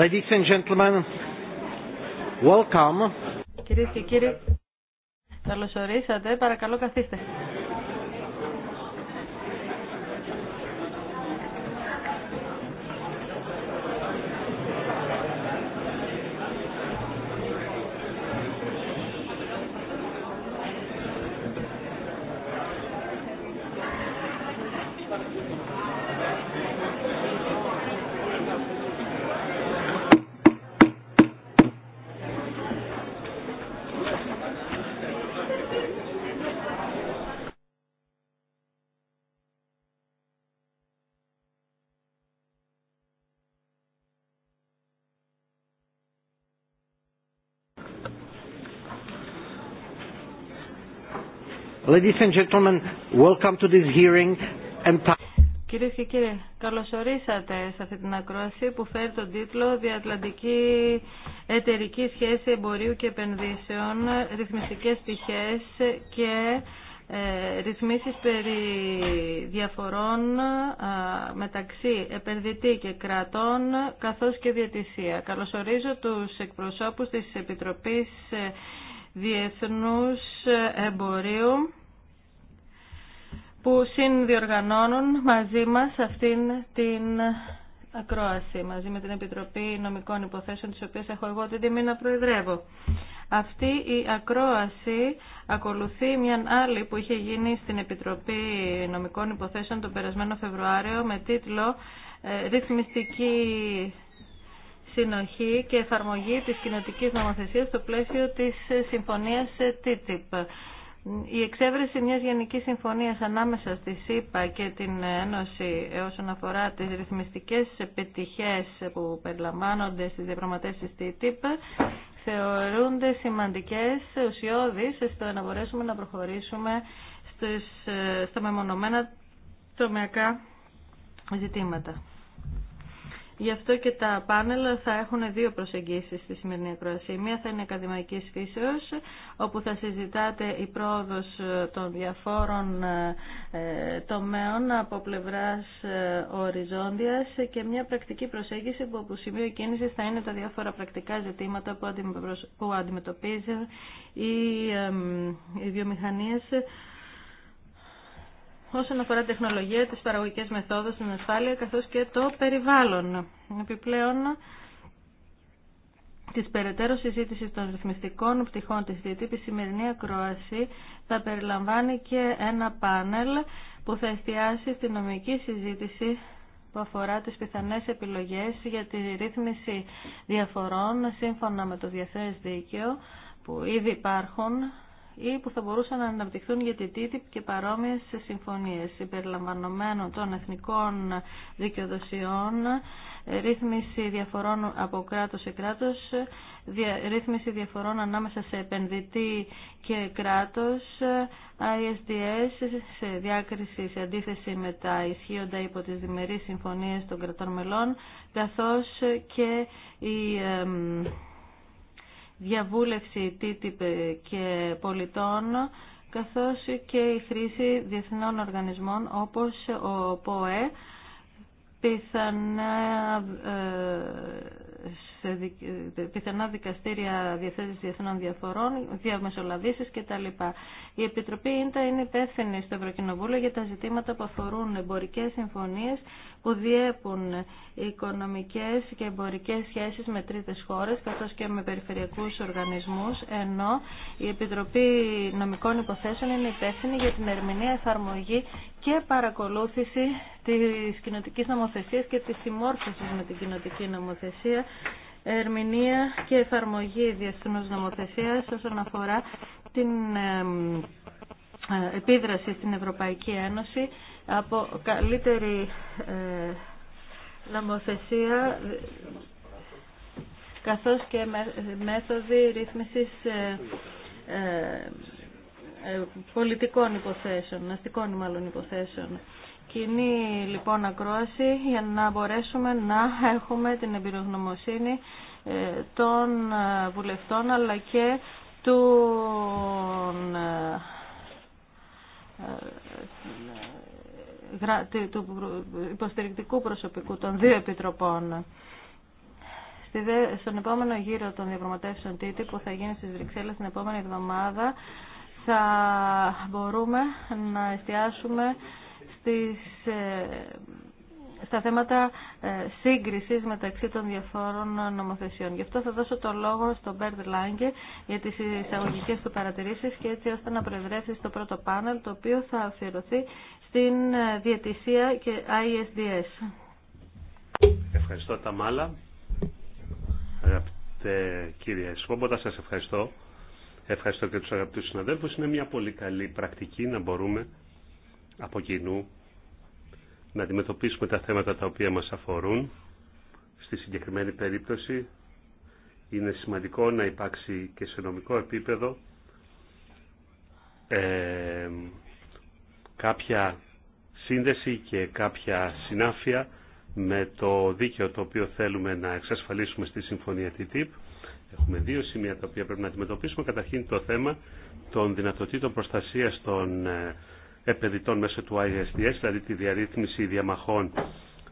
Ladies and gentlemen, welcome. και κύριοι, καλώ ορίσατε. Παρακαλώ καθίστε. Ladies Κυρίες και κύριοι, καλωσορίσατε σε αυτή την ακρόαση που φέρει τον τίτλο «Διατλαντική εταιρική σχέση εμπορίου και επενδύσεων, ρυθμιστικές πτυχές και ε, ρυθμίσεις περί διαφορών μεταξύ επενδυτή και κρατών καθώς και διατησία». Καλωσορίζω τους εκπροσώπους της Επιτροπής ε, Διεθνούς Εμπορίου που συνδιοργανώνουν μαζί μας αυτήν την ακρόαση, μαζί με την Επιτροπή Νομικών Υποθέσεων, της οποίας έχω εγώ την τιμή να προεδρεύω. Αυτή η ακρόαση ακολουθεί μια άλλη που είχε γίνει στην Επιτροπή Νομικών Υποθέσεων τον περασμένο Φεβρουάριο με τίτλο ε, «Ρυθμιστική συνοχή και εφαρμογή της κοινοτικής νομοθεσίας στο πλαίσιο της συμφωνίας TTIP». Η εξέβρεση μιας γενική συμφωνίας ανάμεσα στη ΣΥΠΑ και την Ένωση όσον αφορά τι ρυθμιστικέ επιτυχίε που περιλαμβάνονται στι διαπραγματεύσει της ΤΥΠΑ θεωρούνται σημαντικές, ουσιώδεις, στο να μπορέσουμε να προχωρήσουμε ε, στα μεμονωμένα τομεακά ζητήματα. Γι' αυτό και τα πάνελ θα έχουν δύο προσεγγίσεις στη σημερινή ακρόαση. Μία θα είναι ακαδημαϊκής φύσεως, όπου θα συζητάτε η πρόοδος των διαφόρων ε, τομέων από πλευράς ε, οριζόντιας και μια πρακτική προσέγγιση που από σημείο κίνηση θα είναι τα διάφορα πρακτικά ζητήματα που αντιμετωπίζουν οι βιομηχανίες όσον αφορά τεχνολογία, τις παραγωγικές μεθόδους, την ασφάλεια καθώς και το περιβάλλον. Επιπλέον, της περαιτέρω συζήτηση των ρυθμιστικών πτυχών της ΔΥΤΥΠ, η σημερινή ακρόαση θα περιλαμβάνει και ένα πάνελ που θα εστιάσει στη νομική συζήτηση που αφορά τις πιθανές επιλογές για τη ρύθμιση διαφορών σύμφωνα με το διαθέσεις δίκαιο που ήδη υπάρχουν ή που θα μπορούσαν να αναπτυχθούν για τη TTIP και παρόμοιες συμφωνίες συμπεριλαμβανομένων των εθνικών δικαιοδοσιών, ρύθμιση διαφορών από κράτος σε κράτος, ρύθμιση διαφορών ανάμεσα σε επενδυτή και κράτος, ISDS σε διάκριση, σε αντίθεση με τα ισχύοντα υπό τις διμερείς συμφωνίες των κρατών μελών, καθώς και η διαβούλευση TTIP και πολιτών καθώς και η χρήση διεθνών οργανισμών όπως ο ΠΟΕ πιθανά ε, σε ε, πιθανά δικαστήρια διαθέσεις διεθνών διαφορών, διαμεσολαβήσεις κτλ. Η Επιτροπή ΙΝΤΑ είναι υπεύθυνη στο Ευρωκοινοβούλιο για τα ζητήματα που αφορούν εμπορικές συμφωνίες που διέπουν οικονομικές και εμπορικές σχέσεις με τρίτες χώρες καθώς και με περιφερειακούς οργανισμούς ενώ η Επιτροπή Νομικών Υποθέσεων είναι υπεύθυνη για την ερμηνεία, εφαρμογή και παρακολούθηση της κοινοτικής νομοθεσίας και της συμμόρφωσης με την κοινοτική νομοθεσία, ερμηνεία και εφαρμογή διεθνούς νομοθεσίας όσον αφορά την ε, επίδραση στην Ευρωπαϊκή Ένωση από καλύτερη ε, νομοθεσία καθώς και μέθοδοι ρύθμισης ε, ε, πολιτικών υποθέσεων, αστικών μάλλον υποθέσεων. Κοινή λοιπόν ακρόαση για να μπορέσουμε να έχουμε την εμπειρογνωμοσύνη ε, των ε, βουλευτών αλλά και του υποστηρικτικού προσωπικού των δύο επιτροπών. Στον επόμενο γύρο των διαπραγματεύσεων TTIP που θα γίνει στις Βρυξέλλες την επόμενη εβδομάδα θα μπορούμε να εστιάσουμε στις, ε, στα θέματα ε, σύγκρισης μεταξύ των διαφόρων νομοθεσιών. Γι' αυτό θα δώσω το λόγο στον Μπέρντ Λάγκε για τις εισαγωγικέ του παρατηρήσεις και έτσι ώστε να προεδρεύσει στο πρώτο πάνελ το οποίο θα αφιερωθεί στην ε, διαιτησία και ISDS. Ευχαριστώ Ταμάλα. Αγαπητέ κύριε Σφόμποτα, σας ευχαριστώ Ευχαριστώ και τους αγαπητούς συναδέλφους. Είναι μια πολύ καλή πρακτική να μπορούμε από κοινού να αντιμετωπίσουμε τα θέματα τα οποία μας αφορούν. Στη συγκεκριμένη περίπτωση είναι σημαντικό να υπάρξει και σε νομικό επίπεδο ε, κάποια σύνδεση και κάποια συνάφεια με το δίκαιο το οποίο θέλουμε να εξασφαλίσουμε στη Συμφωνία TTIP Έχουμε δύο σημεία τα οποία πρέπει να αντιμετωπίσουμε. Καταρχήν το θέμα των δυνατοτήτων προστασία των ε, επενδυτών μέσω του ISDS, δηλαδή τη διαρρύθμιση διαμαχών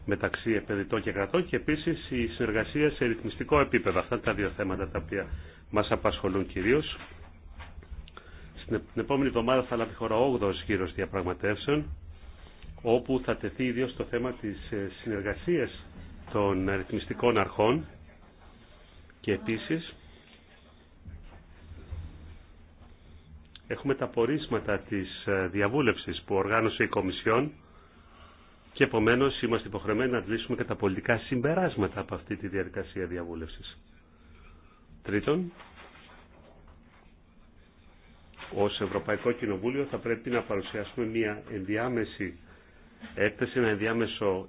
μεταξύ επενδυτών και κρατών και επίση η συνεργασία σε ρυθμιστικό επίπεδο. Αυτά τα δύο θέματα τα οποία μα απασχολούν κυρίω. Στην επόμενη εβδομάδα θα λάβει χώρα 8 γύρο διαπραγματεύσεων όπου θα τεθεί ιδίω το θέμα τη ε, συνεργασία των ρυθμιστικών αρχών και επίσης έχουμε τα πορίσματα της ε, διαβούλευσης που οργάνωσε η Κομισιόν και επομένως είμαστε υποχρεωμένοι να αντλήσουμε και τα πολιτικά συμπεράσματα από αυτή τη διαδικασία διαβούλευσης. Τρίτον, ως Ευρωπαϊκό Κοινοβούλιο θα πρέπει να παρουσιάσουμε μια ενδιάμεση έκθεση, ένα ενδιάμεσο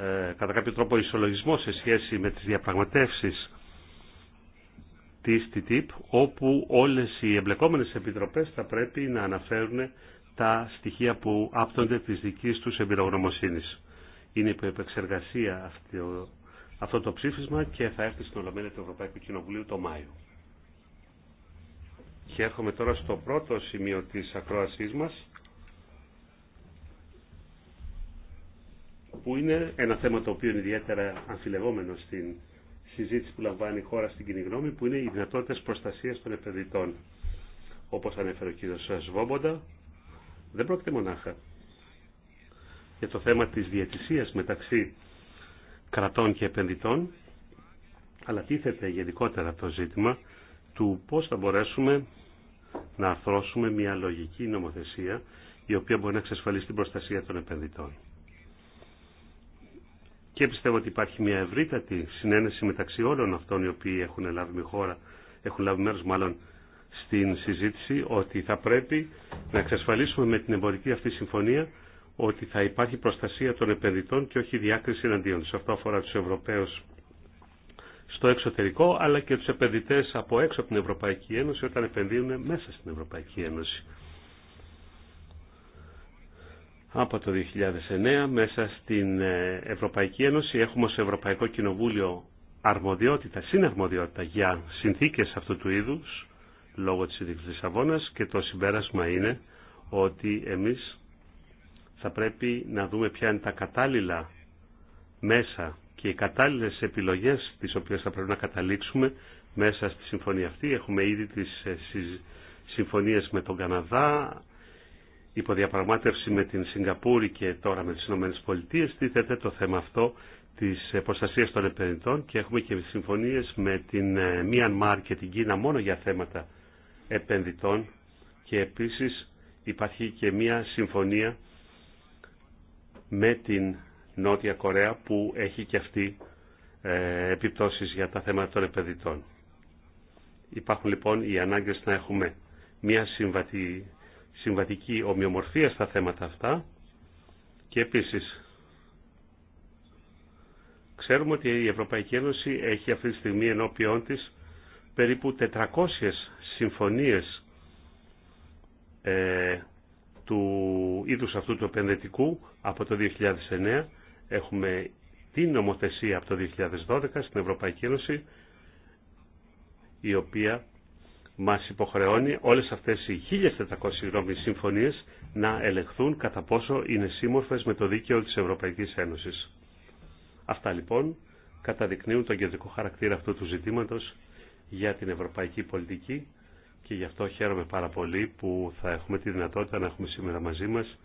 ε, κατά κάποιο τρόπο ισολογισμό σε σχέση με τις διαπραγματεύσεις της TTIP, όπου όλες οι εμπλεκόμενες επιτροπές θα πρέπει να αναφέρουν τα στοιχεία που άπτονται της δικής τους εμπειρογνωμοσύνης. Είναι υπό επεξεργασία αυτό, αυτό το ψήφισμα και θα έρθει στην Ολομέλεια του Ευρωπαϊκού Κοινοβουλίου το Μάιο. Και έρχομαι τώρα στο πρώτο σημείο της ακρόασής μας, που είναι ένα θέμα το οποίο είναι ιδιαίτερα αμφιλεγόμενο στην συζήτηση που λαμβάνει η χώρα στην κοινή γνώμη, που είναι οι δυνατότητε προστασία των επενδυτών. Όπω ανέφερε ο κ. Σβόμποντα, δεν πρόκειται μονάχα για το θέμα τη διαιτησία μεταξύ κρατών και επενδυτών, αλλά τίθεται γενικότερα το ζήτημα του πώ θα μπορέσουμε να αρθρώσουμε μια λογική νομοθεσία η οποία μπορεί να εξασφαλίσει την προστασία των επενδυτών και πιστεύω ότι υπάρχει μια ευρύτατη συνένεση μεταξύ όλων αυτών οι οποίοι έχουν λάβει, χώρα, έχουν λάβει μέρος μάλλον στην συζήτηση ότι θα πρέπει να εξασφαλίσουμε με την εμπορική αυτή συμφωνία ότι θα υπάρχει προστασία των επενδυτών και όχι διάκριση εναντίον τους. Αυτό αφορά τους Ευρωπαίους στο εξωτερικό αλλά και τους επενδυτές από έξω από την Ευρωπαϊκή Ένωση όταν επενδύουν μέσα στην Ευρωπαϊκή Ένωση από το 2009 μέσα στην ε, Ευρωπαϊκή Ένωση. Έχουμε ως Ευρωπαϊκό Κοινοβούλιο αρμοδιότητα, συναρμοδιότητα για συνθήκες αυτού του είδους λόγω της Ειδικής Λισαβόνας και το συμπέρασμα είναι ότι εμείς θα πρέπει να δούμε ποια είναι τα κατάλληλα μέσα και οι κατάλληλες επιλογές τις οποίες θα πρέπει να καταλήξουμε μέσα στη συμφωνία αυτή. Έχουμε ήδη τις ε, συμφωνίες με τον Καναδά, υποδιαπραγμάτευση με την Σιγκαπούρη και τώρα με τις Ηνωμένες Πολιτείες τίθεται το θέμα αυτό της προστασία των επενδυτών και έχουμε και συμφωνίες με την Μιανμάρ ε, και την Κίνα μόνο για θέματα επενδυτών και επίσης υπάρχει και μια συμφωνία με την Νότια Κορέα που έχει και αυτή ε, επιπτώσεις για τα θέματα των επενδυτών. Υπάρχουν λοιπόν οι ανάγκες να έχουμε μια συμβατή συμβατική ομοιομορφία στα θέματα αυτά και επίσης ξέρουμε ότι η Ευρωπαϊκή Ένωση έχει αυτή τη στιγμή ενώπιόν της περίπου 400 συμφωνίες ε, του είδους αυτού του επενδυτικού από το 2009. Έχουμε την νομοθεσία από το 2012 στην Ευρωπαϊκή Ένωση η οποία μας υποχρεώνει όλες αυτές οι 1.400 συγγνώμη συμφωνίες να ελεγχθούν κατά πόσο είναι σύμμορφες με το δίκαιο της Ευρωπαϊκής Ένωσης. Αυτά λοιπόν καταδεικνύουν τον κεντρικό χαρακτήρα αυτού του ζητήματος για την ευρωπαϊκή πολιτική και γι' αυτό χαίρομαι πάρα πολύ που θα έχουμε τη δυνατότητα να έχουμε σήμερα μαζί μας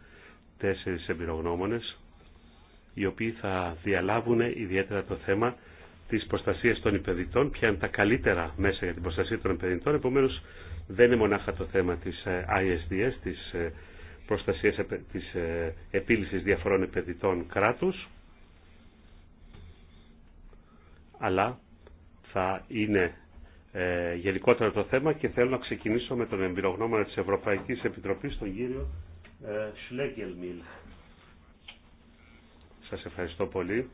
τέσσερις εμπειρογνώμονες οι οποίοι θα διαλάβουν ιδιαίτερα το θέμα της προστασίας των υπεδητών, ποια είναι τα καλύτερα μέσα για την προστασία των υπεδητών. Επομένως, δεν είναι μονάχα το θέμα της ε, ISDS, της ε, προστασίας της ε, επίλυσης διαφορών υπεδητών κράτους, αλλά θα είναι ε, γενικότερο το θέμα και θέλω να ξεκινήσω με τον εμπειρογνώμονα της Ευρωπαϊκής Επιτροπής, τον κύριο ε, Σλέγγελμιλ. Σας ευχαριστώ πολύ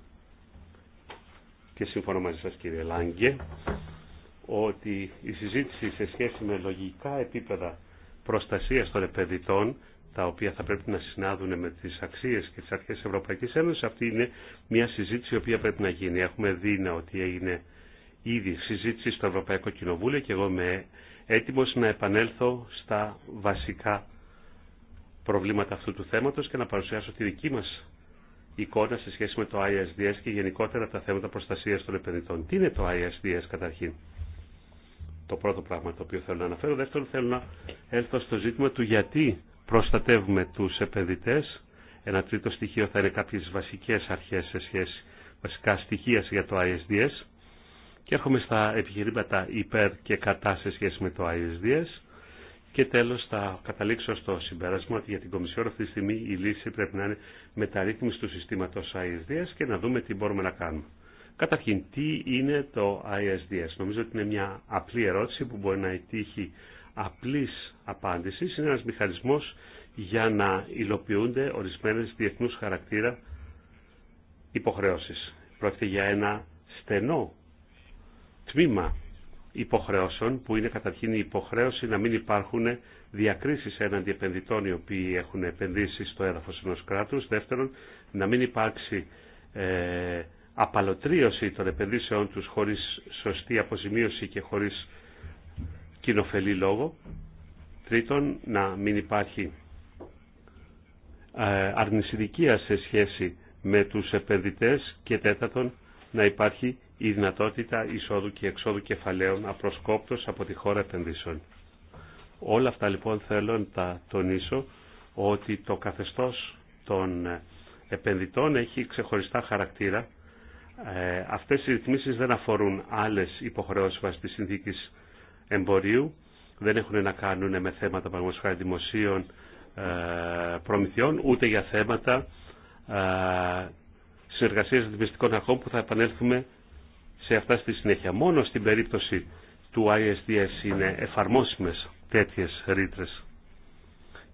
και σύμφωνα μαζί σας κύριε Λάγκε ότι η συζήτηση σε σχέση με λογικά επίπεδα προστασίας των επενδυτών τα οποία θα πρέπει να συνάδουν με τις αξίες και τις αρχές της Ευρωπαϊκής Ένωσης αυτή είναι μια συζήτηση η οποία πρέπει να γίνει. Έχουμε δει ότι έγινε ήδη συζήτηση στο Ευρωπαϊκό Κοινοβούλιο και εγώ είμαι έτοιμος να επανέλθω στα βασικά προβλήματα αυτού του θέματος και να παρουσιάσω τη δική μας εικόνα σε σχέση με το ISDS και γενικότερα τα θέματα προστασίας των επενδυτών. Τι είναι το ISDS καταρχήν. Το πρώτο πράγμα το οποίο θέλω να αναφέρω. Δεύτερον θέλω να έρθω στο ζήτημα του γιατί προστατεύουμε τους επενδυτέ. Ένα τρίτο στοιχείο θα είναι κάποιε βασικές αρχές σε σχέση, βασικά στοιχεία για το ISDS. Και έρχομαι στα επιχειρήματα υπέρ και κατά σε σχέση με το ISDS. Και τέλος θα καταλήξω στο συμπέρασμα ότι για την Κομισιόν αυτή τη στιγμή η λύση πρέπει να είναι μεταρρύθμιση του συστήματος ISDS και να δούμε τι μπορούμε να κάνουμε. Καταρχήν, τι είναι το ISDS. Νομίζω ότι είναι μια απλή ερώτηση που μπορεί να ετύχει απλής απάντησης. Είναι ένας μηχανισμός για να υλοποιούνται ορισμένες διεθνούς χαρακτήρα υποχρεώσεις. Πρόκειται για ένα στενό τμήμα υποχρεώσεων που είναι καταρχήν η υποχρέωση να μην υπάρχουν διακρίσεις έναντι επενδυτών οι οποίοι έχουν επενδύσει στο έδαφος ενός κράτους. Δεύτερον, να μην υπάρξει ε, απαλωτρίωση των επενδύσεών τους χωρίς σωστή αποζημίωση και χωρίς κοινοφελή λόγο. Τρίτον, να μην υπάρχει ε, αρνησιδικία σε σχέση με τους επενδυτές και τέταρτον να υπάρχει η δυνατότητα εισόδου και εξόδου κεφαλαίων απροσκόπτως από τη χώρα επενδύσεων. Όλα αυτά λοιπόν θέλω να τα τονίσω ότι το καθεστώς των επενδυτών έχει ξεχωριστά χαρακτήρα. Ε, αυτές οι ρυθμίσεις δεν αφορούν άλλες υποχρεώσεις βάσει της συνθήκης εμπορίου, δεν έχουν να κάνουν με θέματα παραγωγικά δημοσίων ε, προμηθειών, ούτε για θέματα ε, συνεργασίας δημιουργικών αρχών που θα επανέλθουμε σε αυτά στη συνέχεια. Μόνο στην περίπτωση του ISDS είναι εφαρμόσιμες τέτοιες ρήτρε.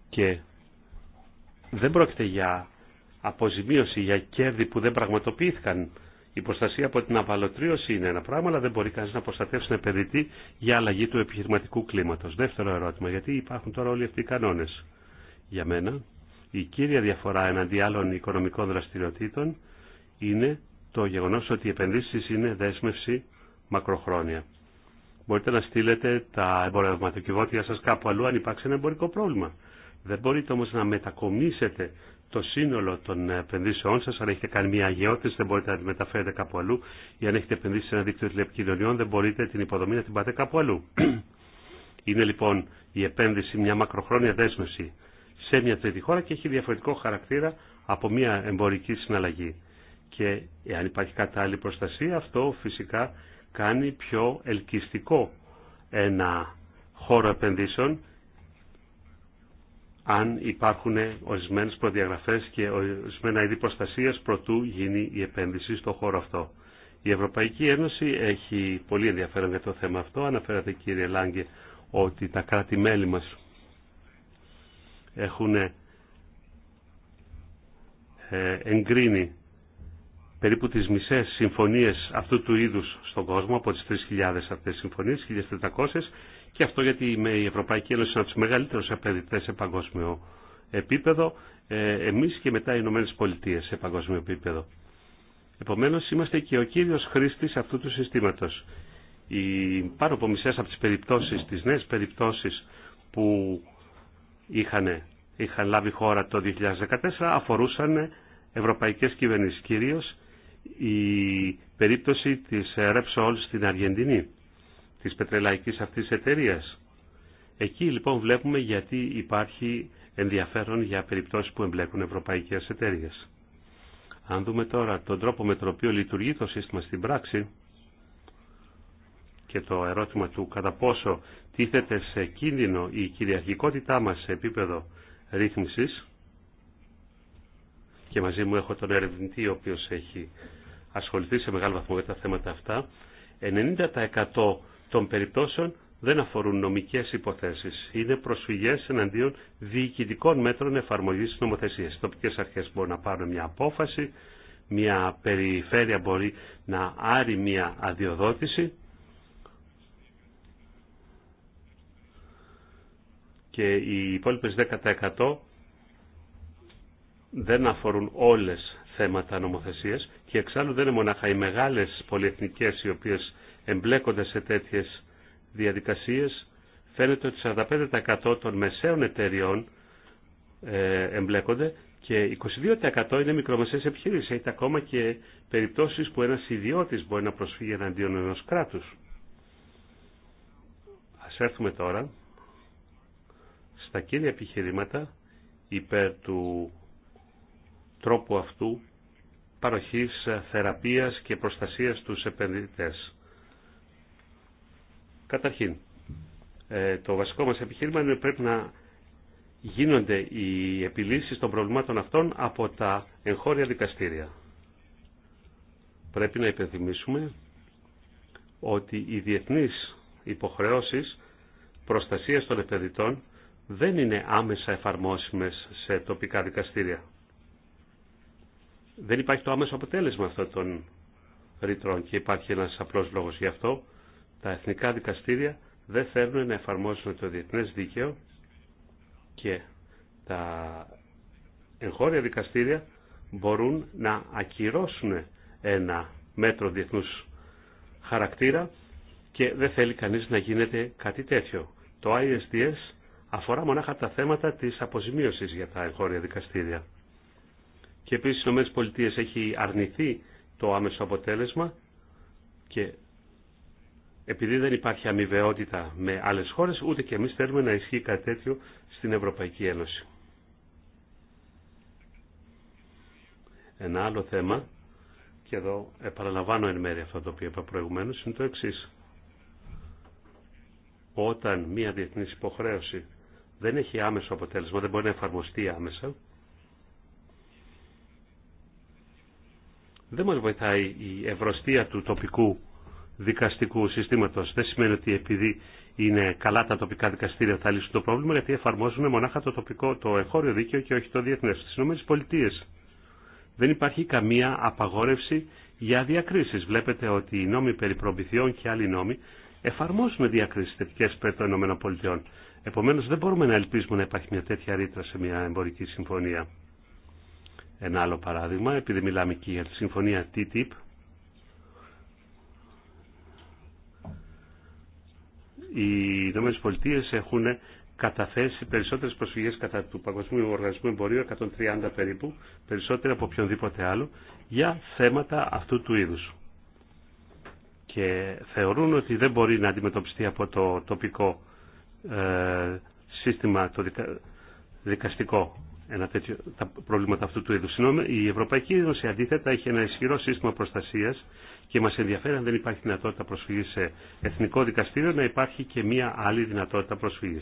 Και δεν πρόκειται για αποζημίωση, για κέρδη που δεν πραγματοποιήθηκαν. Η προστασία από την απαλωτρίωση είναι ένα πράγμα, αλλά δεν μπορεί κανεί να προστατεύσει ένα παιδιτή για αλλαγή του επιχειρηματικού κλίματο. Δεύτερο ερώτημα, γιατί υπάρχουν τώρα όλοι αυτοί οι κανόνε. Για μένα, η κύρια διαφορά εναντί άλλων οικονομικών δραστηριοτήτων είναι το γεγονός ότι οι επενδύσεις είναι δέσμευση μακροχρόνια. Μπορείτε να στείλετε τα εμπορευματοκιβώτια σας κάπου αλλού αν υπάρξει ένα εμπορικό πρόβλημα. Δεν μπορείτε όμως να μετακομίσετε το σύνολο των επενδύσεών σας, αν έχετε κάνει μια αγιώτηση δεν μπορείτε να τη μεταφέρετε κάπου αλλού ή αν έχετε επενδύσει σε ένα δίκτυο τηλεπικοινωνιών δεν μπορείτε την υποδομή να την πάτε κάπου αλλού. Είναι λοιπόν η επένδυση μια μακροχρόνια δέσμευση σε μια τρίτη χώρα και έχει διαφορετικό χαρακτήρα από μια εμπορική συναλλαγή και εάν υπάρχει κατάλληλη προστασία αυτό φυσικά κάνει πιο ελκυστικό ένα χώρο επενδύσεων αν υπάρχουν ορισμένες προδιαγραφές και ορισμένα είδη προστασίας προτού γίνει η επένδυση στο χώρο αυτό. Η Ευρωπαϊκή Ένωση έχει πολύ ενδιαφέρον για το θέμα αυτό. Αναφέρατε κύριε Λάγκε ότι τα κράτη-μέλη μας έχουν ε, εγκρίνει περίπου τις μισές συμφωνίες αυτού του είδους στον κόσμο, από τις 3.000 αυτές συμφωνίες, 1.400, και αυτό γιατί η Ευρωπαϊκή Ένωση είναι από τους μεγαλύτερους επενδυτές σε παγκόσμιο επίπεδο, ε, εμείς και μετά οι Ηνωμένες Πολιτείες σε παγκόσμιο επίπεδο. Επομένως, είμαστε και ο κύριος χρήστης αυτού του συστήματος. Οι πάνω από μισές από τις περιπτώσεις, τις νέες περιπτώσεις που είχαν, είχαν λάβει χώρα το 2014 αφορούσαν ευρωπαϊκές κυβερνήσεις, κυρίως η περίπτωση της Repsol στην Αργεντινή, της πετρελαϊκής αυτής εταιρείας. Εκεί λοιπόν βλέπουμε γιατί υπάρχει ενδιαφέρον για περιπτώσεις που εμπλέκουν ευρωπαϊκές εταιρείες. Αν δούμε τώρα τον τρόπο με τον οποίο λειτουργεί το σύστημα στην πράξη και το ερώτημα του κατά πόσο τίθεται σε κίνδυνο η κυριαρχικότητά μας σε επίπεδο ρύθμισης, και μαζί μου έχω τον ερευνητή ο οποίος έχει ασχοληθεί σε μεγάλο βαθμό για τα θέματα αυτά, 90% των περιπτώσεων δεν αφορούν νομικές υποθέσεις. Είναι προσφυγές εναντίον διοικητικών μέτρων εφαρμογής της νομοθεσίας. Οι τοπικές αρχές μπορούν να πάρουν μια απόφαση, μια περιφέρεια μπορεί να άρει μια αδειοδότηση και οι υπόλοιπες 10% δεν αφορούν όλες θέματα νομοθεσίας και εξάλλου δεν είναι μονάχα οι μεγάλες πολυεθνικές οι οποίες εμπλέκονται σε τέτοιες διαδικασίες. Φαίνεται ότι 45% των μεσαίων εταιριών ε, εμπλέκονται και 22% είναι μικρομεσαίες επιχειρήσεις. Έχετε ακόμα και περιπτώσεις που ένας ιδιώτης μπορεί να προσφύγει εναντίον ενός κράτους. Ας έρθουμε τώρα στα κύρια επιχειρήματα υπέρ του τρόπου αυτού παροχής ε, θεραπείας και προστασίας τους επενδυτές. Καταρχήν, ε, το βασικό μας επιχείρημα είναι ότι πρέπει να γίνονται οι επιλύσεις των προβλημάτων αυτών από τα εγχώρια δικαστήρια. Πρέπει να υπενθυμίσουμε ότι οι διεθνείς υποχρεώσεις προστασίας των επενδυτών δεν είναι άμεσα εφαρμόσιμες σε τοπικά δικαστήρια δεν υπάρχει το άμεσο αποτέλεσμα αυτών των ρητρών και υπάρχει ένας απλός λόγος γι' αυτό. Τα εθνικά δικαστήρια δεν θέλουν να εφαρμόσουν το διεθνές δίκαιο και τα εγχώρια δικαστήρια μπορούν να ακυρώσουν ένα μέτρο διεθνούς χαρακτήρα και δεν θέλει κανείς να γίνεται κάτι τέτοιο. Το ISDS αφορά μονάχα τα θέματα της αποζημίωσης για τα εγχώρια δικαστήρια και επίσης οι ΗΠΑ έχει αρνηθεί το άμεσο αποτέλεσμα και επειδή δεν υπάρχει αμοιβαιότητα με άλλες χώρες, ούτε και εμείς θέλουμε να ισχύει κάτι τέτοιο στην Ευρωπαϊκή Ένωση. Ένα άλλο θέμα, και εδώ επαναλαμβάνω εν μέρει αυτό το οποίο είπα προηγουμένως, είναι το εξή Όταν μία διεθνής υποχρέωση δεν έχει άμεσο αποτέλεσμα, δεν μπορεί να εφαρμοστεί άμεσα, Δεν μας βοηθάει η ευρωστία του τοπικού δικαστικού συστήματος. Δεν σημαίνει ότι επειδή είναι καλά τα τοπικά δικαστήρια θα λύσουν το πρόβλημα γιατί εφαρμόζουν μονάχα το τοπικό, το εγχώριο δίκαιο και όχι το διεθνές. Στις ΗΠΑ δεν υπάρχει καμία απαγόρευση για διακρίσεις. Βλέπετε ότι οι νόμοι περί προμηθειών και άλλοι νόμοι εφαρμόζουν διακρίσεις θετικές περί των ΗΠΑ. Επομένως δεν μπορούμε να ελπίζουμε να υπάρχει μια τέτοια ρήτρα σε μια εμπορική συμφωνία. Ένα άλλο παράδειγμα, επειδή μιλάμε και για τη συμφωνία TTIP, οι Ηνωμένε Πολιτείες έχουν καταθέσει περισσότερες προσφυγές κατά του Παγκοσμίου Οργανισμού Εμπορίου, 130 περίπου, περισσότερο από οποιονδήποτε άλλο, για θέματα αυτού του είδους. Και θεωρούν ότι δεν μπορεί να αντιμετωπιστεί από το τοπικό ε, σύστημα το δικαστικό ένα τέτοιο, τα προβλήματα αυτού του είδους. Η Ευρωπαϊκή Ένωση αντίθετα έχει ένα ισχυρό σύστημα προστασία και μα ενδιαφέρει αν δεν υπάρχει δυνατότητα προσφύγή σε εθνικό δικαστήριο να υπάρχει και μία άλλη δυνατότητα προσφυγή.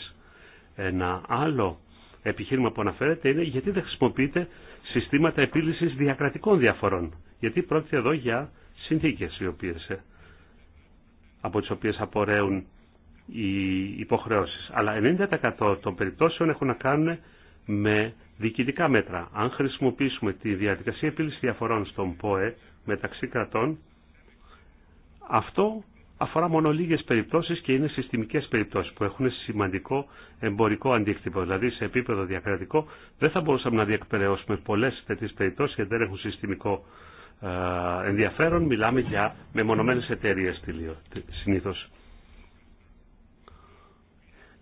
Ένα άλλο επιχείρημα που αναφέρεται είναι γιατί δεν χρησιμοποιείται συστήματα επίλυση διακρατικών διαφορών. Γιατί πρόκειται εδώ για συνθήκε ε, από τις οποίες απορρέουν οι υποχρεώσεις. Αλλά 90% των περιπτώσεων έχουν να κάνουν με διοικητικά μέτρα. Αν χρησιμοποιήσουμε τη διαδικασία επίλυση διαφορών στον ΠΟΕ μεταξύ κρατών, αυτό αφορά μόνο λίγες περιπτώσεις και είναι συστημικές περιπτώσεις που έχουν σημαντικό εμπορικό αντίκτυπο. Δηλαδή σε επίπεδο διακρατικό δεν θα μπορούσαμε να διεκπαιρεώσουμε πολλές τέτοιες περιπτώσεις γιατί δεν έχουν συστημικό ε, ενδιαφέρον. Μιλάμε για μεμονωμένες εταιρείε συνήθως.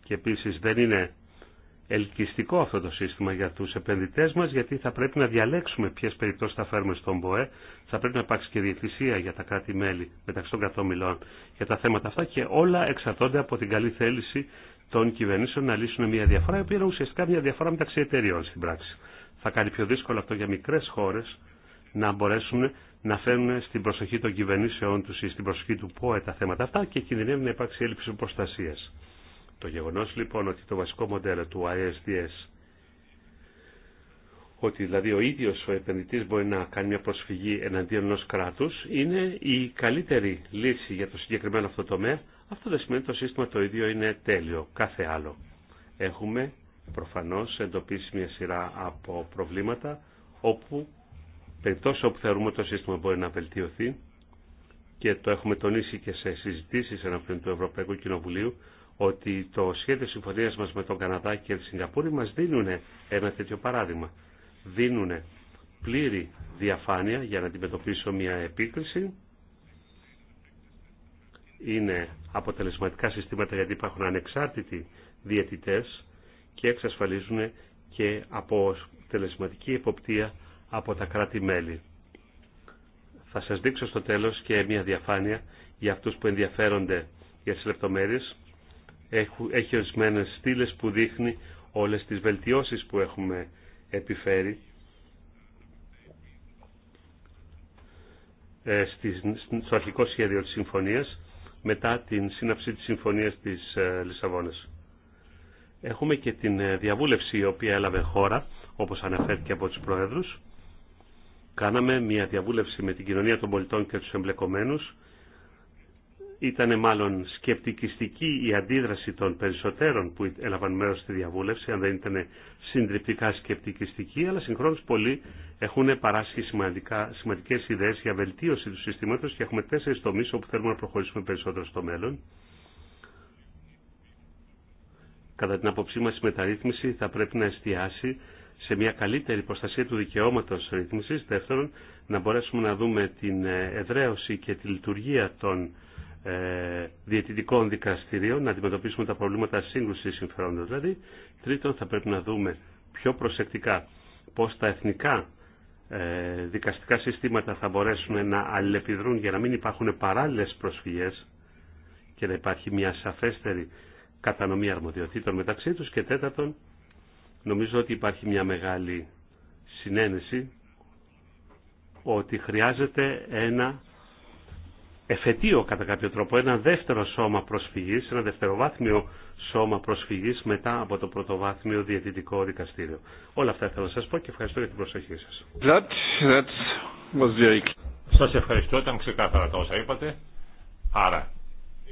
Και επίσης δεν είναι ελκυστικό αυτό το σύστημα για τους επενδυτές μας γιατί θα πρέπει να διαλέξουμε ποιες περιπτώσεις θα φέρουμε στον ΠΟΕ θα πρέπει να υπάρξει και διευθυνσία για τα κράτη-μέλη μεταξύ των κρατών μιλών για τα θέματα αυτά και όλα εξαρτώνται από την καλή θέληση των κυβερνήσεων να λύσουν μια διαφορά η οποία είναι ουσιαστικά μια διαφορά μεταξύ εταιριών στην πράξη. Θα κάνει πιο δύσκολο αυτό για μικρές χώρες να μπορέσουν να φέρουν στην προσοχή των κυβερνήσεών τους ή στην προσοχή του ΠΟΕ τα θέματα αυτά και κινδυνεύει να υπάρξει έλλειψη προστασίας. Το γεγονός λοιπόν ότι το βασικό μοντέλο του ISDS ότι δηλαδή ο ίδιος ο επενδυτής μπορεί να κάνει μια προσφυγή εναντίον ενός κράτους είναι η καλύτερη λύση για το συγκεκριμένο αυτό τομέα. Αυτό δεν σημαίνει ότι το σύστημα το ίδιο είναι τέλειο, κάθε άλλο. Έχουμε προφανώς εντοπίσει μια σειρά από προβλήματα όπου περιπτώσει όπου θεωρούμε ότι το σύστημα μπορεί να βελτιωθεί και το έχουμε τονίσει και σε συζητήσεις εναντίον του Ευρωπαϊκού Κοινοβουλίου ότι το σχέδιο συμφωνία μα με τον Καναδά και τη Σιγκαπούρη μας δίνουν ένα τέτοιο παράδειγμα. Δίνουν πλήρη διαφάνεια για να αντιμετωπίσω μια επίκριση. Είναι αποτελεσματικά συστήματα γιατί υπάρχουν ανεξάρτητοι διαιτητές και εξασφαλίζουν και αποτελεσματική εποπτεία από τα κράτη-μέλη. Θα σας δείξω στο τέλος και μια διαφάνεια για αυτούς που ενδιαφέρονται για τις λεπτομέρειες έχει ορισμένε στήλε που δείχνει όλες τις βελτιώσεις που έχουμε επιφέρει ε, στο αρχικό σχέδιο της συμφωνίας μετά την σύναψη της συμφωνίας της ε, Λισαβόνας. Έχουμε και την ε, διαβούλευση η οποία έλαβε χώρα, όπως αναφέρθηκε από τους Πρόεδρους. Κάναμε μια διαβούλευση με την κοινωνία των πολιτών και τους εμπλεκομένους ήταν μάλλον σκεπτικιστική η αντίδραση των περισσότερων που έλαβαν μέρος στη διαβούλευση, αν δεν ήταν συντριπτικά σκεπτικιστική, αλλά συγχρόνως πολλοί έχουν παράσχει σημαντικά, σημαντικές ιδέες για βελτίωση του συστήματος και έχουμε τέσσερις τομείς όπου θέλουμε να προχωρήσουμε περισσότερο στο μέλλον. Κατά την απόψή μας η μεταρρύθμιση θα πρέπει να εστιάσει σε μια καλύτερη προστασία του δικαιώματος ρύθμισης. Δεύτερον, να μπορέσουμε να δούμε την ε, εδραίωση και τη λειτουργία των ε, διαιτητικών δικαστηρίων, να αντιμετωπίσουμε τα προβλήματα σύγκρουση συμφερόντων. Δηλαδή, τρίτον, θα πρέπει να δούμε πιο προσεκτικά πώς τα εθνικά ε, δικαστικά συστήματα θα μπορέσουν να αλληλεπιδρούν για να μην υπάρχουν παράλληλες προσφυγές και να υπάρχει μια σαφέστερη κατανομή αρμοδιοτήτων μεταξύ τους και τέταρτον νομίζω ότι υπάρχει μια μεγάλη συνένεση ότι χρειάζεται ένα εφετείο κατά κάποιο τρόπο, ένα δεύτερο σώμα προσφυγής, ένα δευτεροβάθμιο σώμα προσφυγής μετά από το πρωτοβάθμιο διαιτητικό δικαστήριο. Όλα αυτά θέλω να σας πω και ευχαριστώ για την προσοχή σας. That, that was σας ευχαριστώ, ήταν ξεκάθαρα τα όσα είπατε. Άρα,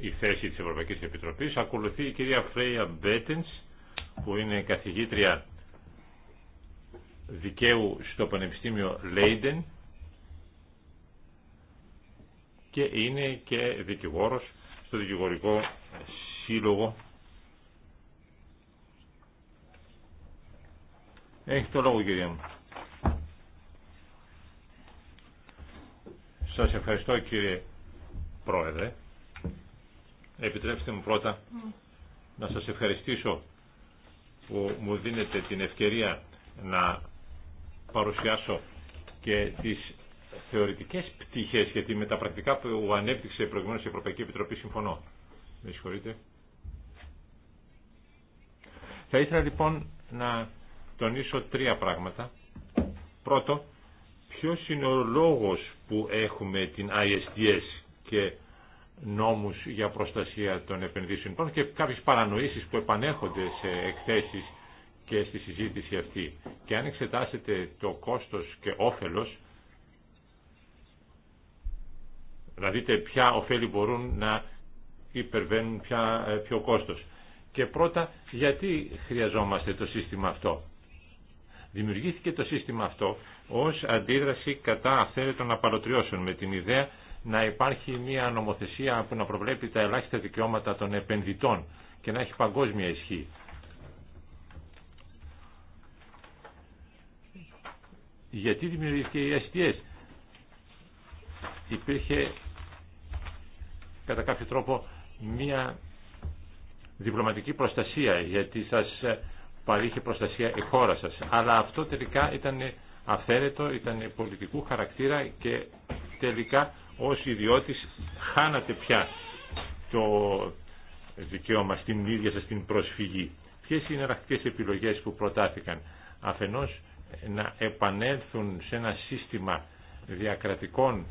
η θέση της Ευρωπαϊκής Επιτροπής ακολουθεί η κυρία Φρέια Μπέτενς, που είναι καθηγήτρια δικαίου στο Πανεπιστήμιο Λέιντεν και είναι και δικηγόρος στο δικηγορικό σύλλογο. Έχει το λόγο κυρία μου. Σας ευχαριστώ κύριε Πρόεδρε. Επιτρέψτε μου πρώτα να σας ευχαριστήσω που μου δίνετε την ευκαιρία να παρουσιάσω και τις θεωρητικές πτυχές, γιατί με τα πρακτικά που ανέπτυξε προηγουμένω η Ευρωπαϊκή Επιτροπή συμφωνώ. Με συγχωρείτε. Θα ήθελα λοιπόν να τονίσω τρία πράγματα. Πρώτο, ποιο είναι ο λόγο που έχουμε την ISDS και νόμους για προστασία των επενδύσεων. και κάποιες παρανοήσεις που επανέχονται σε εκθέσεις και στη συζήτηση αυτή. Και αν εξετάσετε το κόστος και όφελος, Να ποια ωφέλη μπορούν να υπερβαίνουν ποια, ε, ποιο κόστος. Και πρώτα, γιατί χρειαζόμαστε το σύστημα αυτό. Δημιουργήθηκε το σύστημα αυτό ως αντίδραση κατά αυθαίρετων απαλωτριώσεων με την ιδέα να υπάρχει μια νομοθεσία που να προβλέπει τα ελάχιστα δικαιώματα των επενδυτών και να έχει παγκόσμια ισχύ. Γιατί δημιουργήθηκε η STS. Υπήρχε κατά κάποιο τρόπο μια διπλωματική προστασία γιατί σας παρήχε προστασία η χώρα σας. Αλλά αυτό τελικά ήταν αυθαίρετο, ήταν πολιτικού χαρακτήρα και τελικά ως ιδιώτης χάνατε πια το δικαίωμα στην ίδια σας την προσφυγή. Ποιες είναι οι επιλογές που προτάθηκαν. Αφενός να επανέλθουν σε ένα σύστημα διακρατικών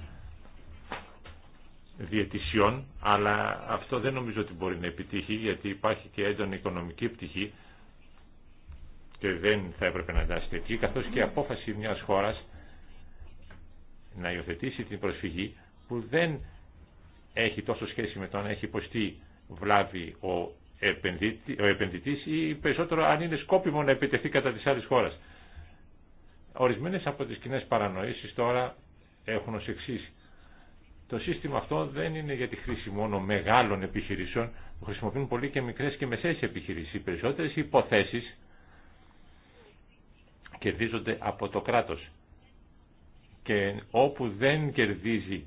διαιτησιών, αλλά αυτό δεν νομίζω ότι μπορεί να επιτύχει, γιατί υπάρχει και έντονη οικονομική πτυχή και δεν θα έπρεπε να εντάσσεται εκεί, καθώς και η απόφαση μιας χώρας να υιοθετήσει την προσφυγή που δεν έχει τόσο σχέση με το αν έχει υποστεί βλάβη ο, επενδυτή, ο επενδυτής ή περισσότερο αν είναι σκόπιμο να επιτεθεί κατά της άλλης χώρας. Ορισμένες από τις κοινέ παρανοήσεις τώρα έχουν ως εξής το σύστημα αυτό δεν είναι για τη χρήση μόνο μεγάλων επιχειρήσεων, που χρησιμοποιούν πολύ και μικρές και μεσαίες επιχειρήσεις. Οι περισσότερες υποθέσεις κερδίζονται από το κράτος. Και όπου δεν κερδίζει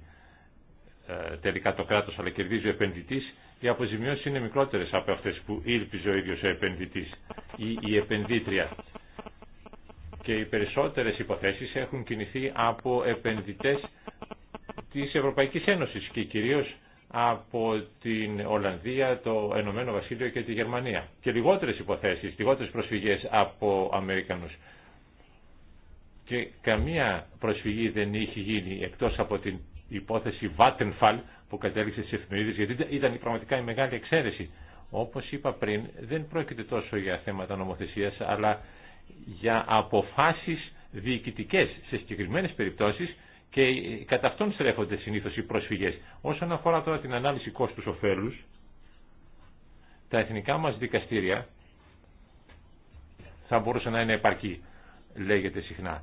ε, τελικά το κράτο, αλλά κερδίζει ο επενδυτής, οι αποζημιώσει είναι μικρότερες από αυτές που ήλπιζε ο ίδιο ο επενδυτής ή η επενδύτρια. Και οι περισσότερε υποθέσει έχουν κινηθεί από επενδυτέ της Ευρωπαϊκής Ένωσης και κυρίως από την Ολλανδία, το Ενωμένο Βασίλειο και τη Γερμανία. Και λιγότερες υποθέσεις, λιγότερες προσφυγές από Αμερικανούς. Και καμία προσφυγή δεν είχε γίνει εκτός από την υπόθεση Vattenfall που κατέληξε στις εφημερίδες γιατί ήταν πραγματικά η μεγάλη εξαίρεση. Όπως είπα πριν δεν πρόκειται τόσο για θέματα νομοθεσίας αλλά για αποφάσεις διοικητικές σε συγκεκριμένες περιπτώσεις και κατά αυτόν στρέφονται συνήθως οι πρόσφυγες. Όσον αφορά τώρα την ανάλυση κόστους κόστους-οφέλους, τα εθνικά μας δικαστήρια θα μπορούσαν να είναι επαρκή, λέγεται συχνά.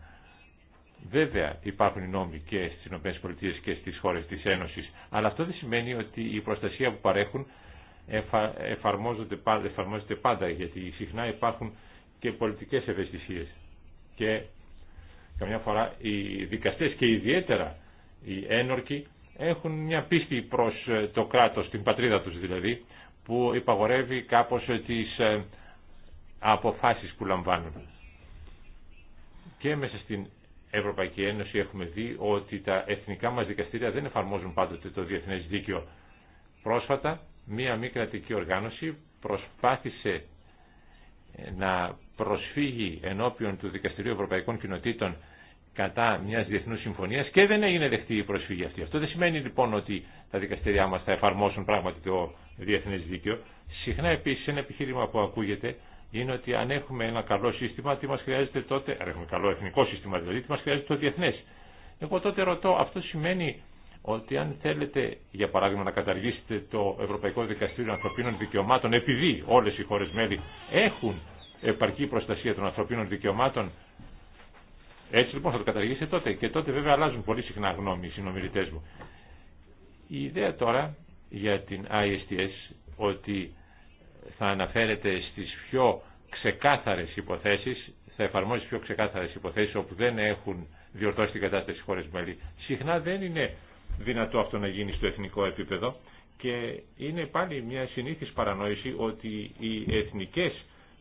Βέβαια υπάρχουν νόμοι και στις ΗΠΑ και στις χώρες της Ένωσης, αλλά αυτό δεν σημαίνει ότι η προστασία που παρέχουν εφαρμόζεται, πάντα, εφαρμόζεται πάντα, γιατί συχνά υπάρχουν και πολιτικές ευαισθησίες και Καμιά φορά οι δικαστές και ιδιαίτερα οι ένορκοι έχουν μια πίστη προς ε, το κράτος, την πατρίδα τους δηλαδή, που υπαγορεύει κάπως ε, τις ε, αποφάσεις που λαμβάνουν. Και μέσα στην Ευρωπαϊκή Ένωση έχουμε δει ότι τα εθνικά μας δικαστήρια δεν εφαρμόζουν πάντοτε το διεθνές δίκαιο. Πρόσφατα, μία μη κρατική οργάνωση προσπάθησε να προσφύγει ενώπιον του Δικαστηρίου Ευρωπαϊκών Κοινοτήτων κατά μια διεθνού συμφωνία και δεν έγινε δεχτή η προσφύγη αυτή. Αυτό δεν σημαίνει λοιπόν ότι τα δικαστηριά μα θα εφαρμόσουν πράγματι το διεθνέ δίκαιο. Συχνά επίση ένα επιχείρημα που ακούγεται είναι ότι αν έχουμε ένα καλό σύστημα, τι μα χρειάζεται τότε, αν έχουμε καλό εθνικό σύστημα δηλαδή, τι μα χρειάζεται το διεθνέ. Εγώ τότε ρωτώ, αυτό σημαίνει ότι αν θέλετε, για παράδειγμα, να καταργήσετε το Ευρωπαϊκό Δικαστήριο Ανθρωπίνων Δικαιωμάτων, επειδή όλε οι χώρε μέλη έχουν επαρκή προστασία των ανθρωπίνων δικαιωμάτων. Έτσι λοιπόν θα το καταργήσετε τότε και τότε βέβαια αλλάζουν πολύ συχνά γνώμη οι συνομιλητέ μου. Η ιδέα τώρα για την ISTS ότι θα αναφέρεται στις πιο ξεκάθαρες υποθέσεις, θα εφαρμόζει πιο ξεκάθαρες υποθέσεις όπου δεν έχουν διορθώσει την κατάσταση χώρες μελή. Συχνά δεν είναι δυνατό αυτό να γίνει στο εθνικό επίπεδο και είναι πάλι μια συνήθις παρανόηση ότι οι εθνικές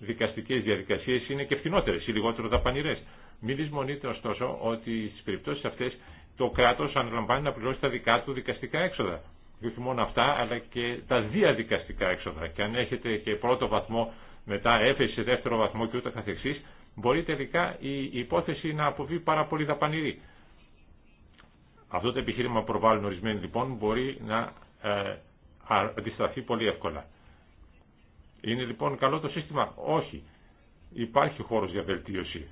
Δικαστικέ διαδικασίε είναι και φθηνότερε ή λιγότερο δαπανηρέ. Μην δυσμονείτε ωστόσο ότι στι περιπτώσει αυτέ το κράτος αναλαμβάνει να πληρώσει τα δικά του δικαστικά έξοδα. Όχι μόνο αυτά, αλλά και τα διαδικαστικά έξοδα. Και αν έχετε και πρώτο βαθμό, μετά έφεση σε δεύτερο βαθμό και ούτε καθεξή, μπορεί τελικά η υπόθεση να αποβεί πάρα πολύ δαπανηρή. Αυτό το επιχείρημα που προβάλλουν ορισμένοι λοιπόν μπορεί να ε, αντισταθεί πολύ εύκολα. Είναι λοιπόν καλό το σύστημα. Όχι. Υπάρχει χώρος για βελτίωση.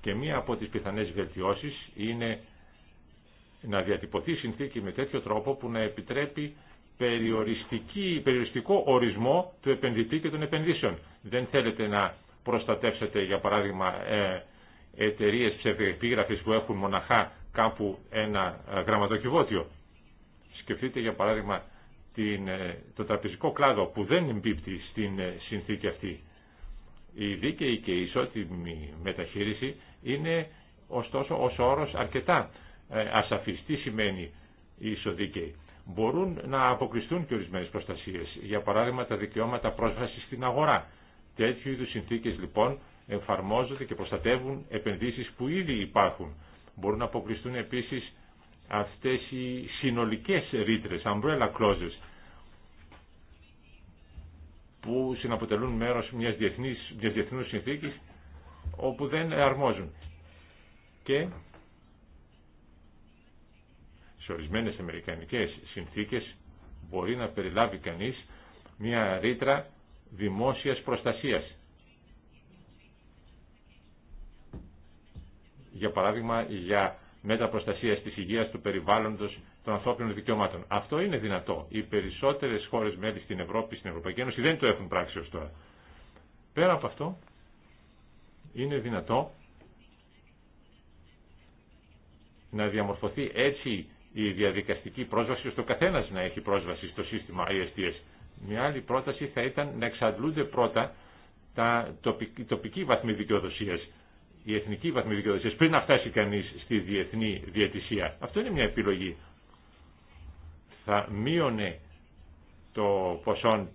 Και μία από τις πιθανές βελτιώσεις είναι να διατυπωθεί η συνθήκη με τέτοιο τρόπο που να επιτρέπει περιοριστική, περιοριστικό ορισμό του επενδυτή και των επενδύσεων. Δεν θέλετε να προστατεύσετε, για παράδειγμα, ε, εταιρείε ψευδεπίγραφης που έχουν μοναχά κάπου ένα ε, γραμματοκιβώτιο. Σκεφτείτε, για παράδειγμα, την, ε, το τραπεζικό κλάδο που δεν εμπίπτει στην ε, συνθήκη αυτή. Η δίκαιη και η ισότιμη μεταχείριση είναι ωστόσο ως όρος αρκετά ε, ασαφής. Τι σημαίνει η ισοδίκαιη. Μπορούν να αποκλειστούν και ορισμένες προστασίες, για παράδειγμα τα δικαιώματα πρόσβασης στην αγορά. Τέτοιου είδους συνθήκες λοιπόν εφαρμόζονται και προστατεύουν επενδύσεις που ήδη υπάρχουν. Μπορούν να αποκλειστούν επίσης αυτές οι συνολικές ρήτρες, umbrella clauses, που συναποτελούν μέρος μιας, διεθνής, μιας διεθνούς συνθήκης όπου δεν αρμόζουν. Και σε ορισμένες αμερικανικές συνθήκες μπορεί να περιλάβει κανείς μια ρήτρα δημόσιας προστασίας. Για παράδειγμα, για προστασία τη υγεία του περιβάλλοντος, των ανθρώπινων δικαιωμάτων. Αυτό είναι δυνατό. Οι περισσότερες χώρες μέλη στην Ευρώπη, στην Ευρωπαϊκή Ένωση δεν το έχουν πράξει ω τώρα. Πέρα από αυτό, είναι δυνατό να διαμορφωθεί έτσι η διαδικαστική πρόσβαση ώστε ο καθένα να έχει πρόσβαση στο σύστημα ISTS. Μια άλλη πρόταση θα ήταν να εξαντλούνται πρώτα τα τοπική, τοπική βαθμή δικαιοδοσία η εθνική βαθμή δικαιοδοσία πριν να φτάσει κανεί στη διεθνή διαιτησία. Αυτό είναι μια επιλογή. Θα μείωνε το ποσό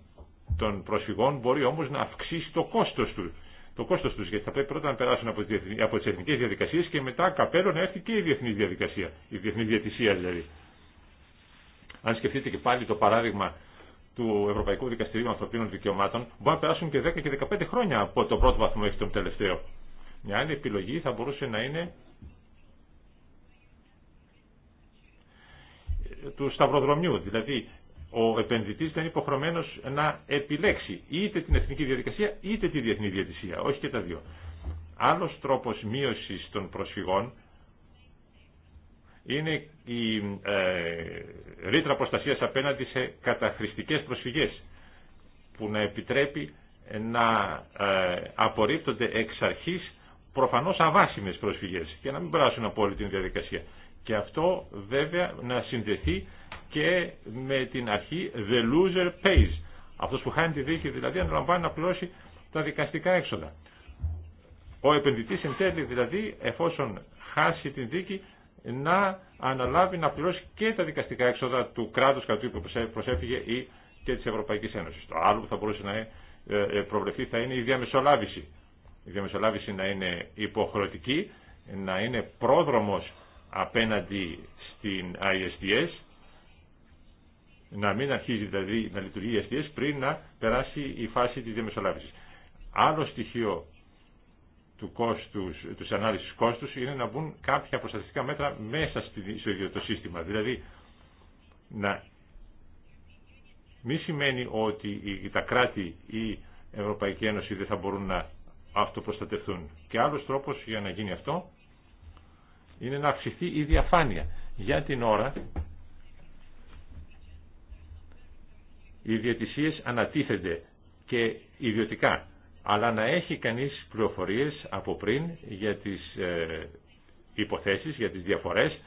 των προσφυγών, μπορεί όμω να αυξήσει το κόστο του. Το κόστο του, γιατί θα πρέπει πρώτα να περάσουν από τι εθνικέ διαδικασίε και μετά καπέλο να έρθει και η διεθνή διαδικασία. Η διεθνή διαιτησία δηλαδή. Αν σκεφτείτε και πάλι το παράδειγμα του Ευρωπαϊκού Δικαστηρίου Ανθρωπίνων Δικαιωμάτων, μπορεί να περάσουν και 10 και 15 χρόνια από τον πρώτο βαθμό έχει τον τελευταίο. Μια άλλη επιλογή θα μπορούσε να είναι του σταυροδρομιού, δηλαδή ο επενδυτή δεν είναι υποχρεωμένο να επιλέξει είτε την εθνική διαδικασία είτε τη διεθνή διαδικασία, όχι και τα δύο. Άλλος τρόπος μείωσης των προσφυγών είναι η ε, ρήτρα προστασία απέναντι σε καταχρηστικές προσφυγές που να επιτρέπει να ε, απορρίπτονται εξ αρχής προφανώς αβάσιμες προσφυγές και να μην περάσουν από όλη την διαδικασία. Και αυτό βέβαια να συνδεθεί και με την αρχή the loser pays. Αυτός που χάνει τη δίκη δηλαδή αναλαμβάνει να πληρώσει τα δικαστικά έξοδα. Ο επενδυτής εν τέλει δηλαδή εφόσον χάσει την δίκη να αναλάβει να πληρώσει και τα δικαστικά έξοδα του κράτους κατά του που προσέφυγε ή και της Ευρωπαϊκής Ένωσης. Το άλλο που θα μπορούσε να ε, ε, προβλεφθεί θα είναι η διαμεσολάβηση η διαμεσολάβηση να είναι υποχρεωτική, να είναι πρόδρομος απέναντι στην ISDS, να μην αρχίζει δηλαδή να λειτουργεί η ISDS πριν να περάσει η φάση της διαμεσολάβησης. Άλλο στοιχείο του κόστους, της ανάλυσης κόστους είναι να μπουν κάποια προστατευτικά μέτρα μέσα στο ίδιο το σύστημα. Δηλαδή, να μη σημαίνει ότι τα κράτη ή η Ευρωπαϊκή Ένωση δεν θα μπορούν να αυτοπροστατευτούν. Και άλλος τρόπος για να γίνει αυτό είναι να αυξηθεί η διαφάνεια. Για την ώρα οι ιδιωτησίες ανατίθενται και ιδιωτικά, αλλά να έχει κανείς πληροφορίες από πριν για τις ε, υποθέσεις, για τις διαφορές,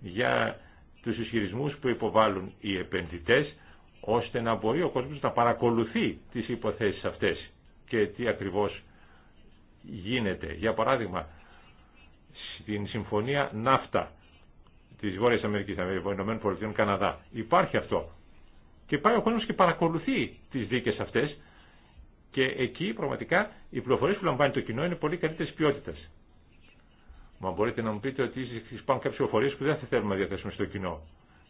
για τους ισχυρισμούς που υποβάλλουν οι επενδυτές, ώστε να μπορεί ο κόσμος να παρακολουθεί τις υποθέσεις αυτές και τι ακριβώς γίνεται. Για παράδειγμα, στην συμφωνία ναύτα της Βόρειας Αμερικής, Ηνωμένων Πολιτειών Καναδά, υπάρχει αυτό. Και πάει ο κόσμο και παρακολουθεί τι δίκε αυτέ. και εκεί πραγματικά οι πληροφορίε που λαμβάνει το κοινό είναι πολύ καλύτερη ποιότητας. Μα μπορείτε να μου πείτε ότι υπάρχουν κάποιε πληροφορίε που δεν θα θέλουμε να διαθέσουμε στο κοινό.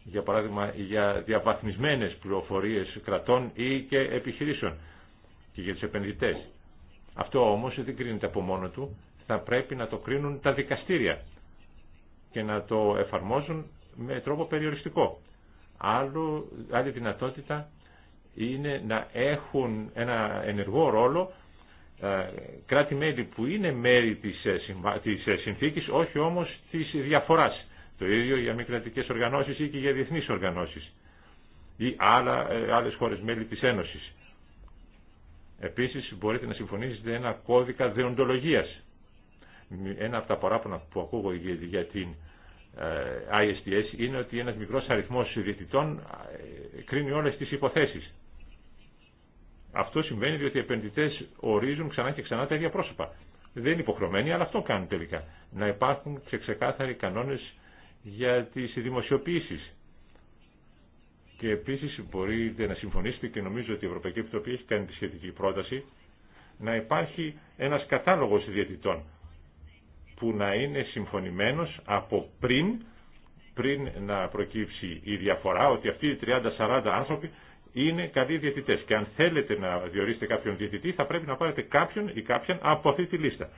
Για παράδειγμα, για διαβαθμισμένε πληροφορίε κρατών ή και επιχειρήσεων και για του επενδυτέ. Αυτό όμως δεν κρίνεται από μόνο του, θα πρέπει να το κρίνουν τα δικαστήρια και να το εφαρμόζουν με τρόπο περιοριστικό. Άλλο, άλλη δυνατότητα είναι να έχουν ένα ενεργό ρόλο ε, κράτη-μέλη που είναι μέρη της, ε, της ε, συνθήκης, όχι όμως της διαφοράς. Το ίδιο για μη κρατικές οργανώσεις ή και για διεθνείς οργανώσεις ή άλλα, άλλες χώρες μέλη της Ένωσης. Επίσης μπορείτε να συμφωνήσετε ένα κώδικα δεοντολογίας. Ένα από τα παράπονα που ακούω για την ε, ISTS είναι ότι ένας μικρός αριθμός διαιτητών ε, κρίνει όλες τις υποθέσεις. Αυτό συμβαίνει διότι οι επενδυτές ορίζουν ξανά και ξανά τα ίδια πρόσωπα. Δεν είναι υποχρεωμένοι, αλλά αυτό κάνουν τελικά. Να υπάρχουν ξεκάθαροι κανόνες για τις δημοσιοποιήσεις. Και επίση μπορείτε να συμφωνήσετε και νομίζω ότι η Ευρωπαϊκή Επιτροπή έχει κάνει τη σχετική πρόταση να υπάρχει ένα κατάλογος διαιτητών που να είναι συμφωνημένο από πριν, πριν να προκύψει η διαφορά, ότι αυτοί οι 30-40 άνθρωποι είναι καλοί διαιτητέ. Και αν θέλετε να διορίσετε κάποιον διαιτητή, θα πρέπει να πάρετε κάποιον ή κάποιον από αυτή τη λίστα.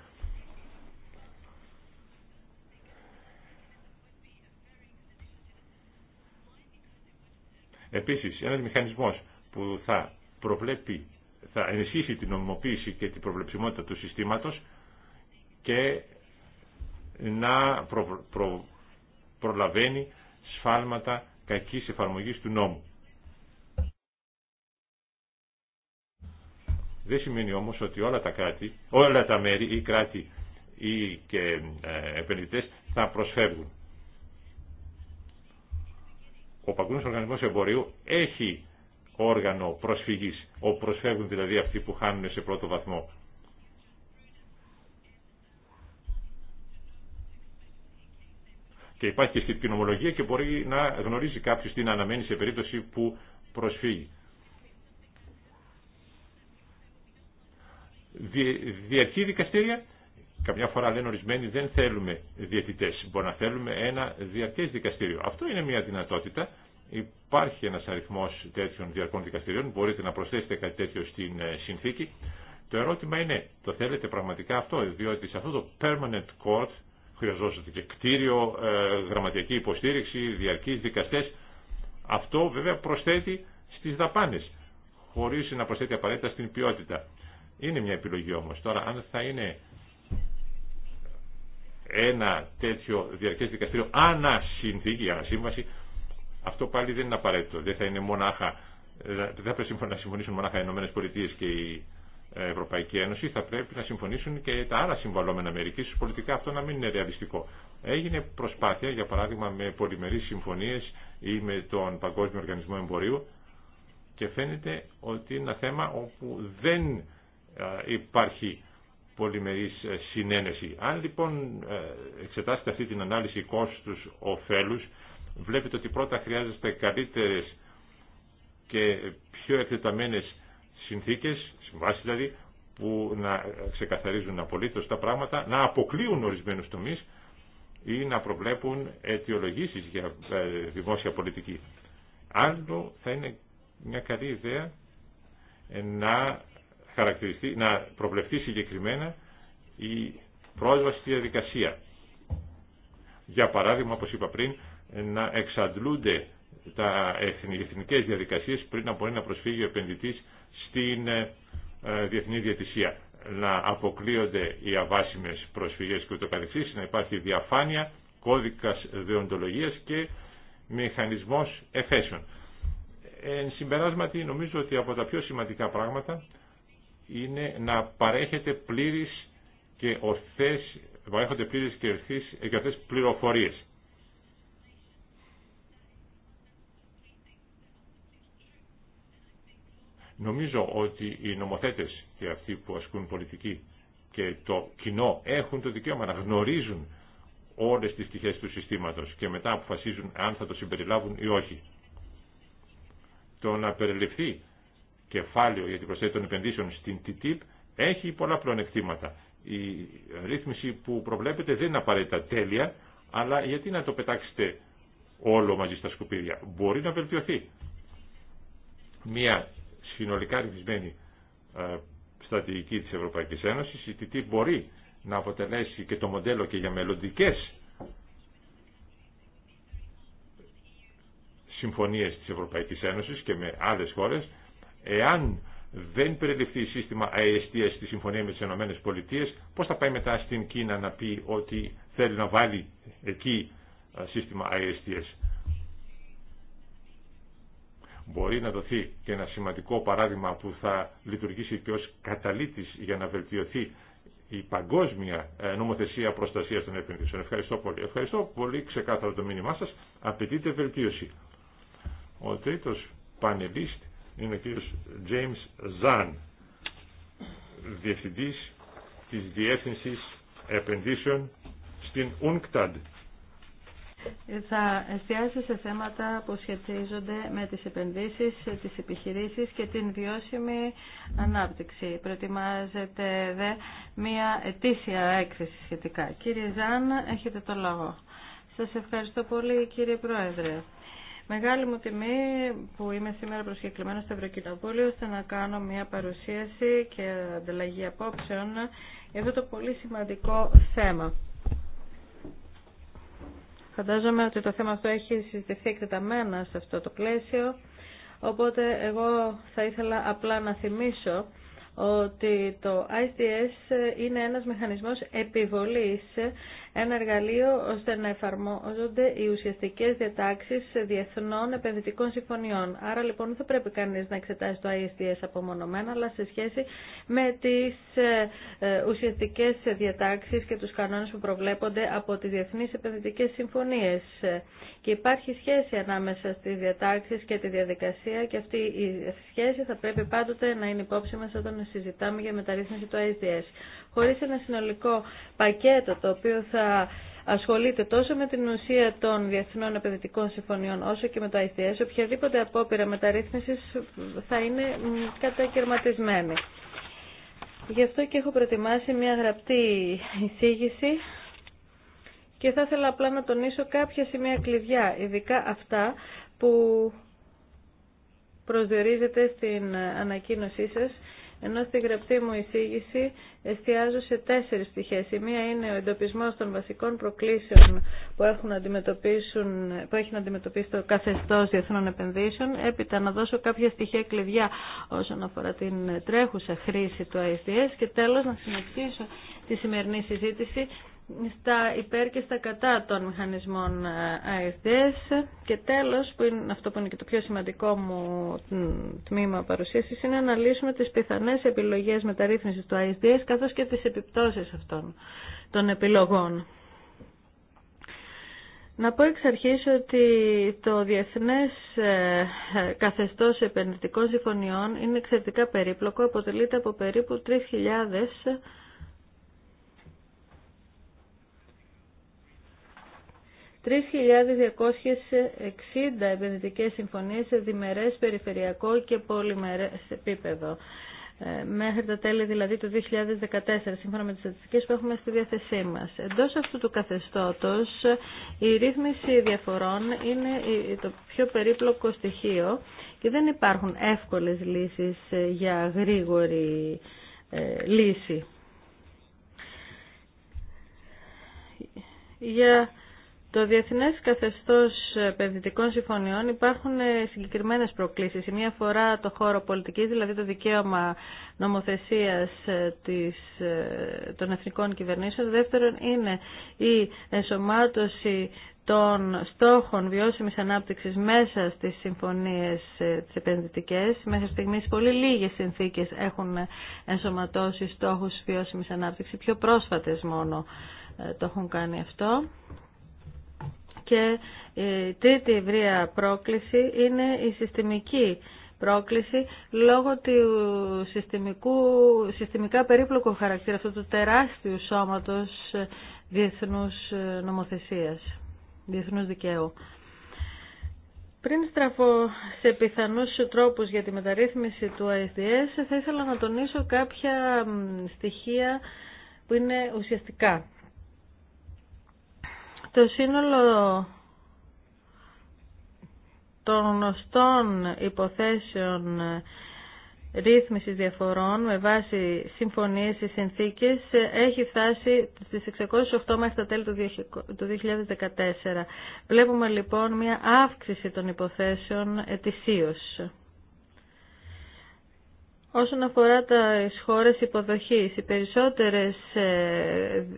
Επίσης, ένας μηχανισμός που θα προβλέπει, θα ενισχύσει την νομιμοποίηση και την προβλεψιμότητα του συστήματος και να προ, προλαβαίνει σφάλματα κακής εφαρμογής του νόμου. Δεν σημαίνει όμως ότι όλα τα κράτη, όλα τα μέρη ή κράτη ή και ε, επενδυτές θα προσφεύγουν ο Παγκόσμιο Οργανισμός Εμπορίου έχει όργανο προσφυγής, όπου προσφεύγουν δηλαδή αυτοί που χάνουν σε πρώτο βαθμό. Και υπάρχει και στην νομολογία και μπορεί να γνωρίζει κάποιο την αναμένη αναμένει σε περίπτωση που προσφύγει. Διαρκή δικαστήρια Καμιά φορά λένε ορισμένοι δεν θέλουμε διαιτητέ. μπορεί να θέλουμε ένα διαρκέ δικαστήριο. Αυτό είναι μια δυνατότητα. Υπάρχει ένα αριθμό τέτοιων διαρκών δικαστηρίων, μπορείτε να προσθέσετε κάτι τέτοιο στην ε, συνθήκη. Το ερώτημα είναι, το θέλετε πραγματικά αυτό, διότι σε αυτό το permanent court χρειαζόσατε και κτίριο, ε, γραμματική υποστήριξη, διαρκείς δικαστές. Αυτό βέβαια προσθέτει στις δαπάνες, χωρίς να προσθέτει απαραίτητα στην ποιότητα. Είναι μια επιλογή όμως. Τώρα, αν θα είναι ένα τέτοιο διαρκές δικαστήριο ανασύνθηκη, ανασύμβαση, αυτό πάλι δεν είναι απαραίτητο. Δεν θα είναι μονάχα, δεν θα πρέπει να συμφωνήσουν μονάχα οι Ηνωμένε Πολιτείε και η ε, Ευρωπαϊκή Ένωση, θα πρέπει να συμφωνήσουν και τα άλλα συμβαλόμενα μερική σου πολιτικά αυτό να μην είναι ρεαλιστικό. Έγινε προσπάθεια, για παράδειγμα, με πολυμερείς συμφωνίες ή με τον Παγκόσμιο Οργανισμό Εμπορίου και φαίνεται ότι είναι ένα θέμα όπου δεν ε, υπάρχει πολυμερής ε, συνένεση. Αν λοιπόν ε, εξετάσετε αυτή την ανάλυση κόστους οφέλους, βλέπετε ότι πρώτα χρειάζεστε καλύτερες και πιο εκτεταμένες συνθήκες, συμβάσεις δηλαδή, που να ξεκαθαρίζουν απολύτως τα πράγματα, να αποκλείουν ορισμένους τομείς ή να προβλέπουν αιτιολογήσεις για ε, δημόσια πολιτική. Άλλο θα είναι μια καλή ιδέα να χαρακτηριστεί, να προβλεφθεί συγκεκριμένα η πρόσβαση στη διαδικασία. Για παράδειγμα, όπως είπα πριν, να εξαντλούνται τα εθνικές διαδικασίες πριν να μπορεί να προσφύγει ο επενδυτής στην ε, ε, διεθνή διατησία. Να αποκλείονται οι αβάσιμες προσφυγές και ούτω καθεξής, να υπάρχει διαφάνεια, κώδικας δεοντολογίας και μηχανισμός εφέσεων. Ε, εν συμπεράσματι νομίζω ότι από τα πιο σημαντικά πράγματα είναι να παρέχεται πλήρης και ορθές, παρέχονται πλήρης και ορθές, και πληροφορίες. Νομίζω ότι οι νομοθέτες και αυτοί που ασκούν πολιτική και το κοινό έχουν το δικαίωμα να γνωρίζουν όλες τις πτυχές του συστήματος και μετά αποφασίζουν αν θα το συμπεριλάβουν ή όχι. Το να περιληφθεί κεφάλαιο για την προσθέτει των επενδύσεων στην TTIP έχει πολλά πλεονεκτήματα. Η ρύθμιση που προβλέπετε δεν είναι απαραίτητα τέλεια, αλλά γιατί να το πετάξετε όλο μαζί στα σκουπίδια. Μπορεί να βελτιωθεί. Μία συνολικά ρυθμισμένη ε, στρατηγική της Ευρωπαϊκής Ένωσης, η TTIP μπορεί να αποτελέσει και το μοντέλο και για μελλοντικέ συμφωνίες της Ευρωπαϊκής Ένωσης και με άλλες χώρες Εάν δεν περιληφθεί σύστημα αεστίας στη συμφωνία με τις ΗΠΑ, πώς θα πάει μετά στην Κίνα να πει ότι θέλει να βάλει εκεί σύστημα αεστίας. Μπορεί να δοθεί και ένα σημαντικό παράδειγμα που θα λειτουργήσει και ως καταλήτης για να βελτιωθεί η παγκόσμια ε, νομοθεσία προστασία των επενδύσεων. Ευχαριστώ πολύ. Ευχαριστώ πολύ ξεκάθαρο το μήνυμά σας. Απαιτείται βελτίωση. Ο τρίτος πανελίστ είναι ο κύριος James Ζαν, διευθυντής της Διεύθυνσης Επενδύσεων στην UNCTAD. Θα εστιάσει σε θέματα που σχετίζονται με τις επενδύσεις, τις επιχειρήσεις και την βιώσιμη ανάπτυξη. Προετοιμάζεται δε μία ετήσια έκθεση σχετικά. Κύριε Ζάν, έχετε το λόγο. Σας ευχαριστώ πολύ κύριε Πρόεδρε. Μεγάλη μου τιμή που είμαι σήμερα προσκεκλημένο στο Ευρωκοινοβούλιο ώστε να κάνω μια παρουσίαση και ανταλλαγή απόψεων για αυτό το πολύ σημαντικό θέμα. Φαντάζομαι ότι το θέμα αυτό έχει συζητηθεί εκτεταμένα σε αυτό το πλαίσιο, οπότε εγώ θα ήθελα απλά να θυμίσω ότι το ISDS είναι ένας μηχανισμός επιβολής ένα εργαλείο ώστε να εφαρμόζονται οι ουσιαστικές διατάξεις διεθνών επενδυτικών συμφωνιών. Άρα λοιπόν δεν θα πρέπει κανείς να εξετάσει το ISDS απομονωμένα, αλλά σε σχέση με τις ε, ε, ουσιαστικές διατάξεις και τους κανόνες που προβλέπονται από τις διεθνείς επενδυτικές συμφωνίες. Και υπάρχει σχέση ανάμεσα στις διατάξεις και τη διαδικασία και αυτή η σχέση θα πρέπει πάντοτε να είναι υπόψη μας όταν συζητάμε για μεταρρύθμιση του ISDS χωρίς ένα συνολικό πακέτο το οποίο θα ασχολείται τόσο με την ουσία των διεθνών επενδυτικών συμφωνιών όσο και με το ICS, οποιαδήποτε απόπειρα μεταρρύθμισης θα είναι κατακαιρματισμένη. Γι' αυτό και έχω προετοιμάσει μια γραπτή εισήγηση και θα ήθελα απλά να τονίσω κάποια σημεία κλειδιά, ειδικά αυτά που προσδιορίζεται στην ανακοίνωσή σας ενώ στη γραπτή μου εισήγηση εστιάζω σε τέσσερις πτυχές. Η μία είναι ο εντοπισμός των βασικών προκλήσεων που, έχουν να αντιμετωπίσουν, που έχει να αντιμετωπίσει το καθεστώς διεθνών επενδύσεων. Έπειτα να δώσω κάποια στοιχεία κλειδιά όσον αφορά την τρέχουσα χρήση του ISDS και τέλος να συνεχίσω τη σημερινή συζήτηση στα υπέρ και στα κατά των μηχανισμών ISDS ε, και τέλος, που είναι αυτό που είναι και το πιο σημαντικό μου τμήμα παρουσίασης, είναι να αναλύσουμε τις πιθανές επιλογές μεταρρύθμισης του ISDS καθώς και τις επιπτώσεις αυτών των επιλογών. Να πω εξ αρχής ότι το διεθνές ε, καθεστώς επενδυτικών συμφωνιών είναι εξαιρετικά περίπλοκο, αποτελείται από περίπου 3.000 3.260 επενδυτικές συμφωνίες σε διμερές, περιφερειακό και πολυμερές επίπεδο. Ε, μέχρι τα τέλη δηλαδή του 2014, σύμφωνα με τις στατιστικές που έχουμε στη διάθεσή μας. Εντός αυτού του καθεστώτος, η ρύθμιση διαφορών είναι το πιο περίπλοκο στοιχείο και δεν υπάρχουν εύκολες λύσεις ε, για γρήγορη ε, λύση. Για το Διεθνέ Καθεστώ επενδυτικών συμφωνιών υπάρχουν ε, συγκεκριμένες προκλήσεις. Η μία αφορά το χώρο πολιτικής, δηλαδή το δικαίωμα νομοθεσίας ε, ε, των εθνικών κυβερνήσεων. Δεύτερον είναι η ενσωμάτωση των στόχων βιώσιμης ανάπτυξης μέσα στις συμφωνίες τι επενδυτικές. Μέχρι στιγμής πολύ λίγες συνθήκες έχουν ενσωματώσει στόχους βιώσιμης ανάπτυξης, πιο πρόσφατες μόνο το έχουν κάνει αυτό. Και η ε, τρίτη ευρεία πρόκληση είναι η συστημική πρόκληση λόγω του συστημικού, συστημικά περίπλοκου χαρακτήρα αυτού του τεράστιου σώματος ε, διεθνούς ε, νομοθεσίας, διεθνούς δικαίου. Πριν στραφώ σε πιθανούς τρόπους για τη μεταρρύθμιση του ISDS, θα ήθελα να τονίσω κάποια στοιχεία που είναι ουσιαστικά. Το σύνολο των γνωστών υποθέσεων ε, ρύθμισης διαφορών με βάση συμφωνίες ή συνθήκες ε, έχει φτάσει στις 608 μέχρι τα τέλη του 2014. Βλέπουμε λοιπόν μια αύξηση των υποθέσεων ετησίως. Όσον αφορά τα χώρες υποδοχής, οι περισσότερες ε,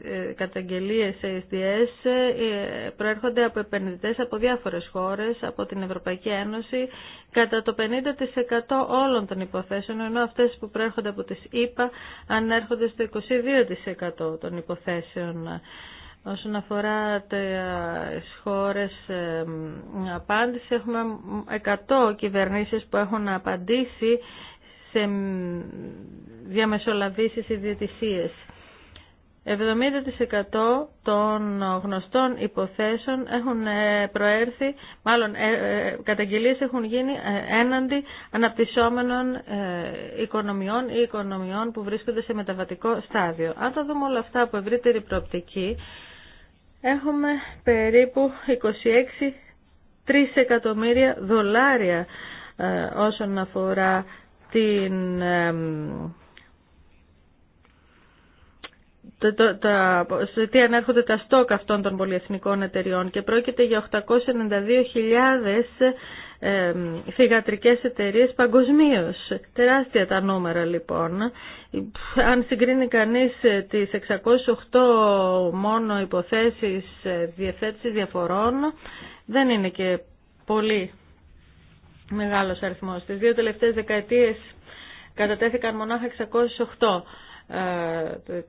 ε, καταγγελίες SDS ε, προέρχονται από επενδυτές από διάφορες χώρες, από την Ευρωπαϊκή Ένωση, κατά το 50% όλων των υποθέσεων, ενώ αυτές που προέρχονται από τις ΗΠΑ ανέρχονται στο 22% των υποθέσεων. Όσον αφορά τις χώρες απάντηση, έχουμε 100 κυβερνήσεις που έχουν απαντήσει σε διαμεσολαβήσεις ιδιαιτησίες. 70% των γνωστών υποθέσεων έχουν ε, προέρθει, μάλλον ε, ε, καταγγελίες έχουν γίνει έναντι αναπτυσσόμενων οικονομιών ή οικονομιών που βρίσκονται σε μεταβατικό στάδιο. Αν το δούμε όλα αυτά από ευρύτερη προοπτική, έχουμε περίπου 26 3 εκατομμύρια δολάρια όσον αφορά την το, σε τι ανέρχονται τα στόκ αυτών των πολυεθνικών εταιριών και πρόκειται για 892.000 ε, θηγατρικές εταιρείες παγκοσμίω. Τεράστια τα νούμερα λοιπόν. Αν συγκρίνει κανείς ε, τις 608 μόνο υποθέσεις ε, διαθέτησης διαφορών δεν είναι και πολύ μεγάλος αριθμός. Στις δύο τελευταίες δεκαετίες κατατέθηκαν μονάχα 608 ε,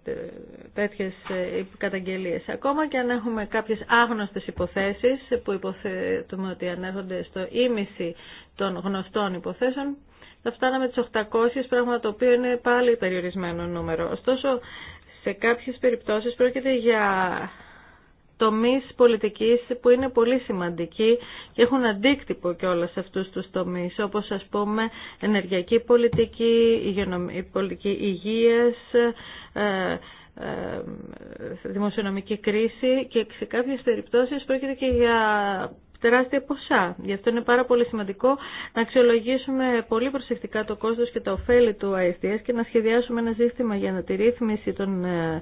τέτοιες ε, καταγγελίες. Ακόμα και αν έχουμε κάποιες άγνωστες υποθέσεις που υποθέτουμε ότι ανέρχονται στο ίμιση των γνωστών υποθέσεων, θα φτάναμε τις 800, πράγμα το οποίο είναι πάλι περιορισμένο νούμερο. Ωστόσο, σε κάποιες περιπτώσεις πρόκειται για τομείς πολιτικής που είναι πολύ σημαντικοί και έχουν αντίκτυπο και όλα σε αυτούς τους τομείς, όπως ας πούμε ενεργειακή πολιτική, η πολιτική υγείας, ε, ε, δημοσιονομική κρίση και σε κάποιες περιπτώσεις πρόκειται και για τεράστια ποσά. Γι' αυτό είναι πάρα πολύ σημαντικό να αξιολογήσουμε πολύ προσεκτικά το κόστος και τα ωφέλη του ISDS και να σχεδιάσουμε ένα σύστημα για να τη ρύθμιση των ε,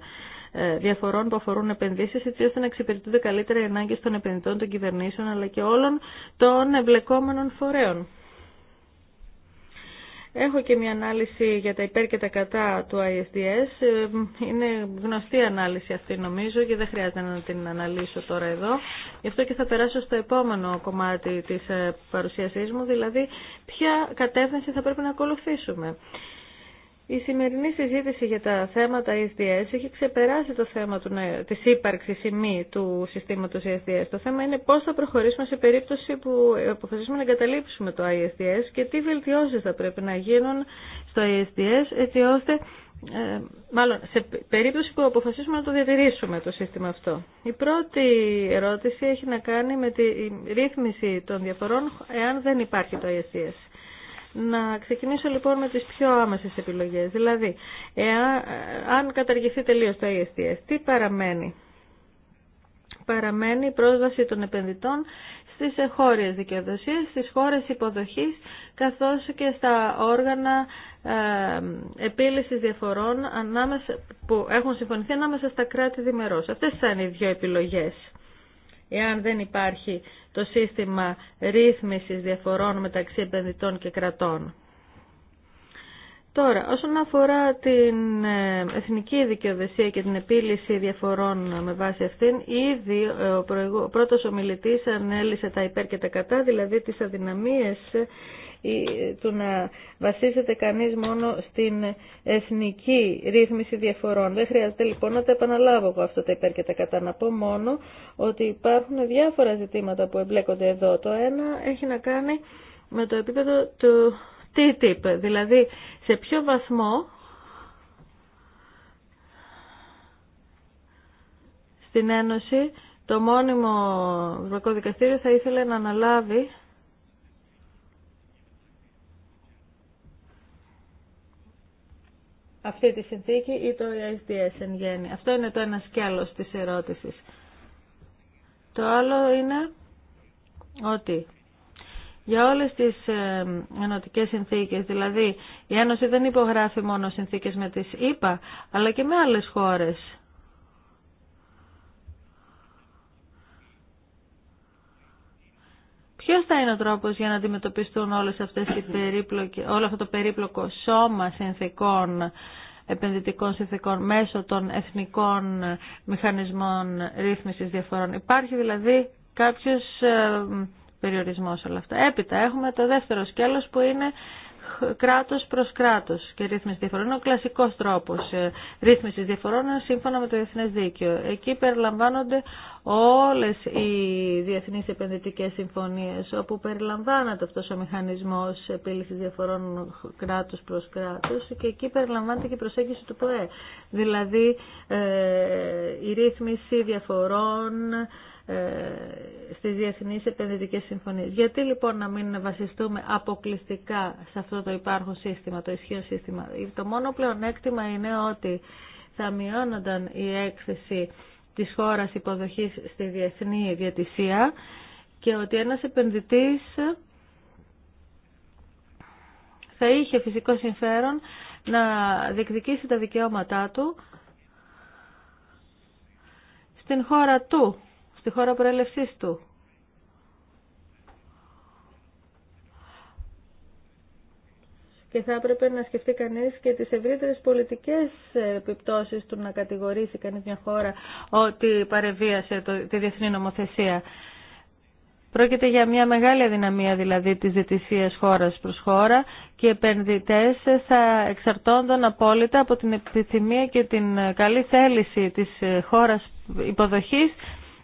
ε, διαφορών που αφορούν επενδύσει, έτσι ώστε να εξυπηρετούνται καλύτερα οι ανάγκε των επενδυτών, των κυβερνήσεων αλλά και όλων των εμπλεκόμενων φορέων. Έχω και μια ανάλυση για τα υπέρ και τα κατά του ISDS. Ε, είναι γνωστή ανάλυση αυτή νομίζω και δεν χρειάζεται να την αναλύσω τώρα εδώ. Γι' αυτό και θα περάσω στο επόμενο κομμάτι της ε, παρουσίασής μου, δηλαδή ποια κατεύθυνση θα πρέπει να ακολουθήσουμε. Η σημερινή συζήτηση για τα θέματα ESDS έχει ξεπεράσει το θέμα του, της ύπαρξης ή μη του συστήματος ESDS. Το θέμα είναι πώς θα προχωρήσουμε σε περίπτωση που αποφασίσουμε να εγκαταλείψουμε το ISDS και τι βελτιώσεις θα πρέπει να γίνουν στο ISDS έτσι ώστε, ε, μάλλον σε περίπτωση που αποφασίσουμε να το διατηρήσουμε το σύστημα αυτό. Η πρώτη ερώτηση έχει να κάνει με τη ρύθμιση των διαφορών εάν δεν υπάρχει το ISDS. Να ξεκινήσω λοιπόν με τις πιο άμεσες επιλογές. Δηλαδή, εάν, αν καταργηθεί τελείως το ESTS, τι παραμένει. Παραμένει η πρόσβαση των επενδυτών στις χώρες δικαιοδοσίες, στις χώρες υποδοχής, καθώς και στα όργανα ε, επίλυσης διαφορών που έχουν συμφωνηθεί ανάμεσα στα κράτη διμερώς. Αυτές θα είναι οι δύο επιλογές εάν δεν υπάρχει το σύστημα ρύθμισης διαφορών μεταξύ επενδυτών και κρατών. Τώρα, όσον αφορά την ε, εθνική δικαιοδοσία και την επίλυση διαφορών με βάση αυτήν, ήδη ε, ο πρώτος ομιλητής ανέλησε τα υπέρ και τα κατά, δηλαδή τις αδυναμίες του να βασίζεται κανείς μόνο στην εθνική ρύθμιση διαφορών. Δεν χρειάζεται λοιπόν να τα επαναλάβω εγώ αυτά τα υπέρ και τα κατά. Να πω μόνο ότι υπάρχουν διάφορα ζητήματα που εμπλέκονται εδώ. Το ένα έχει να κάνει με το επίπεδο του TTIP, δηλαδή σε ποιο βαθμό στην Ένωση το μόνιμο Ευρωπαϊκό Δικαστήριο θα ήθελε να αναλάβει αυτή τη συνθήκη ή το ISDS ε εν γέννη. Αυτό είναι το ένα σκέλος της ερώτησης. Το άλλο είναι ότι για όλες τις ε, ενωτικές συνθήκες, δηλαδή η Ένωση δεν υπογράφει μόνο συνθήκες με τις ΗΠΑ, αλλά και με άλλες χώρες Ποιο θα είναι ο τρόπος για να αντιμετωπιστούν όλες αυτές όλο αυτό το περίπλοκο σώμα συνθήκων, επενδυτικών συνθήκων μέσω των εθνικών μηχανισμών ρύθμισης διαφορών. Υπάρχει δηλαδή κάποιος ε, περιορισμός όλα αυτά. Έπειτα έχουμε το δεύτερο σκέλος που είναι κράτος προς κράτος και ρύθμιση διαφορών. Είναι ο κλασικός τρόπος ε, ρύθμισης διαφορών σύμφωνα με το Διεθνές Δίκαιο. Εκεί περιλαμβάνονται όλες οι διεθνείς επενδυτικές συμφωνίες όπου περιλαμβάνεται αυτός ο μηχανισμός επίλυσης διαφορών κράτους προς κράτος και εκεί περιλαμβάνεται και η προσέγγιση του ΠΟΕ. Δηλαδή ε, η ρύθμιση διαφορών ε, στις διεθνείς επενδυτικές συμφωνίες. Γιατί λοιπόν να μην βασιστούμε αποκλειστικά σε αυτό το υπάρχον σύστημα, το ισχύον σύστημα. Το μόνο πλεονέκτημα είναι ότι θα μειώνονταν η έκθεση της χώρας υποδοχής στη διεθνή διατησία και ότι ένας επενδυτής θα είχε φυσικό συμφέρον να διεκδικήσει τα δικαιώματά του στην χώρα του στη χώρα προέλευσής του. Και θα έπρεπε να σκεφτεί κανείς και τις ευρύτερες πολιτικές επιπτώσεις του να κατηγορήσει κανείς μια χώρα ότι παρεβίασε τη διεθνή νομοθεσία. Πρόκειται για μια μεγάλη αδυναμία δηλαδή της διετησίας χώρας προς χώρα και οι επενδυτές θα εξαρτώνταν απόλυτα από την επιθυμία και την καλή θέληση της χώρας υποδοχής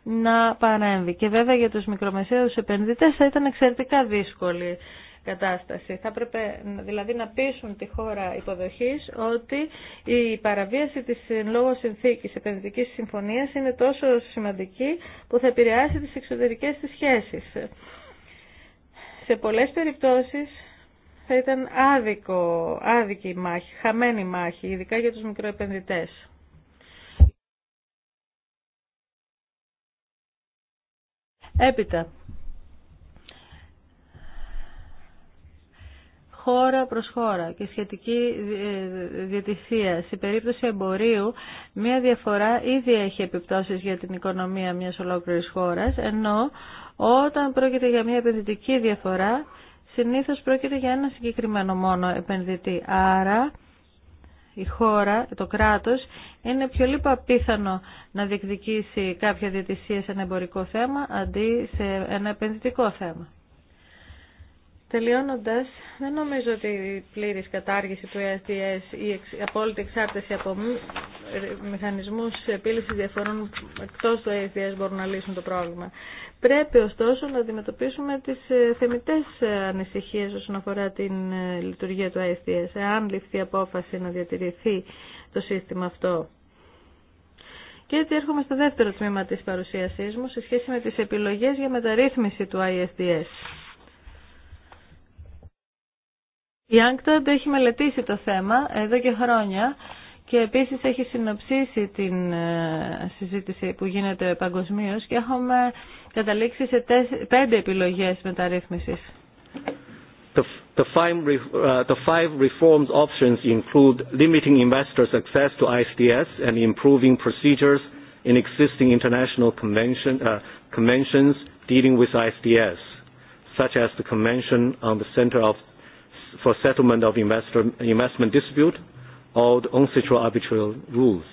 να παρέμβει. Και βέβαια για τους μικρομεσαίους επενδυτές θα ήταν εξαιρετικά δύσκολη κατάσταση. Θα έπρεπε δηλαδή να πείσουν τη χώρα υποδοχής ότι η παραβίαση της λόγω συνθήκης επενδυτικής συμφωνίας είναι τόσο σημαντική που θα επηρεάσει τις εξωτερικές της σχέσεις. Σε πολλές περιπτώσεις θα ήταν άδικο, άδικη μάχη, χαμένη μάχη, ειδικά για τους μικροεπενδυτές. Έπειτα, χώρα προς χώρα και σχετική ε, διατησία. Σε περίπτωση εμπορίου, μία διαφορά ήδη έχει επιπτώσεις για την οικονομία μιας ολόκληρης χώρας, ενώ όταν πρόκειται για μία επενδυτική διαφορά, συνήθως πρόκειται για ένα συγκεκριμένο μόνο επενδυτή. Άρα, η χώρα, το κράτος, είναι πιο λίγο απίθανο να διεκδικήσει κάποια διετησία σε ένα εμπορικό θέμα αντί σε ένα επενδυτικό θέμα. Τελειώνοντας, δεν νομίζω ότι η πλήρης κατάργηση του ESDS ε ή η απόλυτη εξάρτηση από ε, μηχανισμούς επίλυσης διαφορών εκτός του ESDS ε μπορούν να λύσουν το πρόβλημα. Πρέπει ωστόσο να αντιμετωπίσουμε τις θεμητές ανησυχίες όσον αφορά την λειτουργία του ESDS, εάν ληφθεί απόφαση να διατηρηθεί το σύστημα αυτό. Και έτσι έρχομαι στο δεύτερο τμήμα της παρουσίασής μου σε σχέση με τις επιλογές για μεταρρύθμιση του ISDS. Η Άγκτα έχει μελετήσει το θέμα εδώ και χρόνια και επίσης έχει συνοψίσει την συζήτηση που γίνεται παγκοσμίω και έχουμε καταλήξει σε πέντε επιλογές μεταρρύθμισης. The, the, five, uh, the five reforms options include limiting investors' access to ISDS and improving procedures in existing international convention, uh, conventions dealing with ISDS, such as the Convention on the Center of for settlement of investment dispute or the arbitral rules.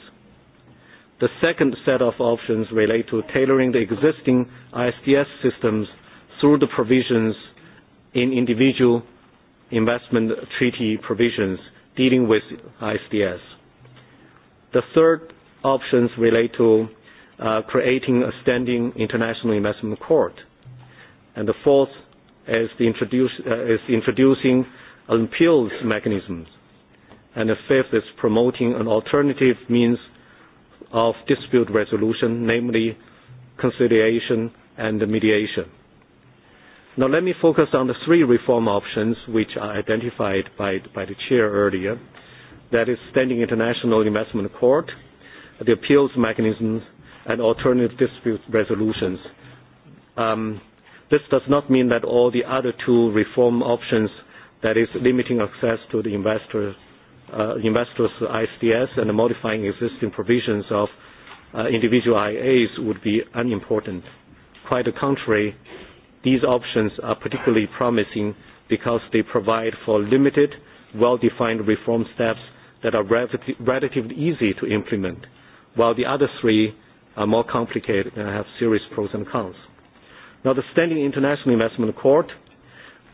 The second set of options relate to tailoring the existing ISDS systems through the provisions in individual investment treaty provisions dealing with ISDS. The third options relate to creating a standing international investment court. And the fourth the is introducing appeals mechanisms. And the fifth is promoting an alternative means of dispute resolution, namely conciliation and mediation. Now let me focus on the three reform options which are identified by the chair earlier. That is standing international investment court, the appeals mechanisms, and alternative dispute resolutions. This does not mean that all the other two reform options that is limiting access to the investors ISDS and modifying existing provisions of individual IAs would be unimportant. Quite the contrary, these options are particularly promising because they provide for limited, well-defined reform steps that are relatively easy to implement, while the other three are more complicated and have serious pros and cons. Now, the Standing International Investment Court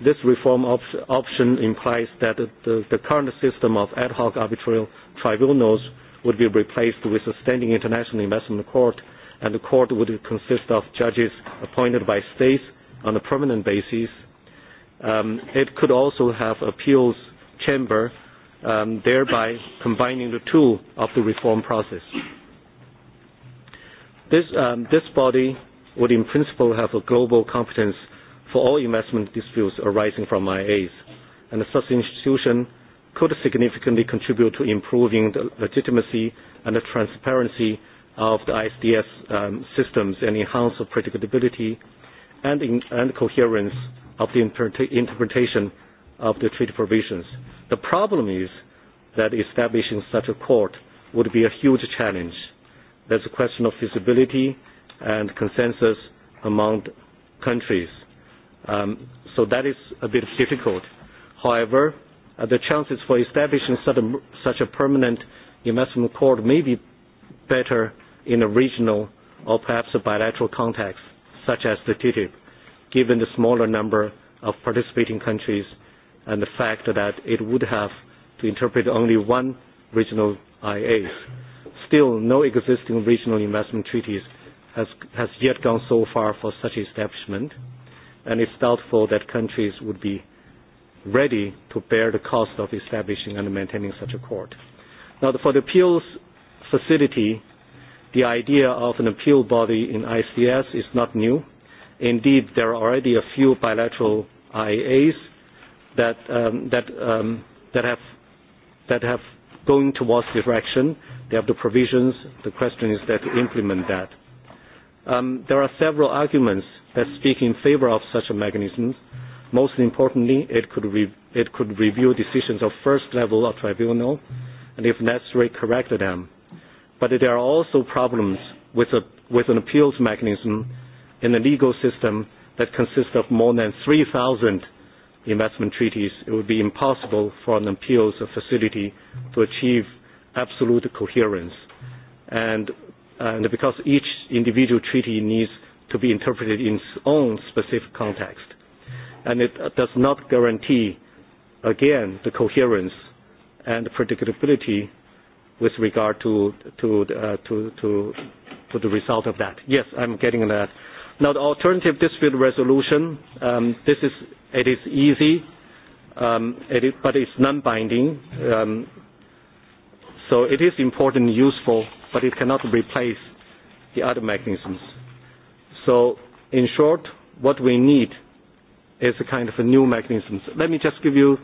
This reform option implies that the current system of ad hoc arbitral tribunals would be replaced with a standing international investment court, and the court would consist of judges appointed by states on a permanent basis. It could also have appeals chamber, thereby combining the two of the reform process. This body would in principle have a global competence for all investment disputes arising from IAs, and such institution could significantly contribute to improving the legitimacy and the transparency of the ISDS systems and enhance the predictability and coherence of the interpretation of the treaty provisions. The problem is that establishing such a court would be a huge challenge. There's a question of feasibility and consensus among countries so that is a bit difficult. However, the chances for establishing such a permanent investment court may be better in a regional or perhaps a bilateral context, such as the TTIP, given the smaller number of participating countries and the fact that it would have to interpret only one regional IAs. Still, no existing regional investment treaties has yet gone so far for such establishment and it's doubtful that countries would be ready to bear the cost of establishing and maintaining such a court. Now, for the appeals facility, the idea of an appeal body in ICS is not new. Indeed, there are already a few bilateral IAs that that that have that have going towards this direction. They have the provisions. The question is that to implement that. There are several arguments that speak in favor of such a mechanism. Most importantly, it could, it could review decisions of first level of tribunal and if necessary correct them. But there are also problems with, a, with an appeals mechanism in a legal system that consists of more than 3,000 investment treaties, it would be impossible for an appeals facility to achieve absolute coherence. And, and because each individual treaty needs to be interpreted in its own specific context. And it does not guarantee, again, the coherence and predictability with regard to to to to to the result of that. Yes, I'm getting that. Now, the alternative dispute resolution, um, this is it is easy, um, it is, but it's non-binding. Um, so it is important and useful, but it cannot replace the other mechanisms. So in short, what we need is a kind of a new mechanism. Let me just give you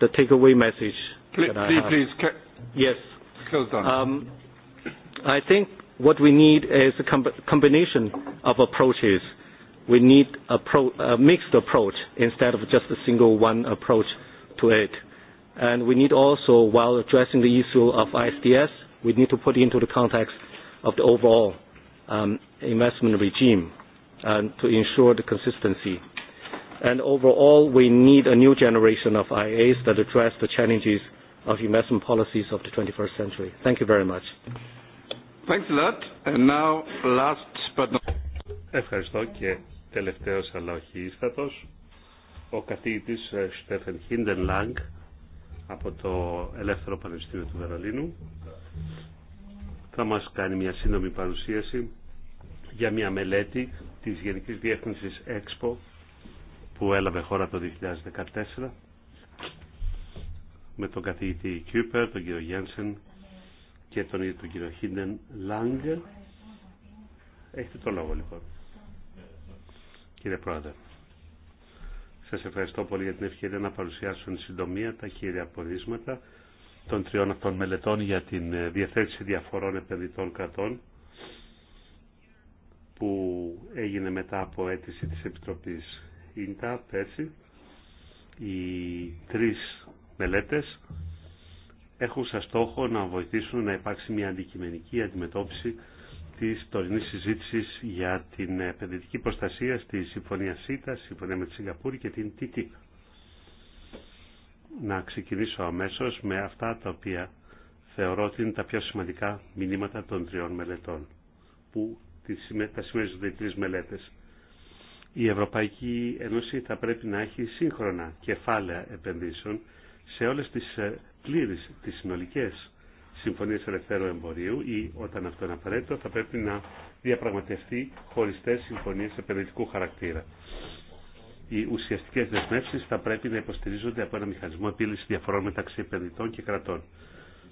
the takeaway message. Please, please, yes. I think what we need is a combination of approaches. We need a mixed approach instead of just a single one approach to it. And we need also, while addressing the issue of ISDS, we need to put into the context of the overall investment regime to ensure the consistency. And overall, we need a new generation of IAs that address the challenges of investment policies of the 21st century. Thank you very much. Thanks a lot. And now, last but not... Ευχαριστώ και τελευταίος αλλά όχι ίστατος, ο καθηγητής Στέφεν Χίντεν Λάγκ από το Ελεύθερο Πανεπιστήμιο του Βερολίνου. Θα μας κάνει μια σύντομη παρουσίαση για μια μελέτη της Γενικής Διεύθυνσης Expo που έλαβε χώρα το 2014 με τον καθηγητή Κιούπερ, τον κύριο Γιάνσεν και τον ίδιο τον κύριο Χίντεν Λάγκερ. Έχετε το λόγο λοιπόν. Κύριε Πρόεδρε, σας ευχαριστώ πολύ για την ευκαιρία να παρουσιάσω εν συντομία τα κύρια απορίσματα των τριών αυτών μελετών για την ε, διαθέτηση διαφορών επενδυτών κρατών που έγινε μετά από αίτηση της Επιτροπής ΙΝΤΑ πέρσι. Οι τρεις μελέτες έχουν σαν στόχο να βοηθήσουν να υπάρξει μια αντικειμενική αντιμετώπιση της τωρινής συζήτησης για την επενδυτική προστασία στη Συμφωνία ΣΥΤΑ, Συμφωνία με τη Σιγκαπούρη και την ΤΙΤΙΚ. Να ξεκινήσω αμέσως με αυτά τα οποία θεωρώ ότι είναι τα πιο σημαντικά μηνύματα των τριών μελετών που τα σημερινές τρεις μελέτες. Η Ευρωπαϊκή Ένωση θα πρέπει να έχει σύγχρονα κεφάλαια επενδύσεων σε όλες τις ε, πλήρες τις συνολικές συμφωνίες ελευθέρου εμπορίου ή όταν αυτό είναι απαραίτητο θα πρέπει να διαπραγματευτεί χωριστές συμφωνίες επενδυτικού χαρακτήρα. Οι ουσιαστικές δεσμεύσεις θα πρέπει να υποστηρίζονται από ένα μηχανισμό επίλυση διαφορών μεταξύ επενδυτών και κρατών.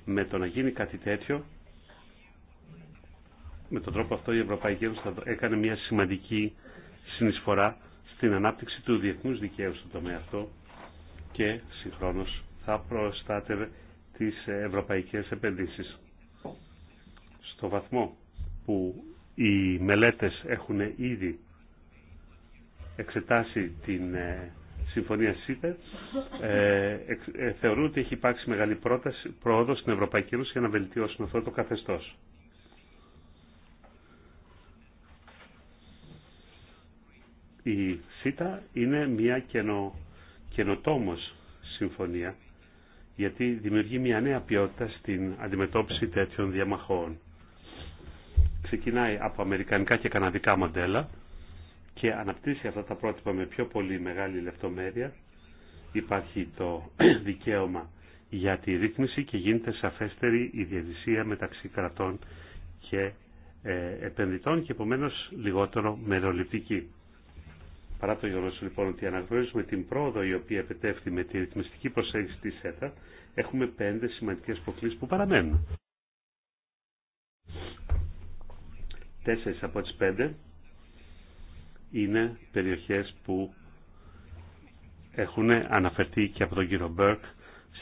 Με το να γίνει κάτι τέτοιο με τον τρόπο αυτό η Ευρωπαϊκή Ένωση θα έκανε μια σημαντική συνεισφορά στην ανάπτυξη του διεθνούς δικαίου στον τομέα αυτό και συγχρόνως θα προστάτευε τις ευρωπαϊκές επενδύσεις. Στο βαθμό που οι μελέτες έχουν ήδη εξετάσει την ε, Συμφωνία ΣΥΤΕ, ε, ε, θεωρούν ότι έχει υπάρξει μεγάλη πρόταση, πρόοδο στην Ευρωπαϊκή Ένωση για να βελτιώσουν αυτό το καθεστώς. η ΣΥΤΑ είναι μια καινο, καινοτόμος συμφωνία γιατί δημιουργεί μια νέα ποιότητα στην αντιμετώπιση τέτοιων διαμαχών. Ξεκινάει από αμερικανικά και καναδικά μοντέλα και αναπτύσσει αυτά τα πρότυπα με πιο πολύ μεγάλη λεπτομέρεια. Υπάρχει το δικαίωμα για τη ρύθμιση και γίνεται σαφέστερη η διαδυσία μεταξύ κρατών και ε, επενδυτών και επομένως λιγότερο μεροληπτική. Παρά το γεγονό λοιπόν ότι αναγνωρίζουμε την πρόοδο η οποία επιτεύχθη με τη ρυθμιστική προσέγγιση τη ΕΤΑ, έχουμε πέντε σημαντικέ προκλήσει που παραμένουν. Τέσσερι από τι πέντε είναι περιοχές που έχουν αναφερθεί και από τον κύριο Μπέρκ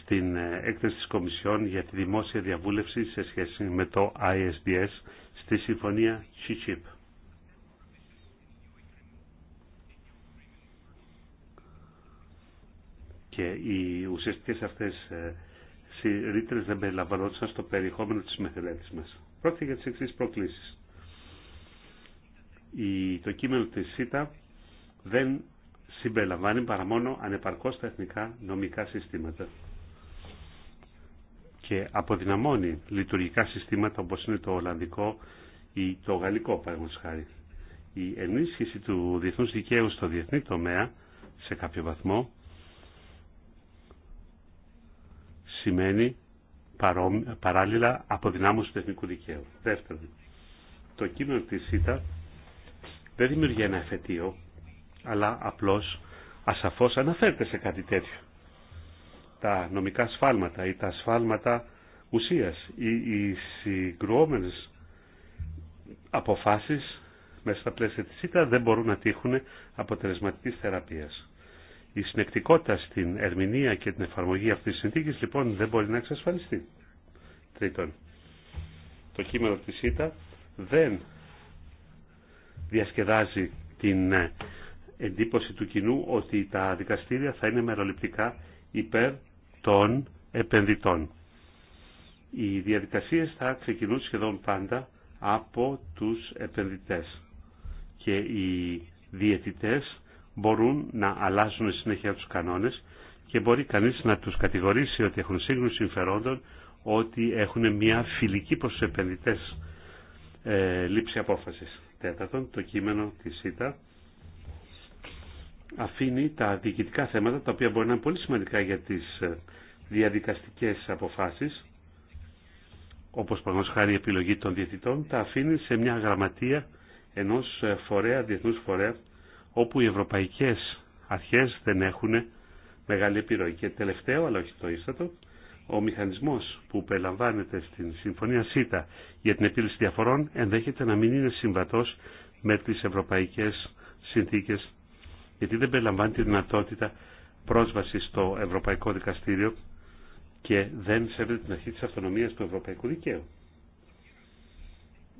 στην ε, έκθεση της Κομισιόν για τη δημόσια διαβούλευση σε σχέση με το ISDS στη Συμφωνία CHI-CHIP. και οι ουσιαστικές αυτές ε, ρήτρες δεν περιλαμβανόντουσαν στο περιεχόμενο της μεθελέτης μα. Πρόκειται για τι εξής προκλήσεις. Η, το κείμενο της ΣΥΤΑ δεν συμπεριλαμβάνει παρά μόνο ανεπαρκώς τα εθνικά νομικά συστήματα και αποδυναμώνει λειτουργικά συστήματα όπως είναι το Ολλανδικό ή το Γαλλικό παραδείγματος χάρη. Η ενίσχυση του διεθνού δικαίου στο διεθνή τομέα σε κάποιο βαθμό σημαίνει παράλληλα αποδυνάμωση του εθνικού δικαίου. Δεύτερον, το κείμενο της ΣΥΤΑ δεν δημιουργεί ένα εφετείο, αλλά απλώς ασαφώς αναφέρεται σε κάτι τέτοιο. Τα νομικά σφάλματα ή τα σφάλματα ουσίας ή οι συγκρουόμενες αποφάσεις μέσα στα πλαίσια της ΣΥΤΑ δεν μπορούν να τύχουν αποτελεσματικής θεραπεία. Η συνεκτικότητα στην ερμηνεία και την εφαρμογή αυτής της συνθήκης λοιπόν δεν μπορεί να εξασφαλιστεί. Τρίτον, το κείμενο της ΣΥΤΑ δεν διασκεδάζει την ε, εντύπωση του κοινού ότι τα δικαστήρια θα είναι μεροληπτικά υπέρ των επενδυτών. Οι διαδικασίες θα ξεκινούν σχεδόν πάντα από τους επενδυτές και οι διαιτητές μπορούν να αλλάζουν συνέχεια τους κανόνες και μπορεί κανείς να τους κατηγορήσει ότι έχουν σύγχρονους συμφερόντων, ότι έχουν μια φιλική προς τους επενδυτές ε, λήψη απόφασης. Τέταρτον, το κείμενο της ΣΥΤΑ αφήνει τα διοικητικά θέματα, τα οποία μπορεί να είναι πολύ σημαντικά για τις ε, διαδικαστικές αποφάσεις, όπως παραγωγός χάρη η επιλογή των διαιτητών, τα αφήνει σε μια γραμματεία ενός ε, φορέα, διεθνούς φορέα, όπου οι ευρωπαϊκές αρχές δεν έχουν μεγάλη επιρροή. Και τελευταίο, αλλά όχι το ίστατο, ο μηχανισμός που περιλαμβάνεται στην Συμφωνία ΣΥΤΑ για την επίλυση διαφορών ενδέχεται να μην είναι συμβατός με τις ευρωπαϊκές συνθήκες, γιατί δεν περιλαμβάνει τη δυνατότητα πρόσβαση στο Ευρωπαϊκό Δικαστήριο και δεν σέβεται την αρχή της αυτονομίας του Ευρωπαϊκού Δικαίου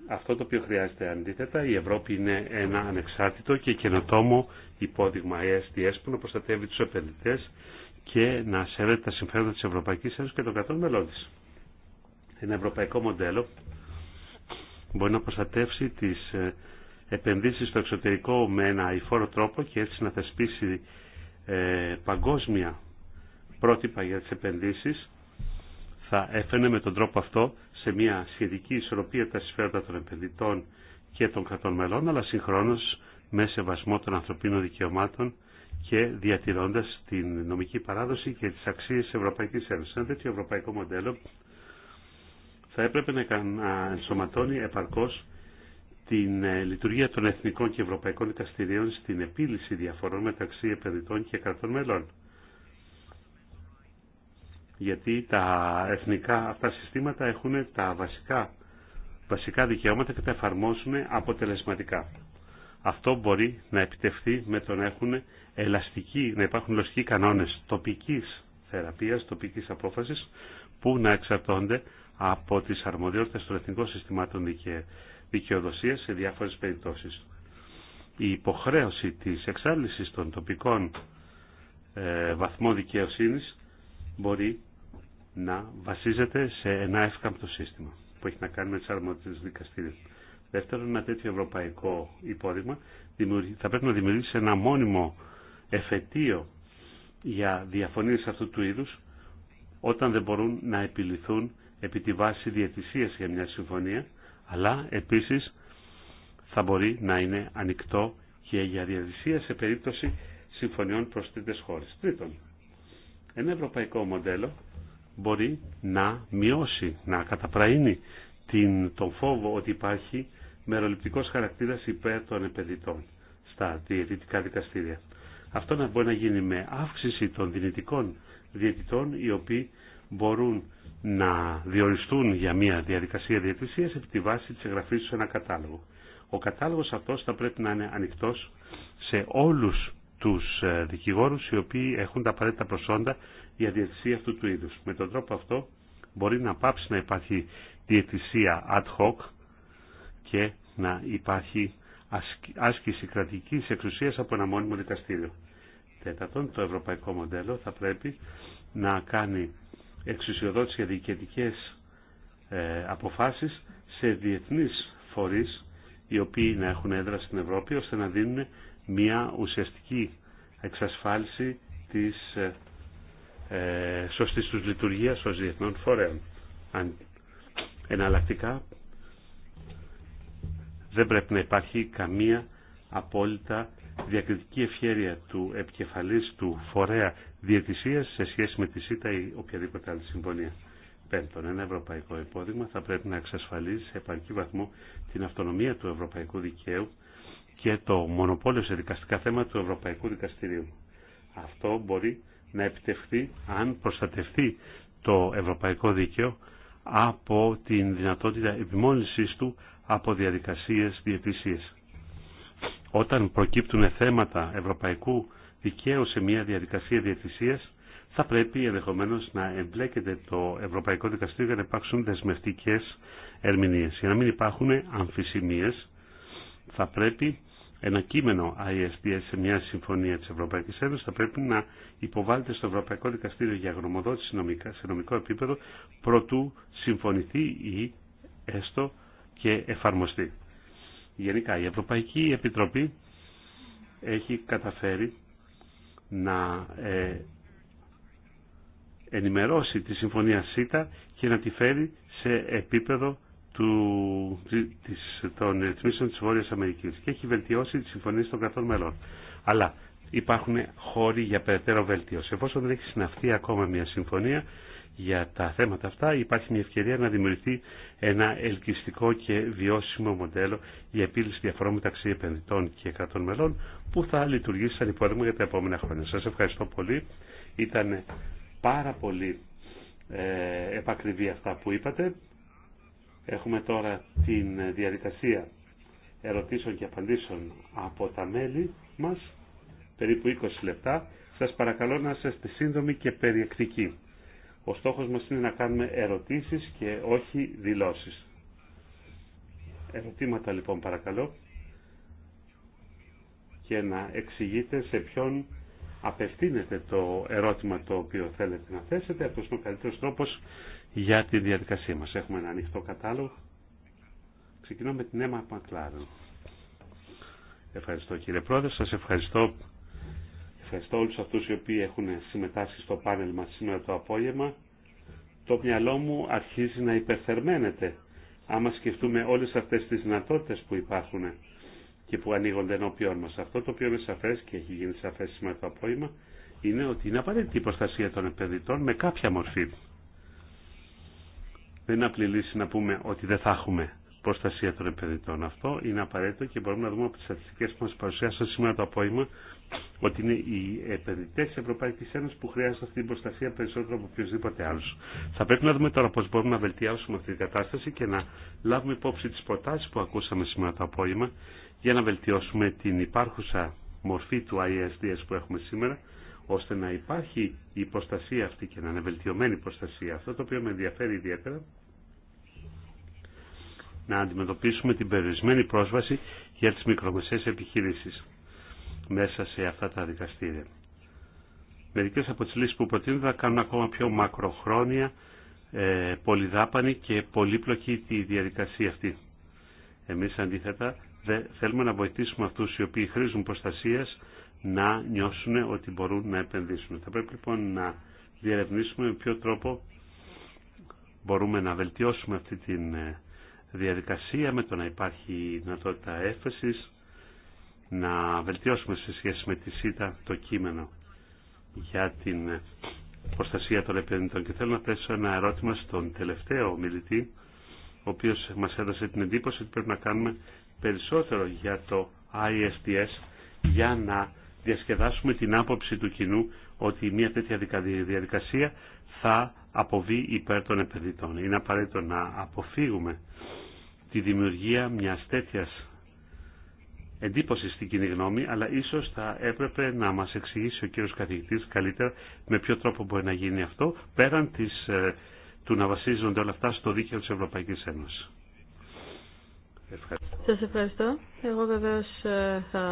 αυτό το οποίο χρειάζεται αντίθετα. Η Ευρώπη είναι ένα ανεξάρτητο και καινοτόμο υπόδειγμα ESDS που να προστατεύει τους επενδυτές και να σέβεται τα συμφέροντα της Ευρωπαϊκής Ένωσης και των κρατών μελών της. Ένα ευρωπαϊκό μοντέλο μπορεί να προστατεύσει τις ε, επενδύσεις στο εξωτερικό με ένα υφόρο τρόπο και έτσι να θεσπίσει ε, παγκόσμια πρότυπα για τις επενδύσεις θα έφερνε με τον τρόπο αυτό σε μια σχετική ισορροπία τα συμφέροντα των επενδυτών και των κρατών μελών, αλλά συγχρόνως με σεβασμό των ανθρωπίνων δικαιωμάτων και διατηρώντας την νομική παράδοση και τις αξίες Ευρωπαϊκής Ένωσης. Ένα τέτοιο ευρωπαϊκό μοντέλο θα έπρεπε να ενσωματώνει επαρκώς την ε, λειτουργία των εθνικών και ευρωπαϊκών δικαστηρίων στην επίλυση διαφορών μεταξύ επενδυτών και κρατών μελών γιατί τα εθνικά αυτά συστήματα έχουν τα βασικά, βασικά δικαιώματα και τα εφαρμόσουν αποτελεσματικά. Αυτό μπορεί να επιτευχθεί με το να, έχουν ελαστική, να υπάρχουν ελαστικοί κανόνες τοπικής θεραπείας, τοπικής απόφασης, που να εξαρτώνται από τις αρμοδιότητες των εθνικών συστημάτων δικαιοδοσίας σε διάφορες περιπτώσεις. Η υποχρέωση της εξάλλησης των τοπικών ε, βαθμών δικαιοσύνης μπορεί να βασίζεται σε ένα εύκαμπτο σύστημα που έχει να κάνει με τι αρμοδιότητε δικαστήριων. Δεύτερον, ένα τέτοιο ευρωπαϊκό υπόδειγμα θα πρέπει να δημιουργήσει ένα μόνιμο εφετείο για διαφωνίε αυτού του είδου όταν δεν μπορούν να επιληθούν επί τη βάση διαιτησίας για μια συμφωνία αλλά επίσης θα μπορεί να είναι ανοιχτό και για διατησία σε περίπτωση συμφωνιών προς τρίτες χώρες. Τρίτον, ένα ευρωπαϊκό μοντέλο μπορεί να μειώσει, να καταπραίνει την, τον φόβο ότι υπάρχει μεροληπτικός χαρακτήρας υπέρ των επενδυτών στα διαιτητικά δικαστήρια. Αυτό να μπορεί να γίνει με αύξηση των δυνητικών διαιτητών οι οποίοι μπορούν να διοριστούν για μια διαδικασία διαιτησίας επί τη βάση της εγγραφής του σε ένα κατάλογο. Ο κατάλογος αυτός θα πρέπει να είναι ανοιχτός σε όλους τους ε, δικηγόρους οι οποίοι έχουν τα απαραίτητα προσόντα για διαιτησία αυτού του είδους. Με τον τρόπο αυτό μπορεί να πάψει να υπάρχει διαιτησία ad hoc και να υπάρχει άσκηση κρατικής εξουσίας από ένα μόνιμο δικαστήριο. Τέταρτον, το ευρωπαϊκό μοντέλο θα πρέπει να κάνει εξουσιοδότηση για διοικητικές ε, αποφάσεις σε διεθνείς φορείς οι οποίοι να έχουν έδρα στην Ευρώπη ώστε να δίνουν μια ουσιαστική εξασφάλιση της ε, σωστής τους λειτουργίας ως διεθνών φορέων. Αν εναλλακτικά δεν πρέπει να υπάρχει καμία απόλυτα διακριτική ευχέρεια του επικεφαλής του φορέα διαιτησίας σε σχέση με τη ΣΥΤΑ ή οποιαδήποτε άλλη συμφωνία. Πέμπτον, ένα ευρωπαϊκό υπόδειγμα θα πρέπει να εξασφαλίζει σε επαρκή βαθμό την αυτονομία του ευρωπαϊκού δικαίου και το μονοπόλιο σε δικαστικά θέματα του Ευρωπαϊκού Δικαστηρίου. Αυτό μπορεί να επιτευχθεί αν προστατευτεί το ευρωπαϊκό δίκαιο από την δυνατότητα επιμόλυνσής του από διαδικασίες διευθυνσίες. Όταν προκύπτουν θέματα ευρωπαϊκού δικαίου σε μια διαδικασία διαιτησίας, θα πρέπει ενδεχομένω να εμπλέκεται το Ευρωπαϊκό Δικαστήριο για να υπάρξουν δεσμευτικέ ερμηνείε. Για να μην υπάρχουν αμφισημίε, θα πρέπει ένα κείμενο ISDS σε μια συμφωνία της Ευρωπαϊκής Ένωσης θα πρέπει να υποβάλλεται στο Ευρωπαϊκό Δικαστήριο για γνωμοδότηση νομικά, σε νομικό επίπεδο προτού συμφωνηθεί ή έστω και εφαρμοστεί. Γενικά η Ευρωπαϊκή Επιτροπή έχει καταφέρει να ε, ενημερώσει τη Συμφωνία ΣΥΤΑ και να τη φέρει σε επίπεδο του, της, των ρυθμίσεων της Βόρειας Αμερικής και έχει βελτιώσει τη συμφωνία των κρατών μελών. Αλλά υπάρχουν χώροι για περαιτέρω βελτίωση. Εφόσον δεν έχει συναυθεί ακόμα μια συμφωνία για τα θέματα αυτά, υπάρχει μια ευκαιρία να δημιουργηθεί ένα ελκυστικό και βιώσιμο μοντέλο για επίλυση διαφορών μεταξύ επενδυτών και κρατών μελών που θα λειτουργήσει σαν υπόδειγμα για τα επόμενα χρόνια. Σας ευχαριστώ πολύ. Ήταν πάρα πολύ ε, επακριβή αυτά που είπατε. Έχουμε τώρα την διαδικασία ερωτήσεων και απαντήσεων από τα μέλη μας, περίπου 20 λεπτά. Σας παρακαλώ να είστε σύντομοι και περιεκτικοί. Ο στόχος μας είναι να κάνουμε ερωτήσεις και όχι δηλώσεις. Ερωτήματα λοιπόν παρακαλώ και να εξηγείτε σε ποιον απευθύνεται το ερώτημα το οποίο θέλετε να θέσετε. Αυτός είναι ο καλύτερος τρόπος για τη διαδικασία μας. Έχουμε ένα ανοιχτό κατάλογο. Ξεκινώ με την Έμα Μακλάρεν. Ευχαριστώ κύριε Πρόεδρε, σας ευχαριστώ. Ευχαριστώ όλους αυτούς οι οποίοι έχουν συμμετάσχει στο πάνελ μας σήμερα το απόγευμα. Το μυαλό μου αρχίζει να υπερθερμαίνεται άμα σκεφτούμε όλες αυτές τις δυνατότητες που υπάρχουν και που ανοίγονται ενώπιόν μας. Αυτό το οποίο είναι σαφές και έχει γίνει σαφές σήμερα το απόγευμα είναι ότι είναι απαραίτητη η προστασία των επενδυτών με κάποια μορφή. Δεν είναι απλή λύση να πούμε ότι δεν θα έχουμε προστασία των επενδυτών. Αυτό είναι απαραίτητο και μπορούμε να δούμε από τι στατιστικέ που μα παρουσιάσαν σήμερα το απόγευμα ότι είναι οι επενδυτέ τη Ευρωπαϊκή Ένωση που χρειάζονται αυτή την προστασία περισσότερο από οποιοδήποτε άλλο. Θα πρέπει να δούμε τώρα πώ μπορούμε να βελτιώσουμε αυτή την κατάσταση και να λάβουμε υπόψη τι προτάσει που ακούσαμε σήμερα το απόγευμα για να βελτιώσουμε την υπάρχουσα μορφή του ISDS που έχουμε σήμερα ώστε να υπάρχει η προστασία αυτή και να είναι βελτιωμένη προστασία. Αυτό το οποίο με ενδιαφέρει ιδιαίτερα να αντιμετωπίσουμε την περιορισμένη πρόσβαση για τις μικρομεσαίες επιχειρήσεις μέσα σε αυτά τα δικαστήρια. Μερικές από τις λύσεις που προτείνω θα κάνουν ακόμα πιο μακροχρόνια, ε, πολυδάπανη και πολύπλοκη τη διαδικασία αυτή. Εμείς αντίθετα θέλουμε να βοηθήσουμε αυτούς οι οποίοι χρήζουν προστασίας να νιώσουν ότι μπορούν να επενδύσουν. Θα πρέπει λοιπόν να διερευνήσουμε με ποιο τρόπο μπορούμε να βελτιώσουμε αυτή τη ε, διαδικασία με το να υπάρχει δυνατότητα έφεσης, να βελτιώσουμε σε σχέση με τη ΣΥΤΑ το κείμενο για την ε, προστασία των επενδυτών. Και θέλω να θέσω ένα ερώτημα στον τελευταίο μιλητή, ο οποίος μας έδωσε την εντύπωση ότι πρέπει να κάνουμε περισσότερο για το ISDS για να διασκεδάσουμε την άποψη του κοινού ότι μια τέτοια διαδικασία θα αποβεί υπέρ των επενδυτών. Είναι απαραίτητο να αποφύγουμε τη δημιουργία μιας τέτοιας εντύπωση στην κοινή γνώμη, αλλά ίσω θα έπρεπε να μα εξηγήσει ο κύριο καθηγητή καλύτερα με ποιο τρόπο μπορεί να γίνει αυτό, πέραν της, ε, του να βασίζονται όλα αυτά στο δίκαιο τη Ευρωπαϊκή Ένωση. Σα Σας ευχαριστώ. Εγώ βεβαίω ε, θα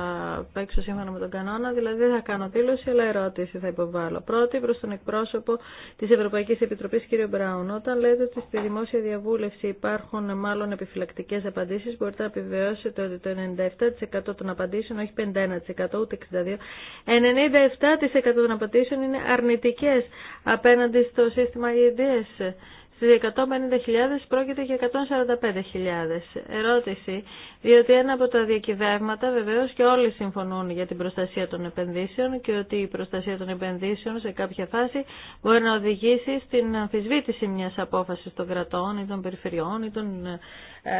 παίξω σύμφωνα με τον κανόνα, δηλαδή δεν θα κάνω δήλωση, αλλά ερώτηση θα υποβάλω. Πρώτη προς τον εκπρόσωπο της Ευρωπαϊκής Επιτροπής, κύριο Μπράουν. Όταν λέτε ότι στη δημόσια διαβούλευση υπάρχουν μάλλον επιφυλακτικές απαντήσεις, μπορείτε να επιβεβαιώσετε ότι το 97% των απαντήσεων, όχι 51% ούτε 62%, 97% των απαντήσεων είναι αρνητικές απέναντι στο σύστημα EDS. 150.000 πρόκειται για 145.000. Ερώτηση, διότι ένα από τα διακυβεύματα βεβαίως και όλοι συμφωνούν για την προστασία των επενδύσεων και ότι η προστασία των επενδύσεων σε κάποια φάση μπορεί να οδηγήσει στην αμφισβήτηση μιας απόφασης των κρατών ή των περιφερειών ή των ε,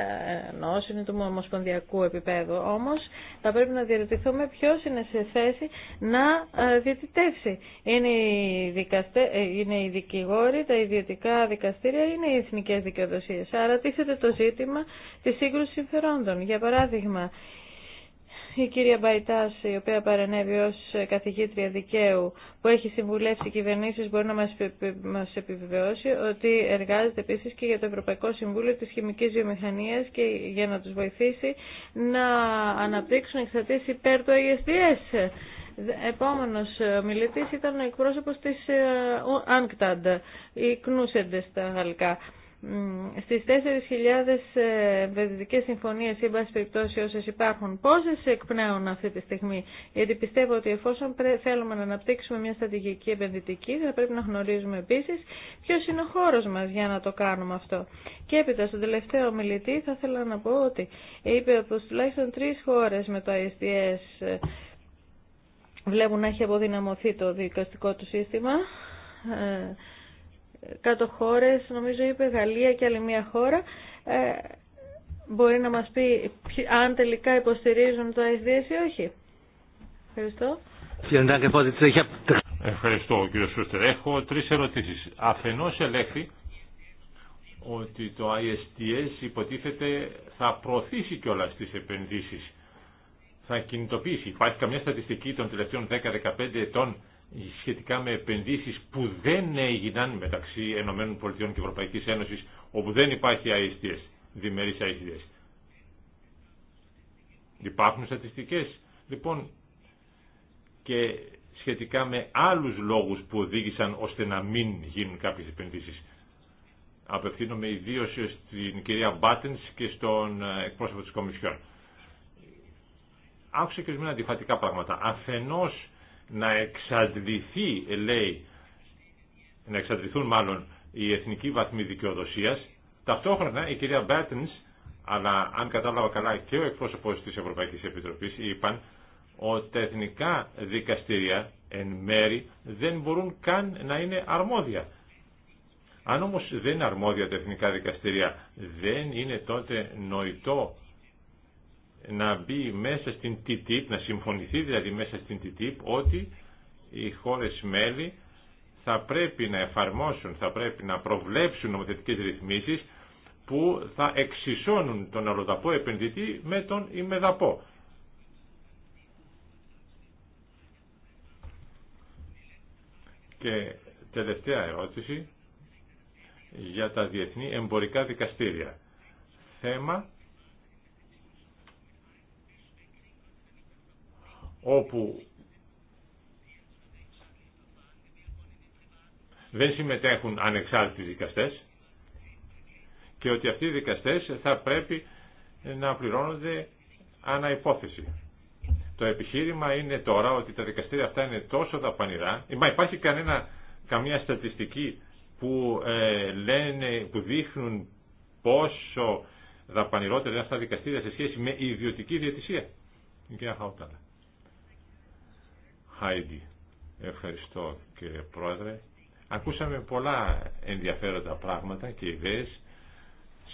νόσων ή του ομοσπονδιακού επίπεδου. Όμως θα πρέπει να διαρωτηθούμε ποιος είναι σε θέση να ε, διαιτητεύσει. Είναι οι, δικαστε... Ε, είναι οι δικηγόροι, τα ιδιωτικά δικαστήρια κριτήρια είναι οι εθνικές δικαιοδοσίες. Άρα τίθεται το ζήτημα της σύγκρουσης συμφερόντων. Για παράδειγμα, η κυρία Μπαϊτάς, η οποία παρενέβη ως καθηγήτρια δικαίου που έχει συμβουλεύσει κυβερνήσεις, μπορεί να μας επιβεβαιώσει ότι εργάζεται επίσης και για το Ευρωπαϊκό Συμβούλιο της Χημικής Βιομηχανίας και για να τους βοηθήσει να αναπτύξουν εξαρτήσεις υπέρ του ISDS. Επόμενος ε, μιλητή ήταν ο εκπρόσωπος της ΑΝΚΤΑΝΤ, ε, η Κνούσεντε στα γαλλικά. Στις 4.000 επενδυτικές συμφωνίες ή πάση περιπτώσει όσες υπάρχουν, πόσες εκπνέουν αυτή τη στιγμή. Γιατί πιστεύω ότι εφόσον θέλουμε να αναπτύξουμε μια στρατηγική επενδυτική, θα πρέπει να γνωρίζουμε επίσης ποιο είναι ο χώρος μας για να το κάνουμε αυτό. Και έπειτα στον τελευταίο μιλητή θα ήθελα να πω ότι είπε πως τουλάχιστον τρεις χώρες με το ISDS βλέπουν να έχει αποδυναμωθεί το δικαστικό του σύστημα. Ε, κάτω νομίζω είπε Γαλλία και άλλη μια χώρα, ε, μπορεί να μας πει αν τελικά υποστηρίζουν το ISDS ή όχι. Ευχαριστώ. Ευχαριστώ κύριε Σούστερ. Έχω τρεις ερωτήσεις. Αφενός ελέγχει ότι το ISDS υποτίθεται θα προωθήσει κιόλας τις επενδύσεις θα κινητοποιήσει. Υπάρχει καμιά στατιστική των τελευταίων 10-15 ετών σχετικά με επενδύσεις που δεν έγιναν μεταξύ Πολιτειών και Ευρωπαϊκής Ένωσης όπου δεν υπάρχει ISDS, διμερείς ISDS. Υπάρχουν στατιστικές, λοιπόν, και σχετικά με άλλους λόγους που οδήγησαν ώστε να μην γίνουν κάποιες επενδύσεις. Απευθύνομαι ιδίως στην κυρία Μπάτενς και στον ε, εκπρόσωπο της Κομισιόν άκουσα και ορισμένα αντιφατικά πράγματα. Αφενό να εξαντληθεί, λέει, να εξαντληθούν μάλλον οι εθνικοί βαθμοί δικαιοδοσία. Ταυτόχρονα η κυρία Μπέρτεν, αλλά αν κατάλαβα καλά και ο εκπρόσωπο τη Ευρωπαϊκή Επιτροπή, είπαν ότι τα εθνικά δικαστήρια εν μέρη δεν μπορούν καν να είναι αρμόδια. Αν όμως δεν είναι αρμόδια τα εθνικά δικαστήρια, δεν είναι τότε νοητό να μπει μέσα στην TTIP, να συμφωνηθεί δηλαδή μέσα στην TTIP ότι οι χώρες μέλη θα πρέπει να εφαρμόσουν, θα πρέπει να προβλέψουν νομοθετικές ρυθμίσεις που θα εξισώνουν τον αλλοδαπό επενδυτή με τον ημεδαπό. Και τελευταία ερώτηση για τα διεθνή εμπορικά δικαστήρια. Θέμα όπου δεν συμμετέχουν ανεξάρτητοι δικαστές και ότι αυτοί οι δικαστές θα πρέπει να πληρώνονται αναϋπόθεση. Το επιχείρημα είναι τώρα ότι τα δικαστήρια αυτά είναι τόσο δαπανηρά. Ε, μα υπάρχει κανένα, καμία στατιστική που, ε, που δείχνουν πόσο δαπανηρότερα είναι αυτά τα δικαστήρια σε σχέση με ιδιωτική διατησία Χάιντι. Ευχαριστώ κύριε Πρόεδρε. Ακούσαμε πολλά ενδιαφέροντα πράγματα και ιδέες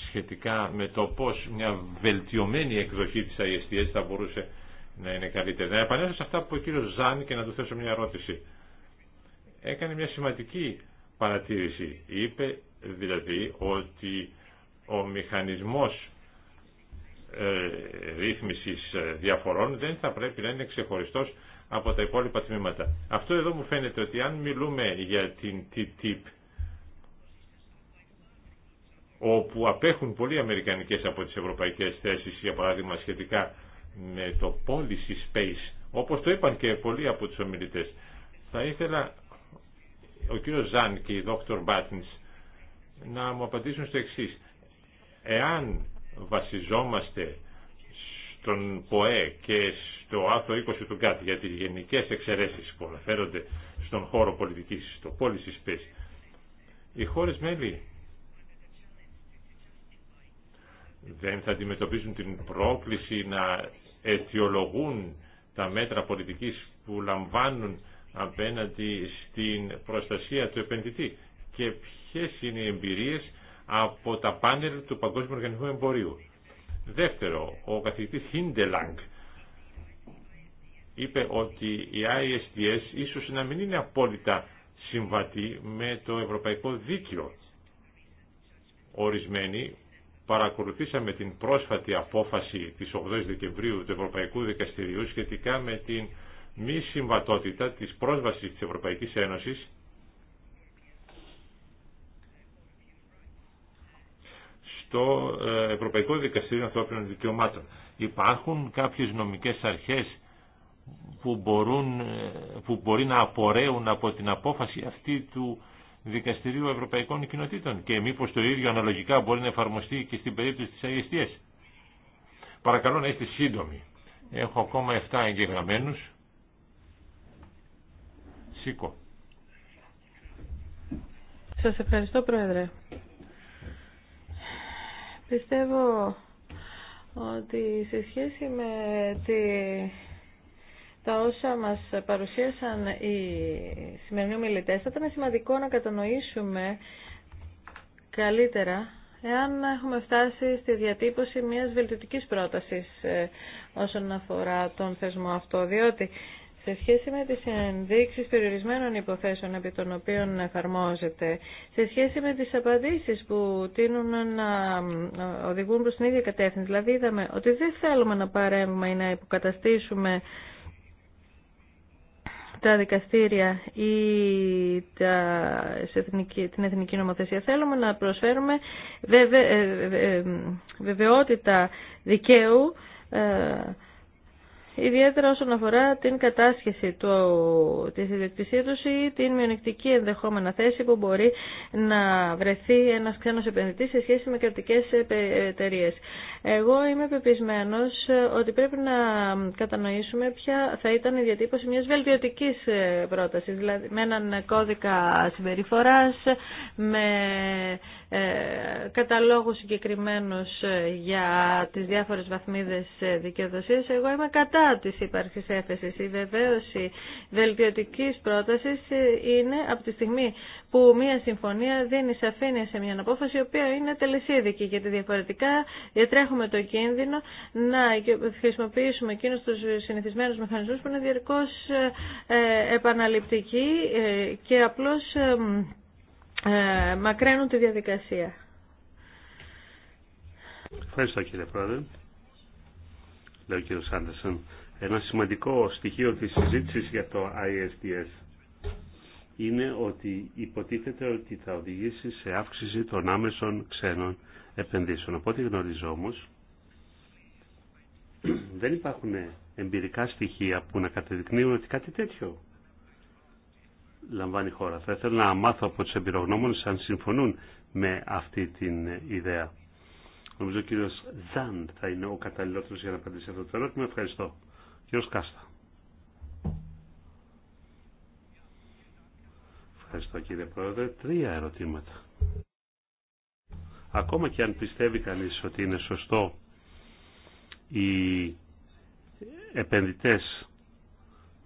σχετικά με το πώς μια βελτιωμένη εκδοχή της ISTS θα μπορούσε να είναι καλύτερη. Να επανέλθω σε αυτά που ο κύριος Ζάνη και να του θέσω μια ερώτηση. Έκανε μια σημαντική παρατήρηση. Είπε δηλαδή ότι ο μηχανισμός ε, ρύθμισης ε, διαφορών δεν θα πρέπει να είναι ξεχωριστός από τα υπόλοιπα τμήματα. Αυτό εδώ μου φαίνεται ότι αν μιλούμε για την TTIP, όπου απέχουν πολλοί αμερικανικές από τις ευρωπαϊκές θέσεις, για παράδειγμα σχετικά με το policy space, όπως το είπαν και πολλοί από τους ομιλητές, θα ήθελα ο κύριος Ζαν και η Δόκτωρ Μπάτινς να μου απαντήσουν στο εξής. Εάν βασιζόμαστε στον ΠΟΕ και στο άρθρο 20 του ΚΑΤ για τις γενικές εξαιρέσεις που αναφέρονται στον χώρο πολιτικής, στο της πές. οι χώρες μέλη δεν θα αντιμετωπίζουν την πρόκληση να αιτιολογούν τα μέτρα πολιτικής που λαμβάνουν απέναντι στην προστασία του επενδυτή και ποιες είναι οι εμπειρίες από τα πάνελ του Παγκόσμιου Οργανισμού Εμπορίου. Δεύτερο, ο καθηγητής Χίντελανγκ είπε ότι η ISDS ίσως να μην είναι απόλυτα συμβατή με το ευρωπαϊκό δίκαιο. Ορισμένοι παρακολουθήσαμε την πρόσφατη απόφαση της 8 Δεκεμβρίου του Ευρωπαϊκού Δικαστηρίου σχετικά με την μη συμβατότητα της πρόσβασης της Ευρωπαϊκής Ένωσης το ε, Ευρωπαϊκό Δικαστήριο Ανθρώπινων Δικαιωμάτων. Υπάρχουν κάποιες νομικές αρχές που, μπορούν, ε, που μπορεί να απορρέουν από την απόφαση αυτή του Δικαστηρίου Ευρωπαϊκών Κοινοτήτων και μήπως το ίδιο αναλογικά μπορεί να εφαρμοστεί και στην περίπτωση της αγιστίας. Παρακαλώ να είστε σύντομοι. Έχω ακόμα 7 εγγεγραμμένους. Σήκω. Σας ευχαριστώ Πρόεδρε. Πιστεύω ότι σε σχέση με τη... τα όσα μας παρουσίασαν οι σημερινοί μιλητές, θα ήταν σημαντικό να κατανοήσουμε καλύτερα εάν έχουμε φτάσει στη διατύπωση μιας βελτιωτικής πρότασης ε, όσον αφορά τον θεσμό αυτό, διότι σε σχέση με τις ενδείξεις περιορισμένων υποθέσεων επί των οποίων εφαρμόζεται, σε σχέση με τις απαντήσεις που τείνουν να ε, οδηγούν προς την ίδια κατεύθυνση, δηλαδή είδαμε ότι δεν θέλουμε να παρέμβουμε ή να υποκαταστήσουμε τα δικαστήρια ή τα, εθνική, την εθνική νομοθεσία. Θέλουμε να προσφέρουμε ε, ε, βεβαιότητα δικαίου ιδιαίτερα όσον αφορά την κατάσχεση του, της ιδιοκτησίας ή την μειονεκτική ενδεχόμενα θέση που μπορεί να βρεθεί ένας ξένος επενδυτής σε σχέση με κρατικές εταιρείε. Εγώ είμαι πεπισμένος ότι πρέπει να κατανοήσουμε ποια θα ήταν η διατύπωση μιας βελτιωτικής πρότασης, δηλαδή με έναν κώδικα συμπεριφοράς, με ε, Καταλόγου συγκεκριμένους ε, για τις διάφορες βαθμίδες ε, δικαιοδοσίας. Εγώ είμαι κατά της ύπαρξης έφεσης. Η βεβαίωση βελτιωτικής πρότασης είναι από τη στιγμή που μια συμφωνία δίνει σαφήνεια σε μια απόφαση η οποία είναι τελεσίδικη γιατί διαφορετικά διατρέχουμε το κίνδυνο να χρησιμοποιήσουμε εκείνους τους συνηθισμένους μηχανισμούς που είναι διαρκώς επαναληπτικοί και απλώς ε, μακραίνουν τη διαδικασία. Ευχαριστώ κύριε Πρόεδρε. Λέω κύριο Σάντερσον. Ένα σημαντικό στοιχείο της συζήτησης για το ISDS είναι ότι υποτίθεται ότι θα οδηγήσει σε αύξηση των άμεσων ξένων επενδύσεων. Από ό,τι γνωρίζω δεν υπάρχουν εμπειρικά στοιχεία που να κατεδεικνύουν ότι κάτι τέτοιο λαμβάνει η χώρα. Θα ήθελα να μάθω από τους εμπειρογνώμονες αν συμφωνούν με αυτή την ιδέα. Νομίζω ο κύριος Ζαν θα είναι ο καταλληλότερος για να απαντήσει αυτό το ερώτημα. Ευχαριστώ. Κύριος Κάστα. Ευχαριστώ κύριε Πρόεδρε. Τρία ερωτήματα. Ακόμα και αν πιστεύει κανείς ότι είναι σωστό οι επενδυτές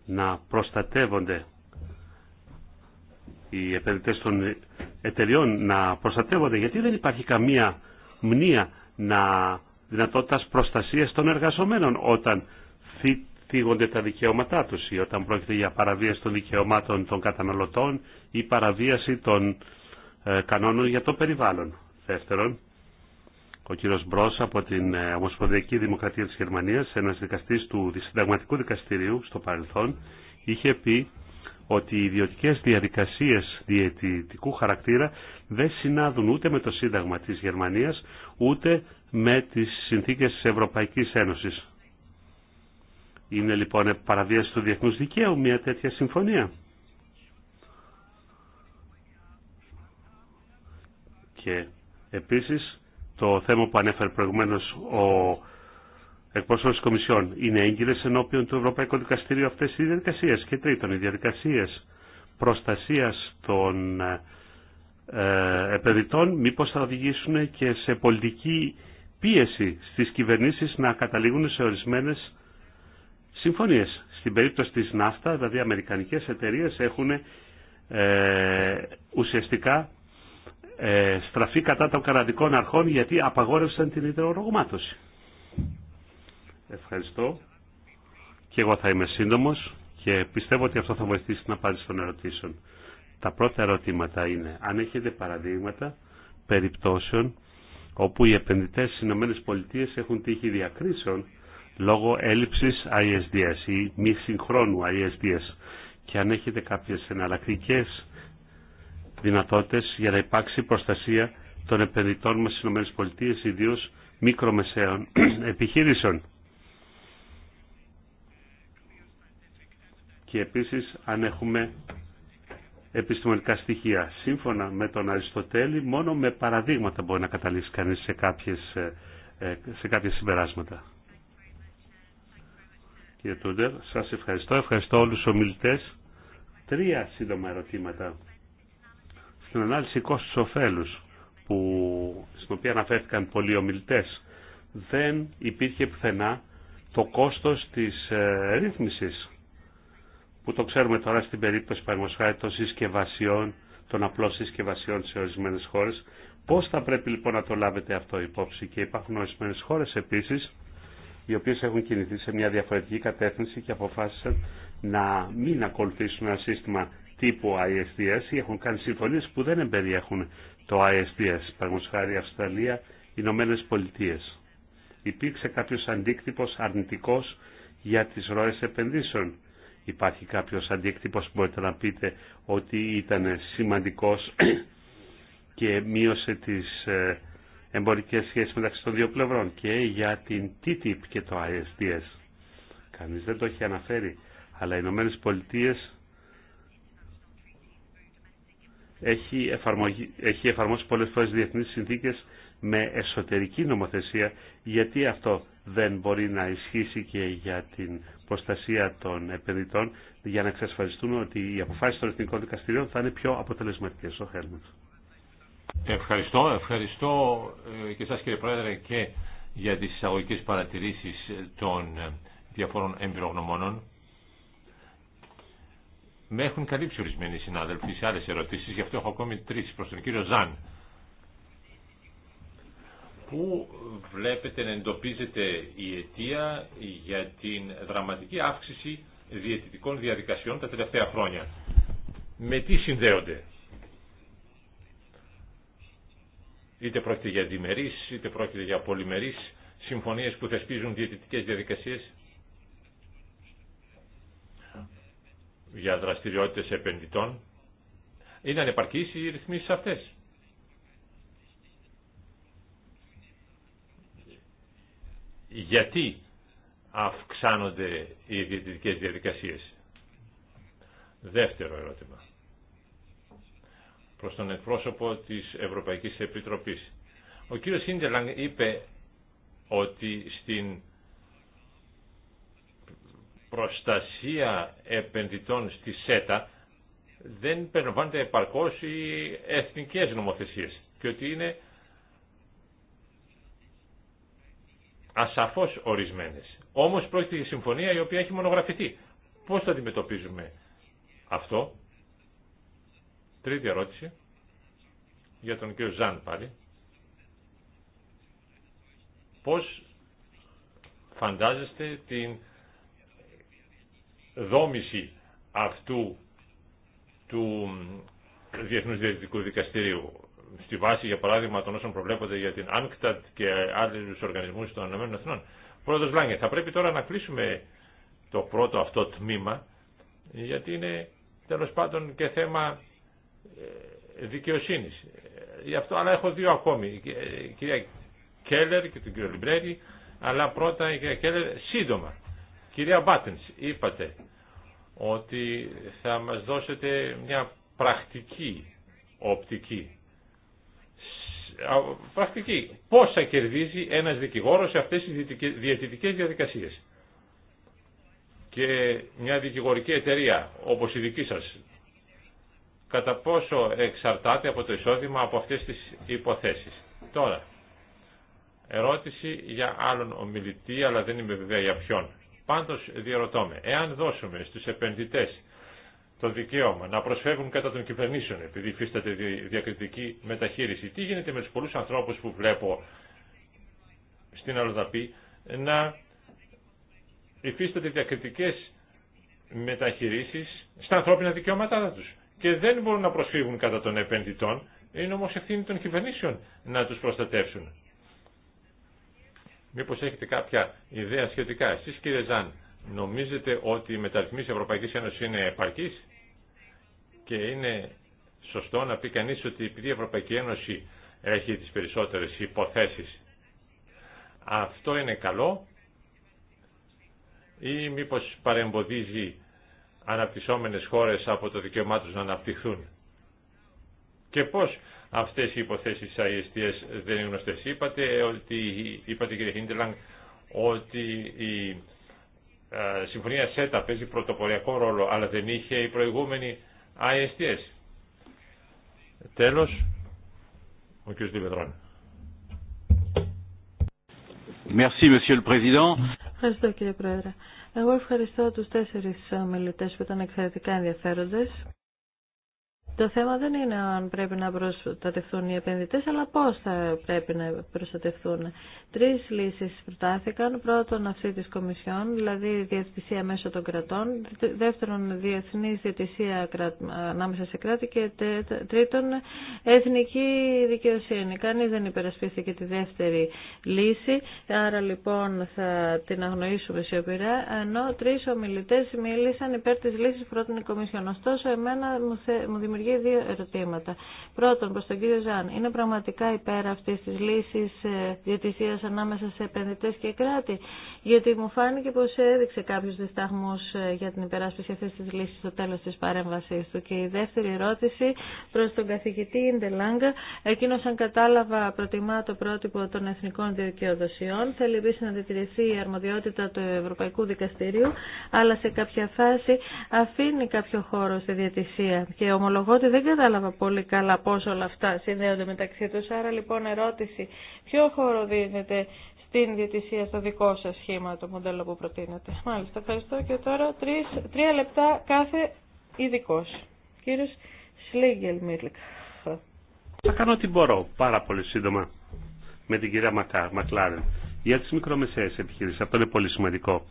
να προστατεύονται οι επενδυτέ των εταιριών να προστατεύονται, γιατί δεν υπάρχει καμία μνήμα να δυνατότητας προστασίας των εργαζομένων όταν θίγονται τα δικαιώματά τους ή όταν πρόκειται για παραβίαση των δικαιωμάτων των καταναλωτών ή παραβίαση των ε, κανόνων για το περιβάλλον. Δεύτερον, ο κύριος Μπρός από την ε, Ομοσπονδιακή Δημοκρατία τη Γερμανία, ένα δικαστή του Συνταγματικού Δικαστηρίου στο παρελθόν, είχε πει ότι οι ιδιωτικέ διαδικασίες διαιτητικού χαρακτήρα δεν συνάδουν ούτε με το Σύνταγμα της Γερμανίας, ούτε με τις συνθήκες της Ευρωπαϊκής Ένωσης. Είναι λοιπόν παραβίαση του διεθνούς δικαίου μια τέτοια συμφωνία. Και επίσης το θέμα που ανέφερε προηγουμένως ο εκπρόσωπο τη Κομισιόν. Είναι έγκυρε ενώπιον του Ευρωπαϊκού Δικαστηρίου αυτέ οι διαδικασίε. Και τρίτον, οι διαδικασίε προστασία των ε, ε, επενδυτών μήπως θα οδηγήσουν και σε πολιτική πίεση στις κυβερνήσεις να καταλήγουν σε ορισμένες συμφωνίες. Στην περίπτωση της ναύτα, δηλαδή αμερικανικές εταιρείες έχουν ε, ουσιαστικά ε, στραφεί κατά των καραδικών αρχών γιατί απαγόρευσαν την υδρορογμάτωση. Ευχαριστώ. Και εγώ θα είμαι σύντομος και πιστεύω ότι αυτό θα βοηθήσει να απάντηση των ερωτήσεων. Τα πρώτα ερωτήματα είναι αν έχετε παραδείγματα περιπτώσεων όπου οι επενδυτές στις ΗΠΑ έχουν τύχει διακρίσεων λόγω έλλειψης ISDS ή μη συγχρόνου ISDS και αν έχετε κάποιες εναλλακτικέ δυνατότητες για να υπάρξει προστασία των επενδυτών μας στις ΗΠΑ, ιδίως μικρομεσαίων επιχειρήσεων. και επίσης αν έχουμε επιστημονικά στοιχεία. Σύμφωνα με τον Αριστοτέλη, μόνο με παραδείγματα μπορεί να καταλήξει κανείς σε, κάποιες, ε, ε, σε κάποιες συμπεράσματα. Κύριε Τούντερ, σας ευχαριστώ. Ευχαριστώ όλους τους ομιλητές. Τρία σύντομα ερωτήματα. Στην ανάλυση κόστος ωφέλους, που, στην οποία αναφέρθηκαν πολλοί ομιλητές, δεν υπήρχε πουθενά το κόστος της ε, ρύθμισης που το ξέρουμε τώρα στην περίπτωση χάρη των συσκευασιών, των απλών συσκευασιών σε ορισμένε χώρε. Πώ θα πρέπει λοιπόν να το λάβετε αυτό υπόψη, και υπάρχουν ορισμένε χώρε επίση, οι οποίε έχουν κινηθεί σε μια διαφορετική κατεύθυνση και αποφάσισαν να μην ακολουθήσουν ένα σύστημα τύπου ISDS ή έχουν κάνει συμφωνίε που δεν εμπεριέχουν το ISDS, η Αυστραλία, Ηνωμένε Πολιτείε. Υπήρξε κάποιο αντίκτυπο αρνητικό για τι ροέ επενδύσεων Υπάρχει κάποιος αντίκτυπος που μπορείτε να πείτε ότι ήταν σημαντικός και μείωσε τις ε, εμπορικές σχέσεις μεταξύ των δύο πλευρών και για την TTIP και το ISDS. Κανείς δεν το έχει αναφέρει, αλλά οι Ηνωμένε Πολιτείε έχει, έχει εφαρμόσει πολλές φορές διεθνείς συνθήκες με εσωτερική νομοθεσία, γιατί αυτό δεν μπορεί να ισχύσει και για την προστασία των επενδυτών για να εξασφαλιστούν ότι οι αποφάσεις των εθνικών δικαστηρίων θα είναι πιο αποτελεσματικέ. Ο Ευχαριστώ. Ευχαριστώ ε, και εσάς κύριε Πρόεδρε και για τις εισαγωγικέ παρατηρήσεις των ε, διαφόρων εμπειρογνωμόνων. Με έχουν καλύψει ορισμένοι συνάδελφοι σε άλλε ερωτήσεις, γι' αυτό έχω ακόμη τρει προς τον κύριο Ζαν. Πού βλέπετε να εντοπίζεται η αιτία για την δραματική αύξηση διαιτητικών διαδικασιών τα τελευταία χρόνια. Με τι συνδέονται. Είτε πρόκειται για διμερείς, είτε πρόκειται για πολυμερείς συμφωνίες που θεσπίζουν διαιτητικές διαδικασίες. Για δραστηριότητες επενδυτών. Είναι ανεπαρκείς οι ρυθμίσεις αυτές. γιατί αυξάνονται οι διαιτητικές διαδικασίες. Δεύτερο ερώτημα. Προς τον εκπρόσωπο της Ευρωπαϊκής Επιτροπής. Ο κύριος Χίντελανγκ είπε ότι στην προστασία επενδυτών στη ΣΕΤΑ δεν περιλαμβάνεται επαρκώς οι εθνικές νομοθεσίες και ότι είναι ασαφώς ορισμένες. Όμως πρόκειται για συμφωνία η οποία έχει μονογραφηθεί. Πώς θα αντιμετωπίζουμε αυτό. Τρίτη ερώτηση για τον κύριο Ζαν πάλι. Πώς φαντάζεστε την δόμηση αυτού του Διεθνούς Διευθυντικού Δικαστηρίου στη βάση για παράδειγμα των όσων προβλέπονται για την ΆΝΚΤΑΤ και άλλους οργανισμούς των ΗΠΑ. Πρόεδρος Λάγκε, θα πρέπει τώρα να κλείσουμε το πρώτο αυτό τμήμα γιατί είναι τέλος πάντων και θέμα ε, δικαιοσύνης. Ε, γι' αυτό, αλλά έχω δύο ακόμη, η κυρία Κέλλερ και τον κύριο Λιμπρέρι, αλλά πρώτα η κυρία Κέλλερ σύντομα. Κυρία Μπάτενς, είπατε ότι θα μας δώσετε μια πρακτική οπτική πρακτική. Πόσα κερδίζει ένας δικηγόρος σε αυτές τις διαιτητικές διαδικασίες. Και μια δικηγορική εταιρεία όπως η δική σας, κατά πόσο εξαρτάται από το εισόδημα από αυτές τις υποθέσεις. Τώρα, ερώτηση για άλλον ομιλητή, αλλά δεν είμαι βέβαια για ποιον. Πάντως διαρωτώ με, εάν δώσουμε στους επενδυτές το δικαίωμα να προσφεύγουν κατά των κυβερνήσεων επειδή υφίσταται διακριτική μεταχείριση. Τι γίνεται με τους πολλούς ανθρώπους που βλέπω στην Αλοδαπή να υφίσταται διακριτικές μεταχειρήσεις στα ανθρώπινα δικαιώματά τους και δεν μπορούν να προσφύγουν κατά των επενδυτών είναι όμως ευθύνη των κυβερνήσεων να τους προστατεύσουν. Μήπως έχετε κάποια ιδέα σχετικά. Εσείς κύριε Ζαν, Νομίζετε ότι μεταρρυθμίση της Ευρωπαϊκής Ένωσης είναι επαρκής και είναι σωστό να πει κανείς ότι επειδή η Ευρωπαϊκή Ένωση έχει τις περισσότερες υποθέσεις αυτό είναι καλό ή μήπως παρεμποδίζει αναπτυσσόμενες χώρες από το δικαίωμά τους να αναπτυχθούν. Και πώς αυτές οι υποθέσεις της δεν είναι γνωστές. Είπατε, ότι, είπατε κύριε ότι η ε, συμφωνία ΣΕΤΑ παίζει πρωτοποριακό ρόλο, αλλά δεν είχε η προηγούμενη ISTS. Τέλος, ο κ. Δημητρών. Ευχαριστώ κύριε Πρόεδρε. Εγώ ευχαριστώ τους τέσσερις ομιλητές που ήταν εξαιρετικά ενδιαφέροντες. Το θέμα δεν είναι αν πρέπει να προστατευτούν οι επενδυτέ, αλλά πώ θα πρέπει να προστατευτούν. Τρει λύσει προτάθηκαν. Πρώτον, αυτή τη Κομισιόν, δηλαδή διευθυνσία μέσω των κρατών. Δεύτερον, διεθνή διατησία ανάμεσα σε κράτη. Και τρίτον, εθνική δικαιοσύνη. Κανεί δεν υπερασπίστηκε τη δεύτερη λύση, άρα λοιπόν θα την αγνοήσουμε σιωπηρά. Ενώ τρει ομιλητέ μίλησαν υπέρ τη λύση πρώτων η Κομισιόν. Ωστόσο, εμένα μου δημιουργεί δύο ερωτήματα. Πρώτον, προ τον κύριο Ζαν, είναι πραγματικά υπέρ αυτή τη λύσης ε, διατησία ανάμεσα σε επενδυτέ και κράτη, γιατί μου φάνηκε πω έδειξε κάποιους δισταγμούς ε, για την υπεράσπιση αυτή τη λύση στο τέλο τη παρέμβασή του. Και η δεύτερη ερώτηση προ τον καθηγητή Ιντελάγκα, Εκείνο αν κατάλαβα προτιμά το πρότυπο των εθνικών δικαιοδοσιών, θέλει επίση να διατηρηθεί η αρμοδιότητα του Ευρωπαϊκού Δικαστηρίου, αλλά σε κάποια φάση αφήνει κάποιο χώρο στη διατησία και ομολογώ ότι δεν κατάλαβα πολύ καλά πώς όλα αυτά συνδέονται μεταξύ τους. Άρα λοιπόν ερώτηση, ποιο χώρο δίνεται στην διαιτησία στο δικό σας σχήμα, το μοντέλο που προτείνετε. Μάλιστα, ευχαριστώ. Και τώρα τρία λεπτά κάθε ειδικό. Κύριος Σλίγγελ Μίρλικ. Θα κάνω ό,τι μπορώ, πάρα πολύ σύντομα, με την κυρία Μακλάρεν. Για τις μικρομεσαίες επιχειρήσεις, αυτό είναι πολύ σημαντικό.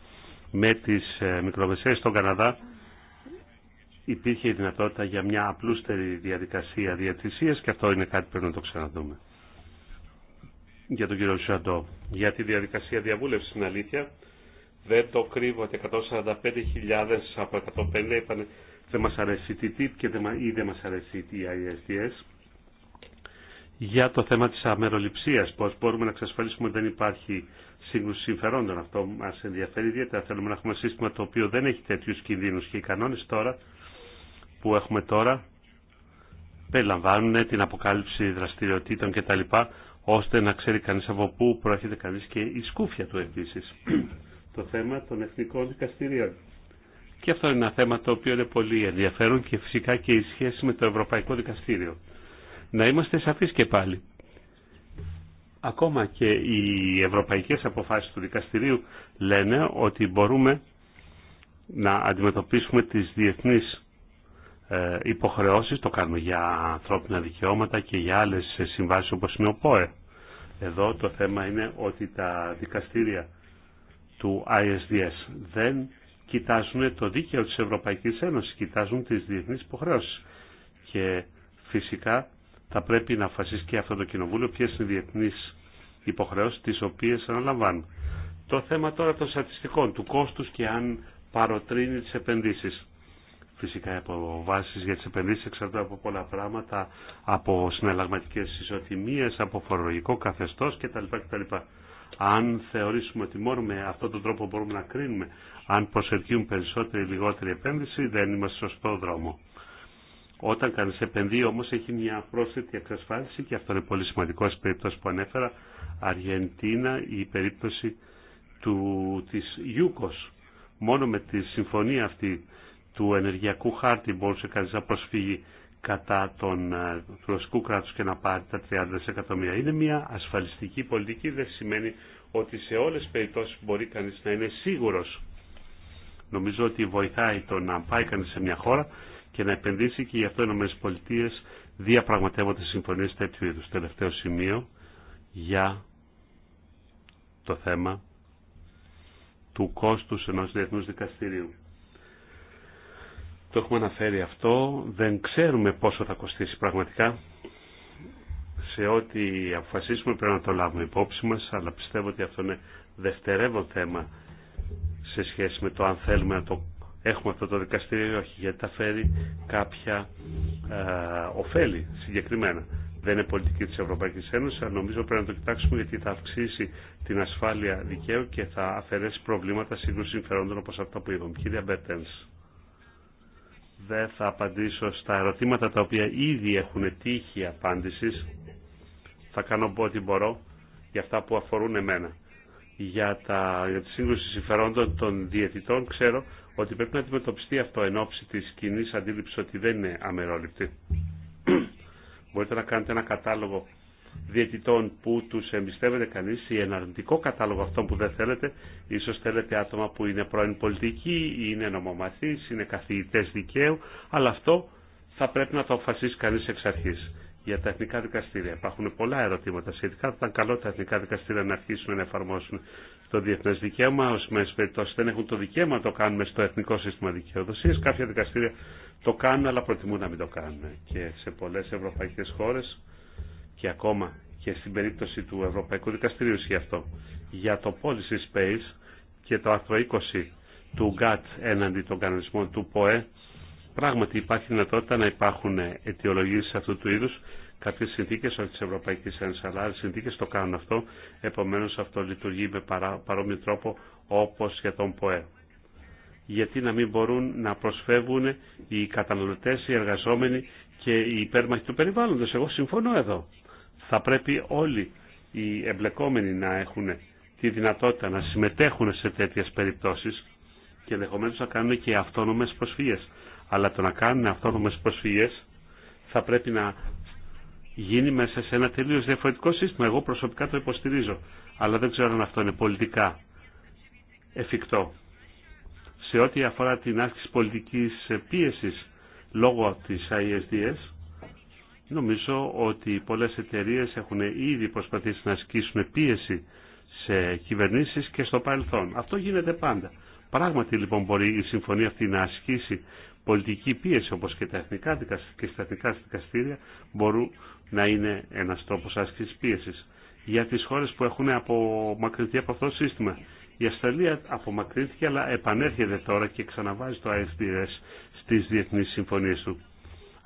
Με τις ε, μικρομεσαίες στον Καναδά, υπήρχε η δυνατότητα για μια απλούστερη διαδικασία διατησίας και αυτό είναι κάτι που πρέπει να το ξαναδούμε. Για τον κύριο Σαντό, για τη διαδικασία διαβούλευση στην αλήθεια, δεν το κρύβω ότι 145.000 από 150 είπαν δεν μας αρέσει η TTIP και ή δεν μας αρέσει η ISDS. Για το θέμα της αμεροληψίας, πώς μπορούμε να εξασφαλίσουμε ότι δεν υπάρχει σύγκρουση συμφερόντων. Αυτό μας ενδιαφέρει ιδιαίτερα. Θέλουμε να έχουμε ένα σύστημα το οποίο δεν έχει τέτοιου κινδύνους και οι κανόνες τώρα που έχουμε τώρα περιλαμβάνουν την αποκάλυψη δραστηριοτήτων κτλ. ώστε να ξέρει κανείς από πού προέρχεται κανείς και η σκούφια του επίσης. το θέμα των εθνικών δικαστηρίων. Και αυτό είναι ένα θέμα το οποίο είναι πολύ ενδιαφέρον και φυσικά και η σχέση με το Ευρωπαϊκό Δικαστήριο. Να είμαστε σαφείς και πάλι. Ακόμα και οι ευρωπαϊκές αποφάσεις του δικαστηρίου λένε ότι μπορούμε να αντιμετωπίσουμε τις διεθνείς ε, υποχρεώσεις, το κάνουμε για ανθρώπινα δικαιώματα και για άλλες συμβάσεις όπως είναι ο ΠΟΕ. Εδώ το θέμα είναι ότι τα δικαστήρια του ISDS δεν κοιτάζουν το δίκαιο της Ευρωπαϊκής Ένωσης, κοιτάζουν τις διεθνείς υποχρεώσεις. Και φυσικά θα πρέπει να αφασίσει και αυτό το κοινοβούλιο ποιες είναι οι διεθνείς υποχρεώσεις τις οποίες αναλαμβάνουν. Το θέμα τώρα των στατιστικών, του κόστους και αν παροτρύνει τις επενδύσεις. Φυσικά οι αποβάσει για τι επενδύσει εξαρτώνται από πολλά πράγματα, από συναλλαγματικέ ισοτιμίε, από φορολογικό καθεστώ κτλ. κτλ. Αν θεωρήσουμε ότι μόνο με αυτόν τον τρόπο μπορούμε να κρίνουμε αν προσελκύουν περισσότερη ή λιγότερη επένδυση, δεν είμαστε στο σωστό δρόμο. Όταν κανεί επενδύει όμω έχει μια πρόσθετη εξασφάλιση και αυτό είναι πολύ σημαντικό στην περίπτωση που ανέφερα, Αργεντίνα, η περίπτωση του, της Ιούκος. Μόνο με τη συμφωνία αυτή του ενεργειακού χάρτη μπορούσε κανεί να προσφύγει κατά τον ε, ρωσικού κράτου και να πάρει τα 30 δισεκατομμύρια. Είναι μια ασφαλιστική πολιτική, δεν σημαίνει ότι σε όλες τις περιπτώσεις μπορεί κανείς να είναι σίγουρος. Νομίζω ότι βοηθάει το να πάει κανείς σε μια χώρα και να επενδύσει και γι' αυτό οι ΗΠΑ διαπραγματεύονται συμφωνίε τέτοιου είδου Τελευταίο σημείο για το θέμα του κόστους ενός διεθνούς δικαστηρίου. Το έχουμε αναφέρει αυτό. Δεν ξέρουμε πόσο θα κοστίσει πραγματικά. Σε ό,τι αποφασίσουμε πρέπει να το λάβουμε υπόψη μας, αλλά πιστεύω ότι αυτό είναι δευτερεύον θέμα σε σχέση με το αν θέλουμε να το έχουμε αυτό το δικαστήριο ή όχι, γιατί θα φέρει κάποια ε, ωφέλη συγκεκριμένα. Δεν είναι πολιτική της Ευρωπαϊκής Ένωσης, αλλά νομίζω πρέπει να το κοιτάξουμε γιατί θα αυξήσει την ασφάλεια δικαίου και θα αφαιρέσει προβλήματα σύγκρουση συμφερόντων όπως αυτά που είπαμε. Κύριε Μπέρτενς δεν θα απαντήσω στα ερωτήματα τα οποία ήδη έχουν τύχει απάντησης. Θα κάνω ό,τι μπορώ για αυτά που αφορούν εμένα. Για, τα, για τη σύγκρουση συμφερόντων των διαιτητών ξέρω ότι πρέπει να αντιμετωπιστεί αυτό εν ώψη της κοινή αντίληψης ότι δεν είναι αμερόληπτη. Μπορείτε να κάνετε ένα κατάλογο διαιτητών που τους εμπιστεύεται κανείς ή ένα αρνητικό κατάλογο αυτών που δεν θέλετε. Ίσως θέλετε άτομα που είναι πρώην πολιτικοί, είναι νομομαθείς, είναι καθηγητές δικαίου, αλλά αυτό θα πρέπει να το αποφασίσει κανείς εξ αρχής. Για τα εθνικά δικαστήρια υπάρχουν πολλά ερωτήματα σχετικά. Θα ήταν καλό τα εθνικά δικαστήρια να αρχίσουν να εφαρμόσουν το διεθνέ δικαίωμα. μέση περιπτώσει δεν έχουν το δικαίωμα να το κάνουμε στο εθνικό σύστημα δικαιοδοσία. Κάποια δικαστήρια το κάνουν, αλλά προτιμούν να μην το κάνουν. Και σε πολλέ ευρωπαϊκέ χώρε και ακόμα και στην περίπτωση του Ευρωπαϊκού Δικαστηρίου ισχύει αυτό, για το Policy Space και το άρθρο 20 του GATT έναντι των κανονισμών του ΠΟΕ, πράγματι υπάρχει δυνατότητα να υπάρχουν αιτιολογήσει αυτού του είδου Κάποιε συνθήκε, όχι τη Ευρωπαϊκή Ένωση, αλλά άλλε συνθήκε το κάνουν αυτό. Επομένω, αυτό λειτουργεί με παρά, παρόμοιο τρόπο όπω για τον ΠΟΕ. Γιατί να μην μπορούν να προσφεύγουν οι καταναλωτέ, οι εργαζόμενοι και οι υπέρμαχοι του περιβάλλοντο Εγώ συμφωνώ εδώ. Θα πρέπει όλοι οι εμπλεκόμενοι να έχουν τη δυνατότητα να συμμετέχουν σε τέτοιες περιπτώσεις και ενδεχομένω να κάνουν και αυτόνομες προσφυγές. Αλλά το να κάνουν αυτόνομες προσφυγές θα πρέπει να γίνει μέσα σε ένα τελείω διαφορετικό σύστημα. Εγώ προσωπικά το υποστηρίζω, αλλά δεν ξέρω αν αυτό είναι πολιτικά εφικτό. Σε ό,τι αφορά την άσκηση πολιτικής πίεσης λόγω της ISDS, Νομίζω ότι πολλές εταιρείες έχουν ήδη προσπαθήσει να ασκήσουν πίεση σε κυβερνήσεις και στο παρελθόν. Αυτό γίνεται πάντα. Πράγματι λοιπόν μπορεί η συμφωνία αυτή να ασκήσει πολιτική πίεση όπως και τα εθνικά και στα εθνικά δικαστήρια μπορούν να είναι ένας τρόπος άσκησης πίεσης. Για τις χώρες που έχουν απομακρυνθεί από αυτό το σύστημα. Η Αυστραλία απομακρύνθηκε αλλά επανέρχεται τώρα και ξαναβάζει το ISDS στις διεθνείς συμφωνίες του.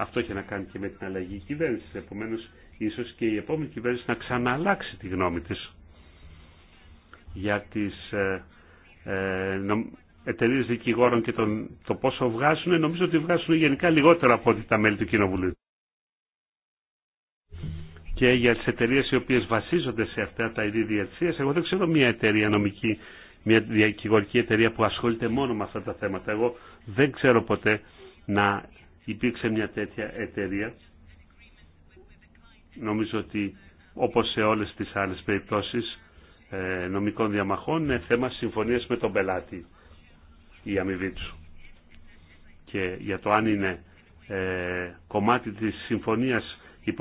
Αυτό έχει να κάνει και με την αλλαγή κυβέρνηση. Επομένω, ίσω και η επόμενη κυβέρνηση να ξανααλλάξει τη γνώμη τη για τι ε, ε, εταιρείε δικηγόρων και τον, το πόσο βγάζουν. Νομίζω ότι βγάζουν γενικά λιγότερο από ό,τι τα μέλη του Κοινοβουλίου. Και για τι εταιρείε οι οποίε βασίζονται σε αυτά τα είδη διατησία, εγώ δεν ξέρω μια εταιρεία νομική μια δικηγορική εταιρεία που ασχολείται μόνο με αυτά τα θέματα. Εγώ δεν ξέρω ποτέ να υπήρξε μια τέτοια εταιρεία. Νομίζω ότι όπως σε όλες τις άλλες περιπτώσεις ε, νομικών διαμαχών είναι θέμα συμφωνίας με τον πελάτη η αμοιβή του. Και για το αν είναι ε, κομμάτι της συμφωνίας η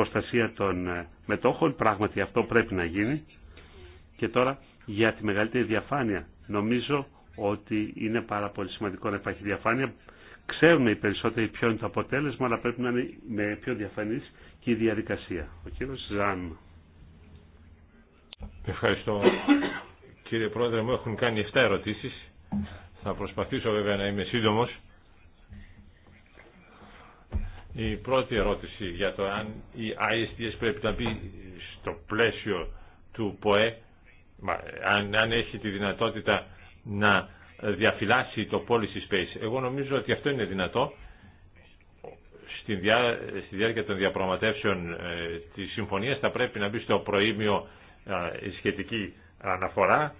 των ε, μετόχων, πράγματι αυτό πρέπει να γίνει. Και τώρα για τη μεγαλύτερη διαφάνεια. Νομίζω ότι είναι πάρα πολύ σημαντικό να υπάρχει διαφάνεια. Ξέρουμε οι περισσότεροι ποιο είναι το αποτέλεσμα, αλλά πρέπει να είναι με πιο διαφανής και η διαδικασία. Ο κύριο Ζαν. Ευχαριστώ. Κύριε Πρόεδρε, μου έχουν κάνει 7 ερωτήσει. Θα προσπαθήσω βέβαια να είμαι σύντομο. Η πρώτη ερώτηση για το αν η ISDS πρέπει να μπει στο πλαίσιο του ΠΟΕ, αν, αν έχει τη δυνατότητα να διαφυλάσσει το policy space. Εγώ νομίζω ότι αυτό είναι δυνατό στη, διά, στη διάρκεια των διαπραγματεύσεων ε, της συμφωνίας θα πρέπει να μπει στο προήμιο ε, η σχετική αναφορά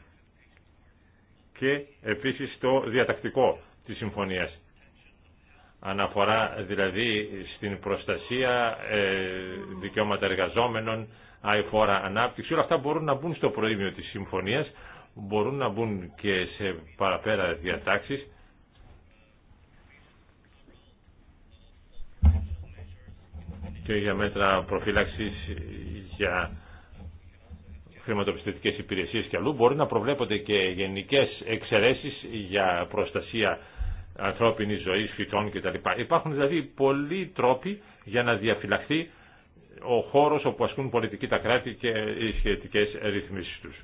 και επίσης το διατακτικό της συμφωνίας. Αναφορά δηλαδή στην προστασία, ε, δικαιώματα εργαζόμενων, αηφόρα ανάπτυξη, όλα αυτά μπορούν να μπουν στο προήμιο της συμφωνίας μπορούν να μπουν και σε παραπέρα διατάξεις και για μέτρα προφύλαξης για χρηματοπιστωτικές υπηρεσίες και αλλού μπορεί να προβλέπονται και γενικές εξαιρέσεις για προστασία ανθρώπινης ζωής, φυτών κτλ. Υπάρχουν δηλαδή πολλοί τρόποι για να διαφυλαχθεί ο χώρος όπου ασκούν πολιτική τα κράτη και οι σχετικές ρυθμίσεις τους.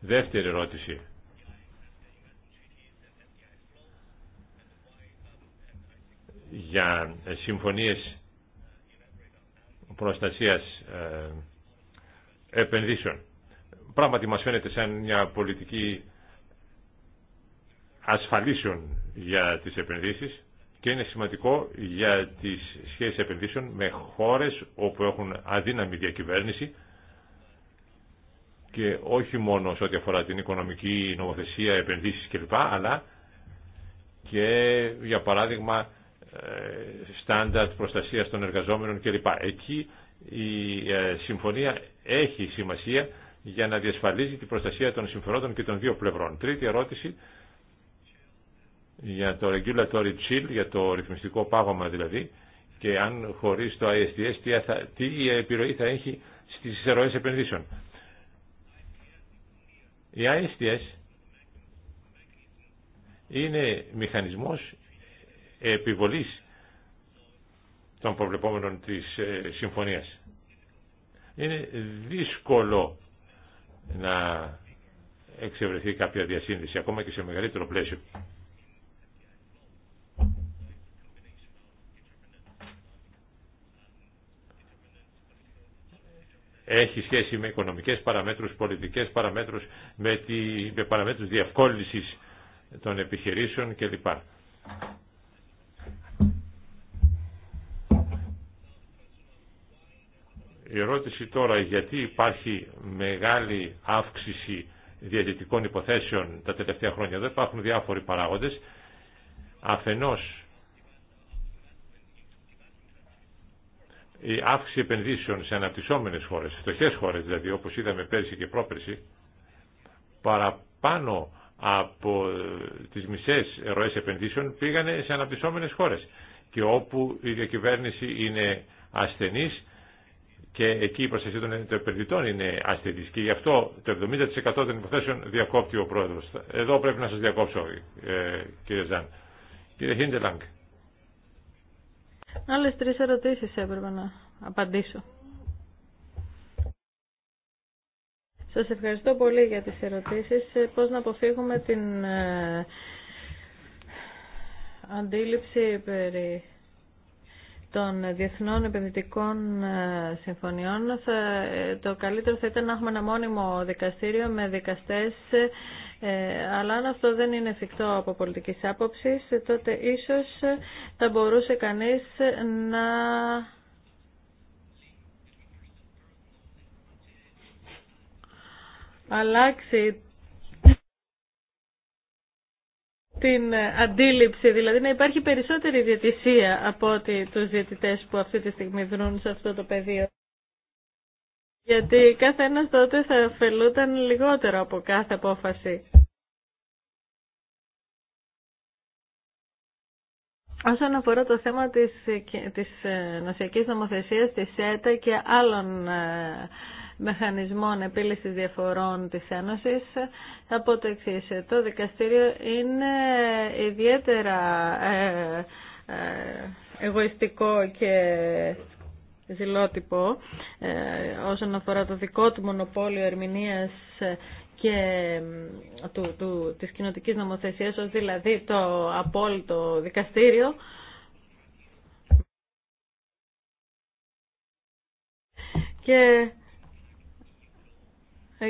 Δεύτερη ερώτηση. Για ε, συμφωνίες προστασίας ε, επενδύσεων. Πράγματι μας φαίνεται σαν μια πολιτική ασφαλίσεων για τις επενδύσεις και είναι σημαντικό για τις σχέσεις επενδύσεων με χώρες όπου έχουν αδύναμη διακυβέρνηση και όχι μόνο σε ό,τι αφορά την οικονομική νομοθεσία, επενδύσεις κλπ, αλλά και για παράδειγμα ε, στάνταρτ προστασίας των εργαζόμενων κλπ. Εκεί η ε, συμφωνία έχει σημασία για να διασφαλίζει την προστασία των συμφερόντων και των δύο πλευρών. Τρίτη ερώτηση για το regulatory chill, για το ρυθμιστικό πάγωμα δηλαδή, και αν χωρίς το ISDS τι, θα, επιρροή θα έχει στις ροές επενδύσεων. Οι ISDS είναι μηχανισμός επιβολής των προβλεπόμενων της ε, συμφωνίας. Είναι δύσκολο να εξευρεθεί κάποια διασύνδεση, ακόμα και σε μεγαλύτερο πλαίσιο. έχει σχέση με οικονομικές παραμέτρους, πολιτικές παραμέτρους, με, τη, με παραμέτρους διευκόλυνσης των επιχειρήσεων κλπ. Η ερώτηση τώρα γιατί υπάρχει μεγάλη αύξηση διαιτητικών υποθέσεων τα τελευταία χρόνια. Εδώ υπάρχουν διάφοροι παράγοντες. Αφενός η αύξηση επενδύσεων σε αναπτυσσόμενες χώρες, σε φτωχές χώρες δηλαδή, όπως είδαμε πέρσι και πρόπερσι, παραπάνω από ε, τις μισές ροές επενδύσεων πήγανε σε αναπτυσσόμενες χώρες και όπου η διακυβέρνηση είναι ασθενής και εκεί η προστασία των επενδυτών είναι ασθενής και γι' αυτό το 70% των υποθέσεων διακόπτει ο πρόεδρος. Εδώ πρέπει να σας διακόψω ε, κύριε Ζαν. Κύριε Χίντελανγκ. Άλλες τρεις ερωτήσεις έπρεπε να απαντήσω. Σας ευχαριστώ πολύ για τις ερωτήσεις. Ε, πώς να αποφύγουμε την ε, αντίληψη περί των διεθνών επενδυτικών ε, συμφωνιών το καλύτερο θα ήταν να έχουμε ένα μόνιμο δικαστήριο με δικαστές ε, αλλά αν αυτό δεν είναι εφικτό από πολιτικής άποψης, τότε ίσως θα μπορούσε κανείς να... αλλάξει την αντίληψη, δηλαδή να υπάρχει περισσότερη διαιτησία από ότι τους διαιτητές που αυτή τη στιγμή δρούν σε αυτό το πεδίο. Γιατί κάθε ένας τότε θα ωφελούταν λιγότερο από κάθε απόφαση. Όσον αφορά το θέμα της, της ε, νοσιακής νομοθεσίας, της ΕΤΑ και άλλων ε, μεχανισμών επίλυσης διαφορών της Ένωσης, θα πω το εξής. Το δικαστήριο είναι ιδιαίτερα ε, εγωιστικό και δηλότυπο ε, όσον αφορά το δικό του μονοπόλιο ερμηνείας ε, και του, του, της κοινοτικής νομοθεσίας, δηλαδή το απόλυτο δικαστήριο, και ε,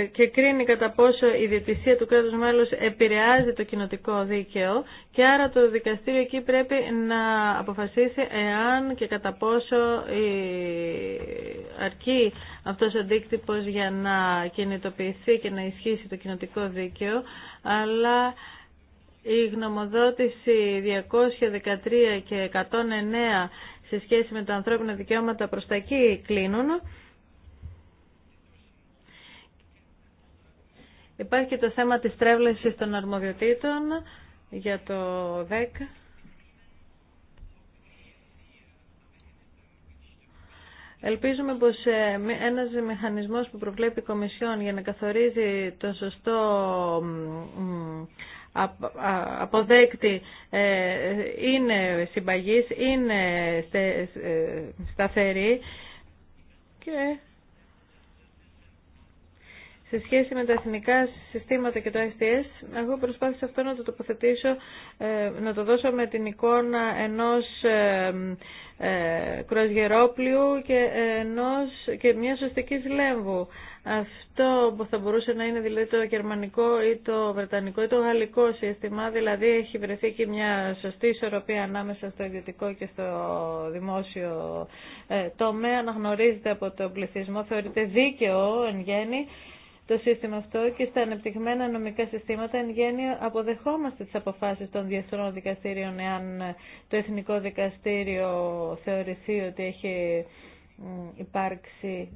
ε, και κρίνει κατά πόσο η διαιτησία του κράτους μέλους επηρεάζει το κοινοτικό δίκαιο και άρα το δικαστήριο εκεί πρέπει να αποφασίσει εάν και κατά πόσο αρκεί αυτός ο αντίκτυπος για να κινητοποιηθεί και να ισχύσει το κοινοτικό δίκαιο αλλά η γνωμοδότηση 213 και 109 σε σχέση με τα ανθρώπινα δικαιώματα προς τα εκεί κλείνουν Υπάρχει και το θέμα της τρέβλεσης των αρμοδιοτήτων για το ΔΕΚ. Ελπίζουμε πως ε, ένας μηχανισμός που προβλέπει η Κομισιόν για να καθορίζει το σωστό αποδέκτη ε, είναι συμπαγής, είναι ε, σταθερή και σε σχέση με τα εθνικά συστήματα και το STS, εγώ προσπάθησα αυτό να το τοποθετήσω, ε, να το δώσω με την εικόνα ενός ε, ε, κρουαζιερόπλιου και, ενός, και μια σωστική λέμβου. Αυτό που θα μπορούσε να είναι δηλαδή το γερμανικό ή το βρετανικό ή το γαλλικό σύστημα, δηλαδή έχει βρεθεί και μια σωστή ισορροπία ανάμεσα στο ιδιωτικό και στο δημόσιο τομέα, αναγνωρίζεται από τον πληθυσμό, θεωρείται δίκαιο εν γέννη το σύστημα αυτό και στα ανεπτυγμένα νομικά συστήματα εν γέννη αποδεχόμαστε τις αποφάσεις των διεθνών δικαστήριων εάν το Εθνικό Δικαστήριο θεωρηθεί ότι έχει υπάρξει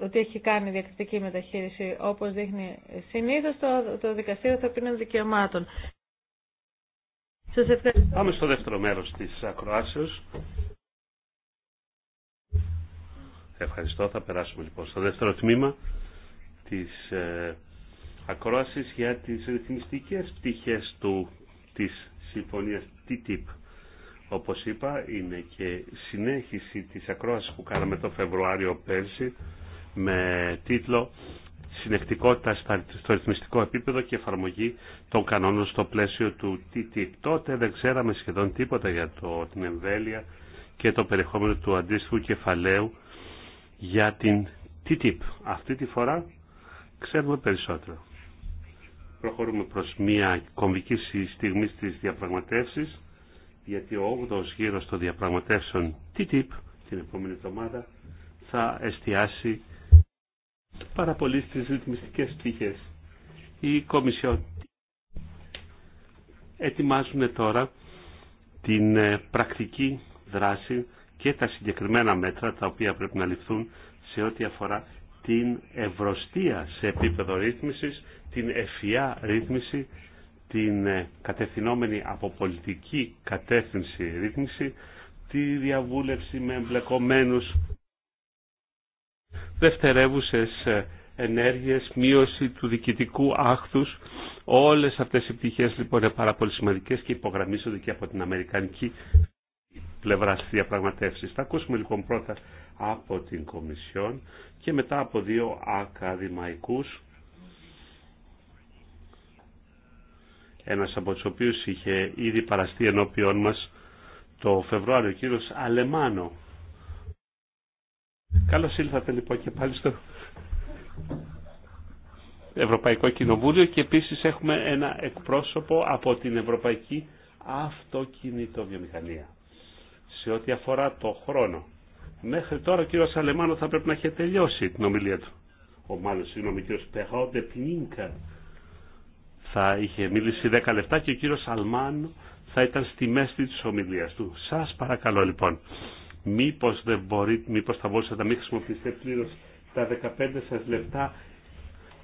ότι έχει κάνει διακριτική μεταχείριση όπως δείχνει συνήθως το, το δικαστήριο θα πίνει δικαιωμάτων. Σας Πάμε στο δεύτερο μέρος της ακροάσεως. Ευχαριστώ. Θα περάσουμε λοιπόν στο δεύτερο τμήμα της ε, για τις ρυθμιστικές πτυχές του, της συμφωνίας TTIP. Όπως είπα, είναι και συνέχιση της ακρόασης που κάναμε το Φεβρουάριο πέρσι με τίτλο «Συνεκτικότητα στο ρυθμιστικό επίπεδο και εφαρμογή των κανόνων στο πλαίσιο του TTIP». Τότε δεν ξέραμε σχεδόν τίποτα για το, την εμβέλεια και το περιεχόμενο του αντίστοιχου κεφαλαίου για την TTIP. Αυτή τη φορά ξέρουμε περισσότερο. Προχωρούμε προς μια κομβική στιγμή στις διαπραγματεύσεις, γιατί ο 8ος γύρος των διαπραγματεύσεων TTIP την επόμενη εβδομάδα θα εστιάσει πάρα πολύ στις ρυθμιστικές πτυχές. Η Κομισιόν ετοιμάζουν τώρα την ε, πρακτική δράση και τα συγκεκριμένα μέτρα τα οποία πρέπει να ληφθούν σε ό,τι αφορά την ευρωστία σε επίπεδο ρύθμισης, την ευφυά ρύθμιση, την ε, κατευθυνόμενη από πολιτική κατεύθυνση ρύθμιση, τη διαβούλευση με εμπλεκομένους δευτερεύουσες ε, ενέργειες, μείωση του διοικητικού άχθους. Όλες αυτές οι πτυχές λοιπόν είναι πάρα πολύ σημαντικές και υπογραμμίζονται και από την Αμερικανική πλευρά στις διαπραγματεύσεις. Θα ακούσουμε λοιπόν πρώτα από την Κομισιόν και μετά από δύο ακαδημαϊκούς ένας από τους οποίους είχε ήδη παραστεί ενώπιόν μας το Φεβρουάριο, ο κύριος Αλεμάνο. Καλώς ήλθατε λοιπόν και πάλι στο Ευρωπαϊκό Κοινοβούλιο και επίσης έχουμε ένα εκπρόσωπο από την Ευρωπαϊκή Αυτοκινητοβιομηχανία σε ό,τι αφορά το χρόνο. Μέχρι τώρα ο κύριος Αλεμάνο θα πρέπει να έχει τελειώσει την ομιλία του. Ο μάλλον συγγνώμη, ο κύριο Πεχόντε Πνίνκα θα είχε μιλήσει 10 λεπτά και ο κύριος Αλμάνο θα ήταν στη μέση της ομιλίας του. Σας παρακαλώ λοιπόν, μήπω δεν μπορεί, μήπως θα μπορούσατε να μην χρησιμοποιήσετε πλήρω τα 15 σας λεπτά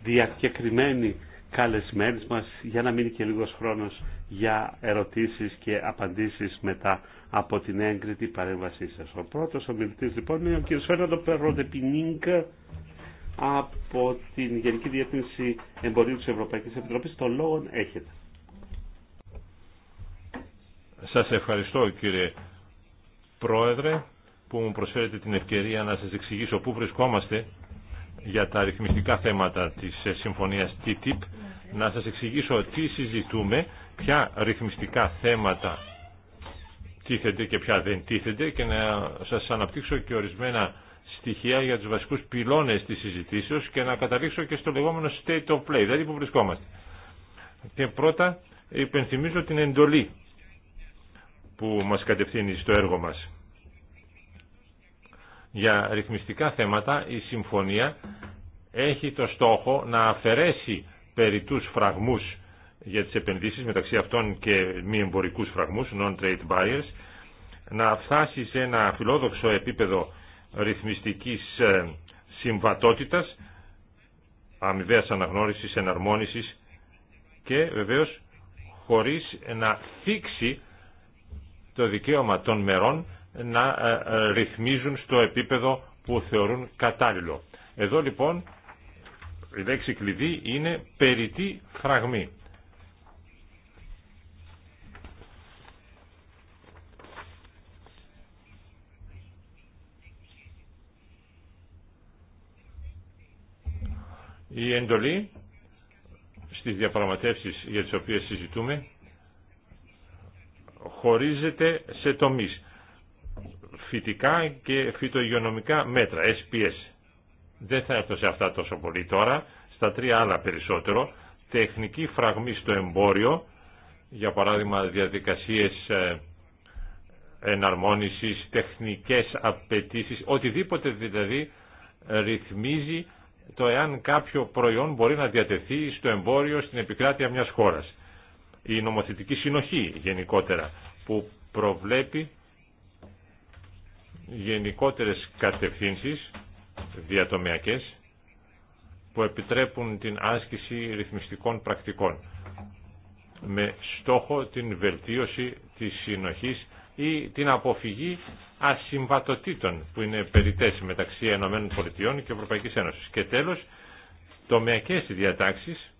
διακεκριμένη καλεσμένους μας για να μείνει και λίγος χρόνος για ερωτήσεις και απαντήσεις μετά από την έγκριτη παρέμβασή σας. Ο πρώτος ομιλητής λοιπόν είναι ο κ. Φέρνατο Περροντεπινίνκα από την Γενική Διεύθυνση Εμπορίου της Ευρωπαϊκής Επιτροπής. Το λόγο έχετε. Σας ευχαριστώ κύριε Πρόεδρε που μου προσφέρετε την ευκαιρία να σας εξηγήσω πού βρισκόμαστε για τα αριθμιστικά θέματα της συμφωνίας TTIP να σας εξηγήσω τι συζητούμε, ποια ρυθμιστικά θέματα τίθενται και ποια δεν τίθενται και να σας αναπτύξω και ορισμένα στοιχεία για τους βασικούς πυλώνες της συζητήσεως και να καταλήξω και στο λεγόμενο state of play, δηλαδή που βρισκόμαστε. Και πρώτα υπενθυμίζω την εντολή που μας κατευθύνει στο έργο μας. Για ρυθμιστικά θέματα η συμφωνία έχει το στόχο να αφαιρέσει περί τους φραγμούς για τις επενδύσεις μεταξύ αυτών και μη εμπορικούς φραγμούς, non-trade buyers, να φτάσει σε ένα φιλόδοξο επίπεδο ρυθμιστικής ε, συμβατότητας, αμοιβαίας αναγνώρισης, εναρμόνισης και βεβαίως χωρίς να θίξει το δικαίωμα των μερών να ε, ε, ρυθμίζουν στο επίπεδο που θεωρούν κατάλληλο. Εδώ λοιπόν η λέξη κλειδί είναι περιττή φραγμή. Η εντολή στις διαπραγματεύσεις για τις οποίες συζητούμε χωρίζεται σε τομείς φυτικά και φυτογειονομικά μέτρα, SPS. Δεν θα έρθω σε αυτά τόσο πολύ τώρα. Στα τρία άλλα περισσότερο. Τεχνική φραγμή στο εμπόριο. Για παράδειγμα διαδικασίες ε, εναρμόνισης, τεχνικές απαιτήσεις, οτιδήποτε δηλαδή ρυθμίζει το εάν κάποιο προϊόν μπορεί να διατεθεί στο εμπόριο στην επικράτεια μιας χώρας. Η νομοθετική συνοχή γενικότερα που προβλέπει γενικότερες κατευθύνσεις διατομιακές που επιτρέπουν την άσκηση ρυθμιστικών πρακτικών με στόχο την βελτίωση της συνοχής ή την αποφυγή ασυμβατοτήτων που είναι περιττές μεταξύ πολιτειών και Ευρωπαϊκής Ένωσης. Και τέλος, τομεακές διατάξεις,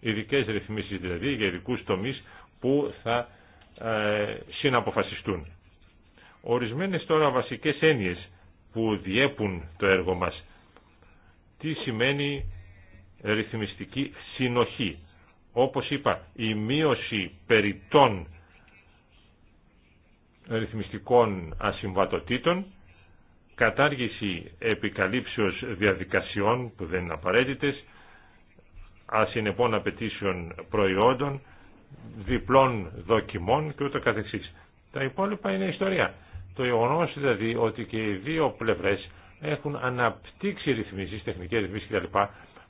ειδικέ ρυθμίσεις δηλαδή για ειδικού τομείς που θα ε, συναποφασιστούν. Ορισμένες τώρα βασικές έννοιες που διέπουν το έργο μας. Τι σημαίνει ρυθμιστική συνοχή. Όπως είπα, η μείωση περιττών ρυθμιστικών ασυμβατοτήτων, κατάργηση επικαλύψεως διαδικασιών που δεν είναι απαραίτητες, ασυνεπών απαιτήσεων προϊόντων, διπλών δοκιμών και ούτω καθεξής. Τα υπόλοιπα είναι ιστορία. Το γεγονό δηλαδή ότι και οι δύο πλευρέ έχουν αναπτύξει ρυθμίσει, τεχνικέ ρυθμίσει κτλ.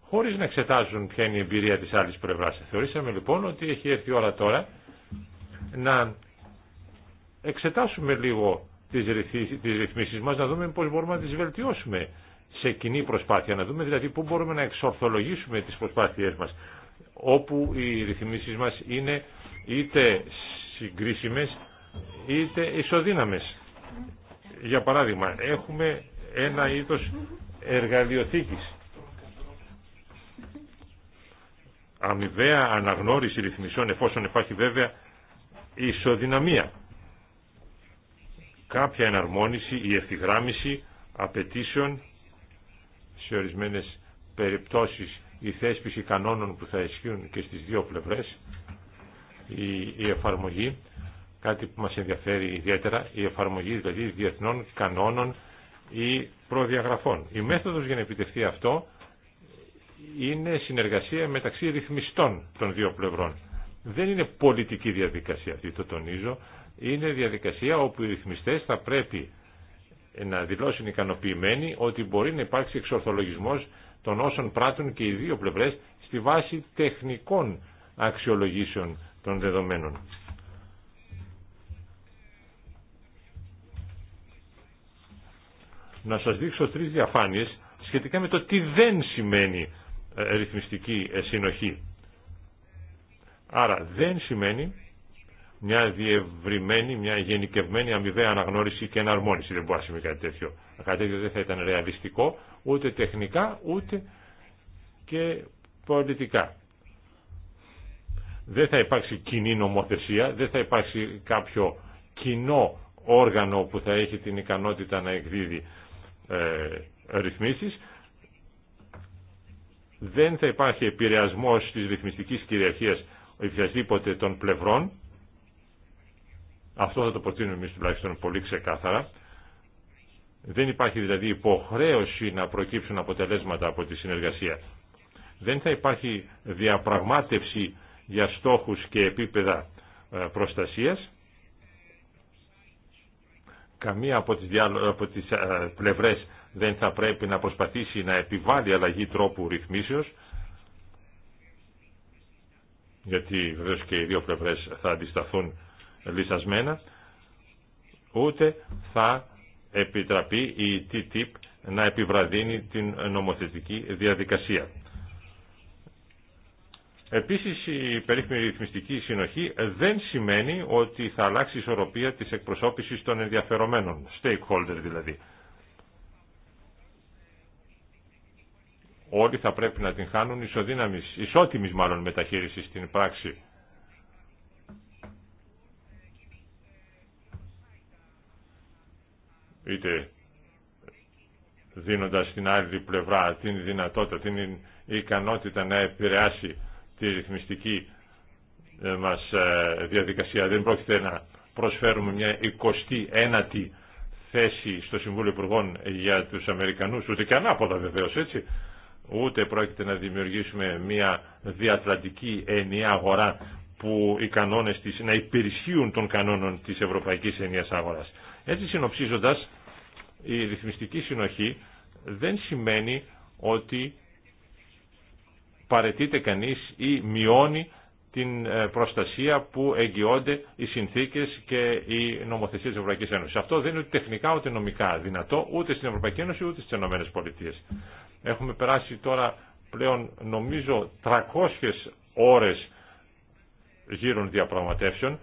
χωρί να εξετάζουν ποια είναι η εμπειρία τη άλλη πλευρά. Θεωρήσαμε λοιπόν ότι έχει έρθει η ώρα τώρα να εξετάσουμε λίγο τι ρυθμίσει μα να δούμε πώ μπορούμε να τι βελτιώσουμε σε κοινή προσπάθεια, να δούμε δηλαδή πού μπορούμε να εξορθολογήσουμε τι προσπάθειές μα, όπου οι ρυθμίσεις μας είναι είτε συγκρίσιμες είτε ισοδύναμες. Για παράδειγμα, έχουμε ένα είδος εργαλειοθήκης. Αμοιβαία αναγνώριση ρυθμισών εφόσον υπάρχει βέβαια ισοδυναμία. Κάποια εναρμόνιση ή ευθυγράμμιση απαιτήσεων σε ορισμένες περιπτώσεις η θέσπιση κανόνων που θα ισχύουν και στις δύο πλευρές η εφαρμογή κάτι που μας ενδιαφέρει ιδιαίτερα, η εφαρμογή δηλαδή διεθνών κανόνων ή προδιαγραφών. Η μέθοδος για να επιτευχθεί αυτό είναι συνεργασία μεταξύ ρυθμιστών των δύο πλευρών. Δεν είναι πολιτική διαδικασία αυτή, το τονίζω. Είναι διαδικασία όπου οι ρυθμιστές θα πρέπει να δηλώσουν ικανοποιημένοι ότι μπορεί να υπάρξει εξορθολογισμός των όσων πράττουν και οι δύο πλευρές στη βάση τεχνικών αξιολογήσεων των δεδομένων. να σας δείξω τρεις διαφάνειες σχετικά με το τι δεν σημαίνει ε, ρυθμιστική ε, συνοχή. Άρα δεν σημαίνει μια διευρυμένη, μια γενικευμένη αμοιβαία αναγνώριση και εναρμόνιση. Δεν μπορεί να σημαίνει κάτι τέτοιο. Κάτι τέτοιο δεν θα ήταν ρεαλιστικό ούτε τεχνικά ούτε και πολιτικά. Δεν θα υπάρξει κοινή νομοθεσία, δεν θα υπάρξει κάποιο κοινό όργανο που θα έχει την ικανότητα να εκδίδει ε, ρυθμίσεις δεν θα υπάρχει επηρεασμό της ρυθμιστικής κυριαρχίας οποιασδήποτε των πλευρών αυτό θα το προτείνουμε εμείς τουλάχιστον πολύ ξεκάθαρα δεν υπάρχει δηλαδή υποχρέωση να προκύψουν αποτελέσματα από τη συνεργασία δεν θα υπάρχει διαπραγμάτευση για στόχους και επίπεδα ε, προστασίας καμία από τις, από τις ε, πλευρές δεν θα πρέπει να προσπαθήσει να επιβάλλει αλλαγή τρόπου ρυθμίσεως, γιατί βεβαίω και οι δύο πλευρές θα αντισταθούν λυσασμένα, ούτε θα επιτραπεί η TTIP να επιβραδύνει την νομοθετική διαδικασία. Επίσης η περίφημη ρυθμιστική συνοχή δεν σημαίνει ότι θα αλλάξει η ισορροπία της εκπροσώπησης των ενδιαφερομένων, stakeholder δηλαδή. Όλοι θα πρέπει να την χάνουν ισοδύναμης, ισότιμης μάλλον μεταχείρισης στην πράξη. Είτε δίνοντας την άλλη πλευρά την δυνατότητα, την ικανότητα να επηρεάσει τη ρυθμιστική ε, μας ε, διαδικασία. Δεν πρόκειται να προσφέρουμε μια 21 η θέση στο Συμβούλιο Υπουργών για τους Αμερικανούς, ούτε και ανάποδα βεβαίως έτσι, ούτε πρόκειται να δημιουργήσουμε μια διατλαντική ενιαία αγορά που οι κανόνες της να υπηρεσίουν των κανόνων της Ευρωπαϊκής Ενιαίας Αγοράς. Έτσι συνοψίζοντας, η ρυθμιστική συνοχή δεν σημαίνει ότι παρετείται κανείς ή μειώνει την ε, προστασία που εγγυώνται οι συνθήκες και οι νομοθεσίες της Ευρωπαϊκής Ένωσης. Αυτό δεν είναι ούτε τεχνικά ούτε νομικά δυνατό ούτε στην Ευρωπαϊκή Ένωση ούτε στις ΗΠΑ. Έχουμε περάσει τώρα πλέον νομίζω 300 ώρες γύρων διαπραγματεύσεων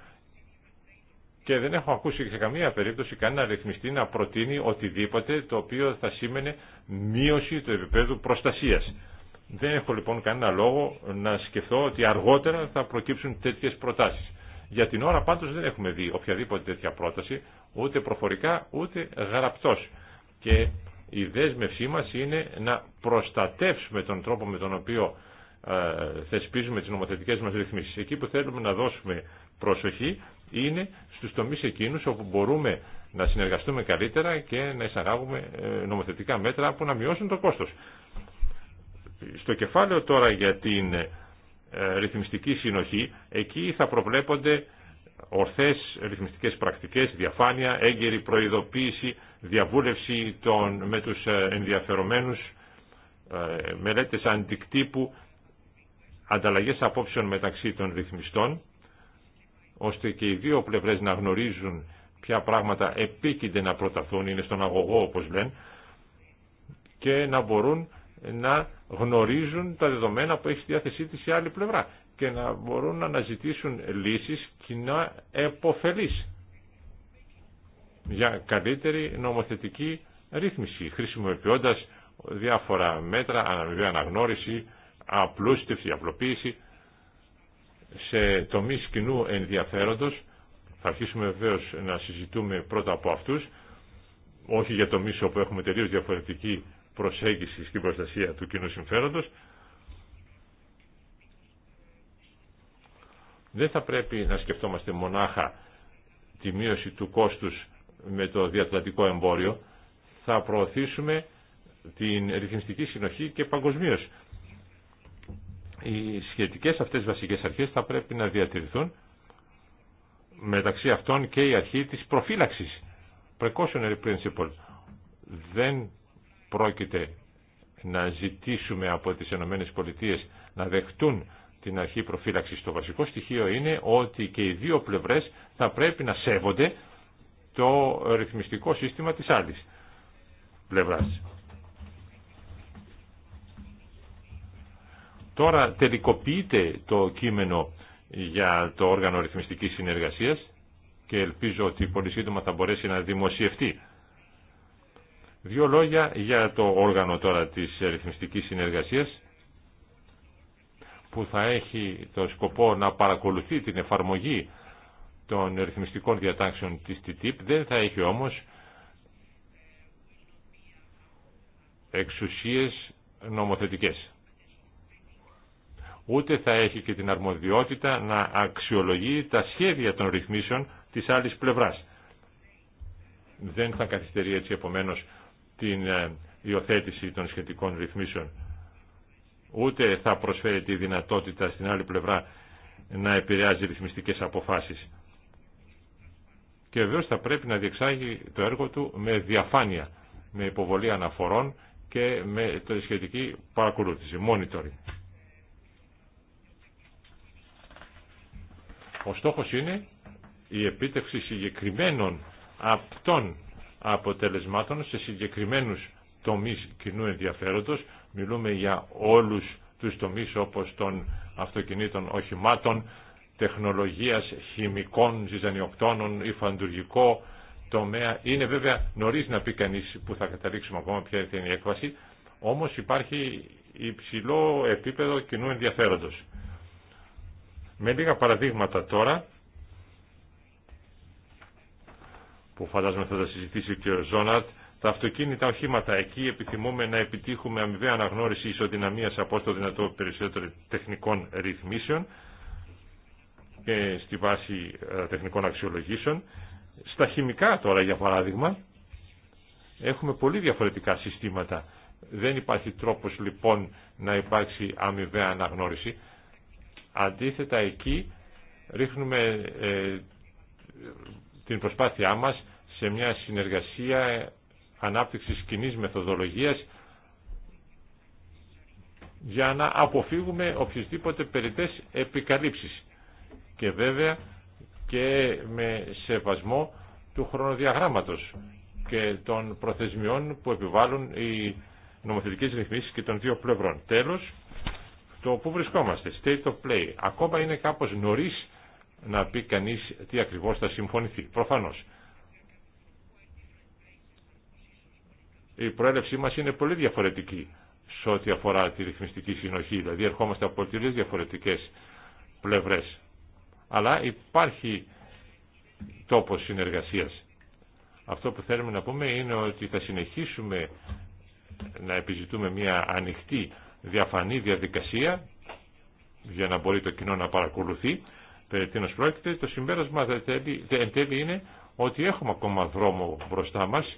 και δεν έχω ακούσει σε καμία περίπτωση κανένα ρυθμιστή να προτείνει οτιδήποτε το οποίο θα σήμαινε μείωση του επίπεδου προστασίας. Δεν έχω λοιπόν κανένα λόγο να σκεφτώ ότι αργότερα θα προκύψουν τέτοιες προτάσεις. Για την ώρα πάντως δεν έχουμε δει οποιαδήποτε τέτοια πρόταση, ούτε προφορικά ούτε γραπτός. Και η δέσμευσή μας είναι να προστατεύσουμε τον τρόπο με τον οποίο ε, θεσπίζουμε τις νομοθετικές μας ρυθμίσεις. Εκεί που θέλουμε να δώσουμε προσοχή είναι στους τομείς εκείνους όπου μπορούμε να συνεργαστούμε καλύτερα και να εισαγάγουμε ε, νομοθετικά μέτρα που να μειώσουν το κόστος. Στο κεφάλαιο τώρα για την ε, ρυθμιστική συνοχή, εκεί θα προβλέπονται ορθές ρυθμιστικές πρακτικές, διαφάνεια, έγκαιρη προειδοποίηση, διαβούλευση των, με τους ε, ενδιαφερομένους, ε, μελέτες αντικτύπου, ανταλλαγές απόψεων μεταξύ των ρυθμιστών, ώστε και οι δύο πλευρές να γνωρίζουν ποια πράγματα επίκυνται να προταθούν, είναι στον αγωγό όπως λένε, και να μπορούν να γνωρίζουν τα δεδομένα που έχει στη διάθεσή της η άλλη πλευρά και να μπορούν να αναζητήσουν λύσεις κοινά εποφελής για καλύτερη νομοθετική ρύθμιση, χρησιμοποιώντας διάφορα μέτρα, αναμοιβή αναγνώριση, απλούστευση, απλοποίηση σε τομείς κοινού ενδιαφέροντος. Θα αρχίσουμε βεβαίω να συζητούμε πρώτα από αυτούς, όχι για τομείς όπου έχουμε τελείως διαφορετική προσέγγιση στην προστασία του κοινού συμφέροντος δεν θα πρέπει να σκεφτόμαστε μονάχα τη μείωση του κόστους με το διατλαντικό εμπόριο θα προωθήσουμε την ρυθμιστική συνοχή και παγκοσμίω. Οι σχετικές αυτές βασικές αρχές θα πρέπει να διατηρηθούν μεταξύ αυτών και η αρχή της προφύλαξης precautionary principle δεν πρόκειται να ζητήσουμε από τις ΗΠΑ να δεχτούν την αρχή προφύλαξης. Το βασικό στοιχείο είναι ότι και οι δύο πλευρές θα πρέπει να σέβονται το ρυθμιστικό σύστημα της άλλης πλευράς. Τώρα τελικοποιείται το κείμενο για το όργανο ρυθμιστικής συνεργασίας και ελπίζω ότι πολύ σύντομα θα μπορέσει να δημοσιευτεί. Δύο λόγια για το όργανο τώρα της ρυθμιστικής συνεργασίας που θα έχει το σκοπό να παρακολουθεί την εφαρμογή των ρυθμιστικών διατάξεων της TTIP. Δεν θα έχει όμως εξουσίες νομοθετικές. Ούτε θα έχει και την αρμοδιότητα να αξιολογεί τα σχέδια των ρυθμίσεων της άλλης πλευράς. Δεν θα καθυστερεί έτσι επομένως την ε, υιοθέτηση των σχετικών ρυθμίσεων. Ούτε θα προσφέρει τη δυνατότητα στην άλλη πλευρά να επηρεάζει ρυθμιστικές αποφάσεις. Και βεβαίω θα πρέπει να διεξάγει το έργο του με διαφάνεια, με υποβολή αναφορών και με το σχετική παρακολούθηση, monitoring. Ο στόχος είναι η επίτευξη συγκεκριμένων απτών αποτελεσμάτων σε συγκεκριμένους τομείς κοινού ενδιαφέροντος. Μιλούμε για όλους τους τομείς όπως των αυτοκινήτων οχημάτων, τεχνολογίας, χημικών, ζυζανιοκτώνων, υφαντουργικό τομέα. Είναι βέβαια νωρίς να πει κανείς που θα καταλήξουμε ακόμα ποια είναι η έκβαση, όμως υπάρχει υψηλό επίπεδο κοινού ενδιαφέροντος. Με λίγα παραδείγματα τώρα που φαντάζομαι θα τα συζητήσει και ο Ζόναρτ, τα αυτοκίνητα οχήματα. Εκεί επιθυμούμε να επιτύχουμε αμοιβαία αναγνώριση ισοδυναμίας από όσο δυνατό περισσότερο τεχνικών ρυθμίσεων και στη βάση ε, τεχνικών αξιολογήσεων. Στα χημικά τώρα για παράδειγμα έχουμε πολύ διαφορετικά συστήματα. Δεν υπάρχει τρόπος λοιπόν να υπάρξει αμοιβαία αναγνώριση. Αντίθετα εκεί ρίχνουμε ε, την προσπάθειά μας σε μια συνεργασία ανάπτυξης κοινή μεθοδολογίας για να αποφύγουμε οποιασδήποτε περιττές επικαλύψεις και βέβαια και με σεβασμό του χρονοδιαγράμματος και των προθεσμιών που επιβάλλουν οι νομοθετικές ρυθμίσεις και των δύο πλευρών. Τέλος, το που βρισκόμαστε, state of play. Ακόμα είναι κάπως νωρίς να πει κανείς τι ακριβώς θα συμφωνηθεί. Προφανώς. η προέλευσή μας είναι πολύ διαφορετική σε ό,τι αφορά τη ρυθμιστική συνοχή. Δηλαδή ερχόμαστε από τελείως διαφορετικές πλευρές. Αλλά υπάρχει τόπος συνεργασίας. Αυτό που θέλουμε να πούμε είναι ότι θα συνεχίσουμε να επιζητούμε μια ανοιχτή διαφανή διαδικασία για να μπορεί το κοινό να παρακολουθεί περί τίνος πρόκειται. Το συμπέρασμα εν τέλει είναι ότι έχουμε ακόμα δρόμο μπροστά μας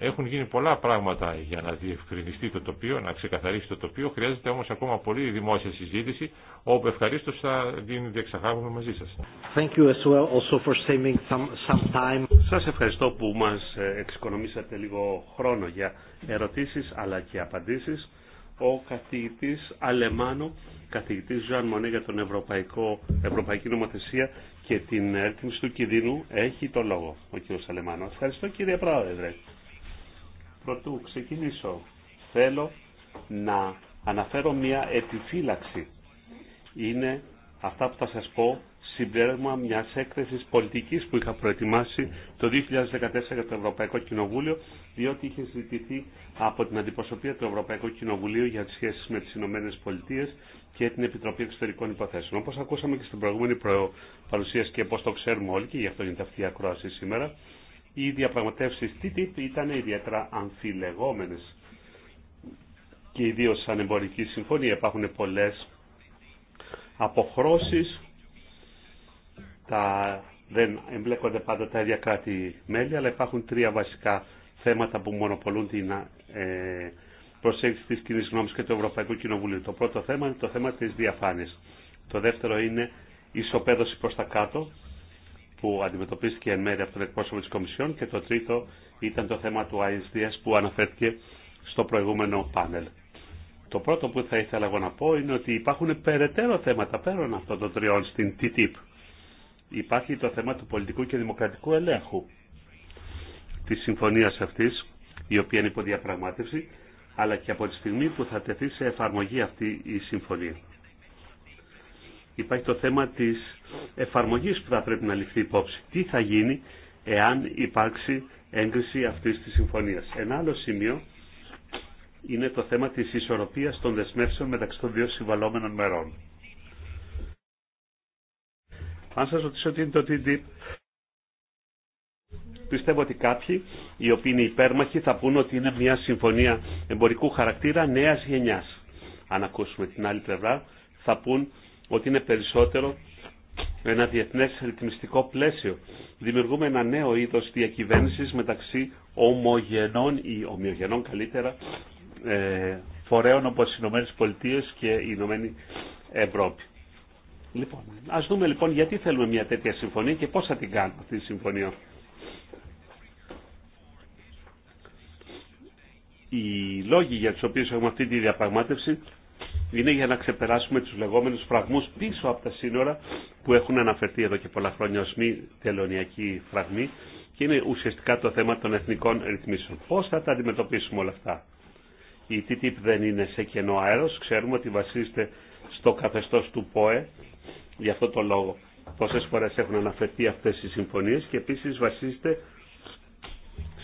έχουν γίνει πολλά πράγματα για να διευκρινιστεί το τοπίο, να ξεκαθαρίσει το τοπίο. Χρειάζεται όμως ακόμα πολύ δημόσια συζήτηση, όπου ευχαρίστω θα την διεξαγάγουμε μαζί σας. Thank Σας ευχαριστώ που μας ε, εξοικονομήσατε λίγο χρόνο για ερωτήσεις αλλά και απαντήσεις. Ο καθηγητής Αλεμάνο, καθηγητής Ζωάν Μονέ για τον Ευρωπαϊκή Νομοθεσία και την έρθμιση του κινδύνου έχει το λόγο ο κ. Αλεμάνο. Ευχαριστώ κύριε Πρόεδρε πρωτού ξεκινήσω, θέλω να αναφέρω μια επιφύλαξη. Είναι αυτά που θα σας πω συμπέρασμα μιας έκθεσης πολιτικής που είχα προετοιμάσει το 2014 για το Ευρωπαϊκό Κοινοβούλιο, διότι είχε συζητηθεί από την αντιπροσωπεία του Ευρωπαϊκού Κοινοβουλίου για τις σχέσεις με τις Ηνωμένες Πολιτείες και την Επιτροπή Εξωτερικών Υποθέσεων. Όπως ακούσαμε και στην προηγούμενη παρουσίαση και πώς το ξέρουμε όλοι και γι' αυτό γίνεται αυτή η ακρόαση σήμερα, οι διαπραγματεύσεις TTIP ήταν ιδιαίτερα αμφιλεγόμενες και ιδίω σαν εμπορική συμφωνία υπάρχουν πολλές αποχρώσεις τα, δεν εμπλέκονται πάντα τα ίδια κράτη-μέλη αλλά υπάρχουν τρία βασικά θέματα που μονοπολούν την ε, προσέγγιση της κοινή γνώμης και του Ευρωπαϊκού Κοινοβουλίου. Το πρώτο θέμα είναι το θέμα της διαφάνειας. Το δεύτερο είναι ισοπαίδωση προς τα κάτω που αντιμετωπίστηκε εν μέρει από τον εκπρόσωπο της Κομισιόν και το τρίτο ήταν το θέμα του ISDS που αναφέρθηκε στο προηγούμενο πάνελ. Το πρώτο που θα ήθελα εγώ να πω είναι ότι υπάρχουν περαιτέρω θέματα πέραν αυτών των τριών στην TTIP. Υπάρχει το θέμα του πολιτικού και δημοκρατικού ελέγχου τη συμφωνίας αυτής, η οποία είναι υποδιαπραγμάτευση, αλλά και από τη στιγμή που θα τεθεί σε εφαρμογή αυτή η συμφωνία υπάρχει το θέμα της εφαρμογής που θα πρέπει να ληφθεί υπόψη. Τι θα γίνει εάν υπάρξει έγκριση αυτής της συμφωνίας. Ένα άλλο σημείο είναι το θέμα της ισορροπίας των δεσμεύσεων μεταξύ των δύο συμβαλόμενων μερών. Αν σας ρωτήσω τι είναι το TTIP, πιστεύω ότι κάποιοι οι οποίοι είναι υπέρμαχοι θα πούν ότι είναι μια συμφωνία εμπορικού χαρακτήρα νέας γενιάς. Αν ακούσουμε την άλλη πλευρά θα πούν ότι είναι περισσότερο ένα διεθνέ ρυθμιστικό πλαίσιο. Δημιουργούμε ένα νέο είδος διακυβέρνηση μεταξύ ομογενών ή ομοιογενών καλύτερα ε, φορέων όπως οι Ηνωμένες Πολιτείες και η Ηνωμένη Ευρώπη. Λοιπόν, ας δούμε λοιπόν γιατί θέλουμε μια τέτοια συμφωνία και πώς θα την κάνουμε αυτή τη συμφωνία. Οι λόγοι για τους οποίους έχουμε αυτή τη διαπραγμάτευση είναι για να ξεπεράσουμε τους λεγόμενους φραγμούς πίσω από τα σύνορα που έχουν αναφερθεί εδώ και πολλά χρόνια ως μη τελωνιακή φραγμή και είναι ουσιαστικά το θέμα των εθνικών ρυθμίσεων. Πώς θα τα αντιμετωπίσουμε όλα αυτά. Η TTIP δεν είναι σε κενό αέρος, ξέρουμε ότι βασίζεται στο καθεστώς του ΠΟΕ, για αυτό το λόγο πόσες φορές έχουν αναφερθεί αυτές οι συμφωνίες και επίσης βασίζεται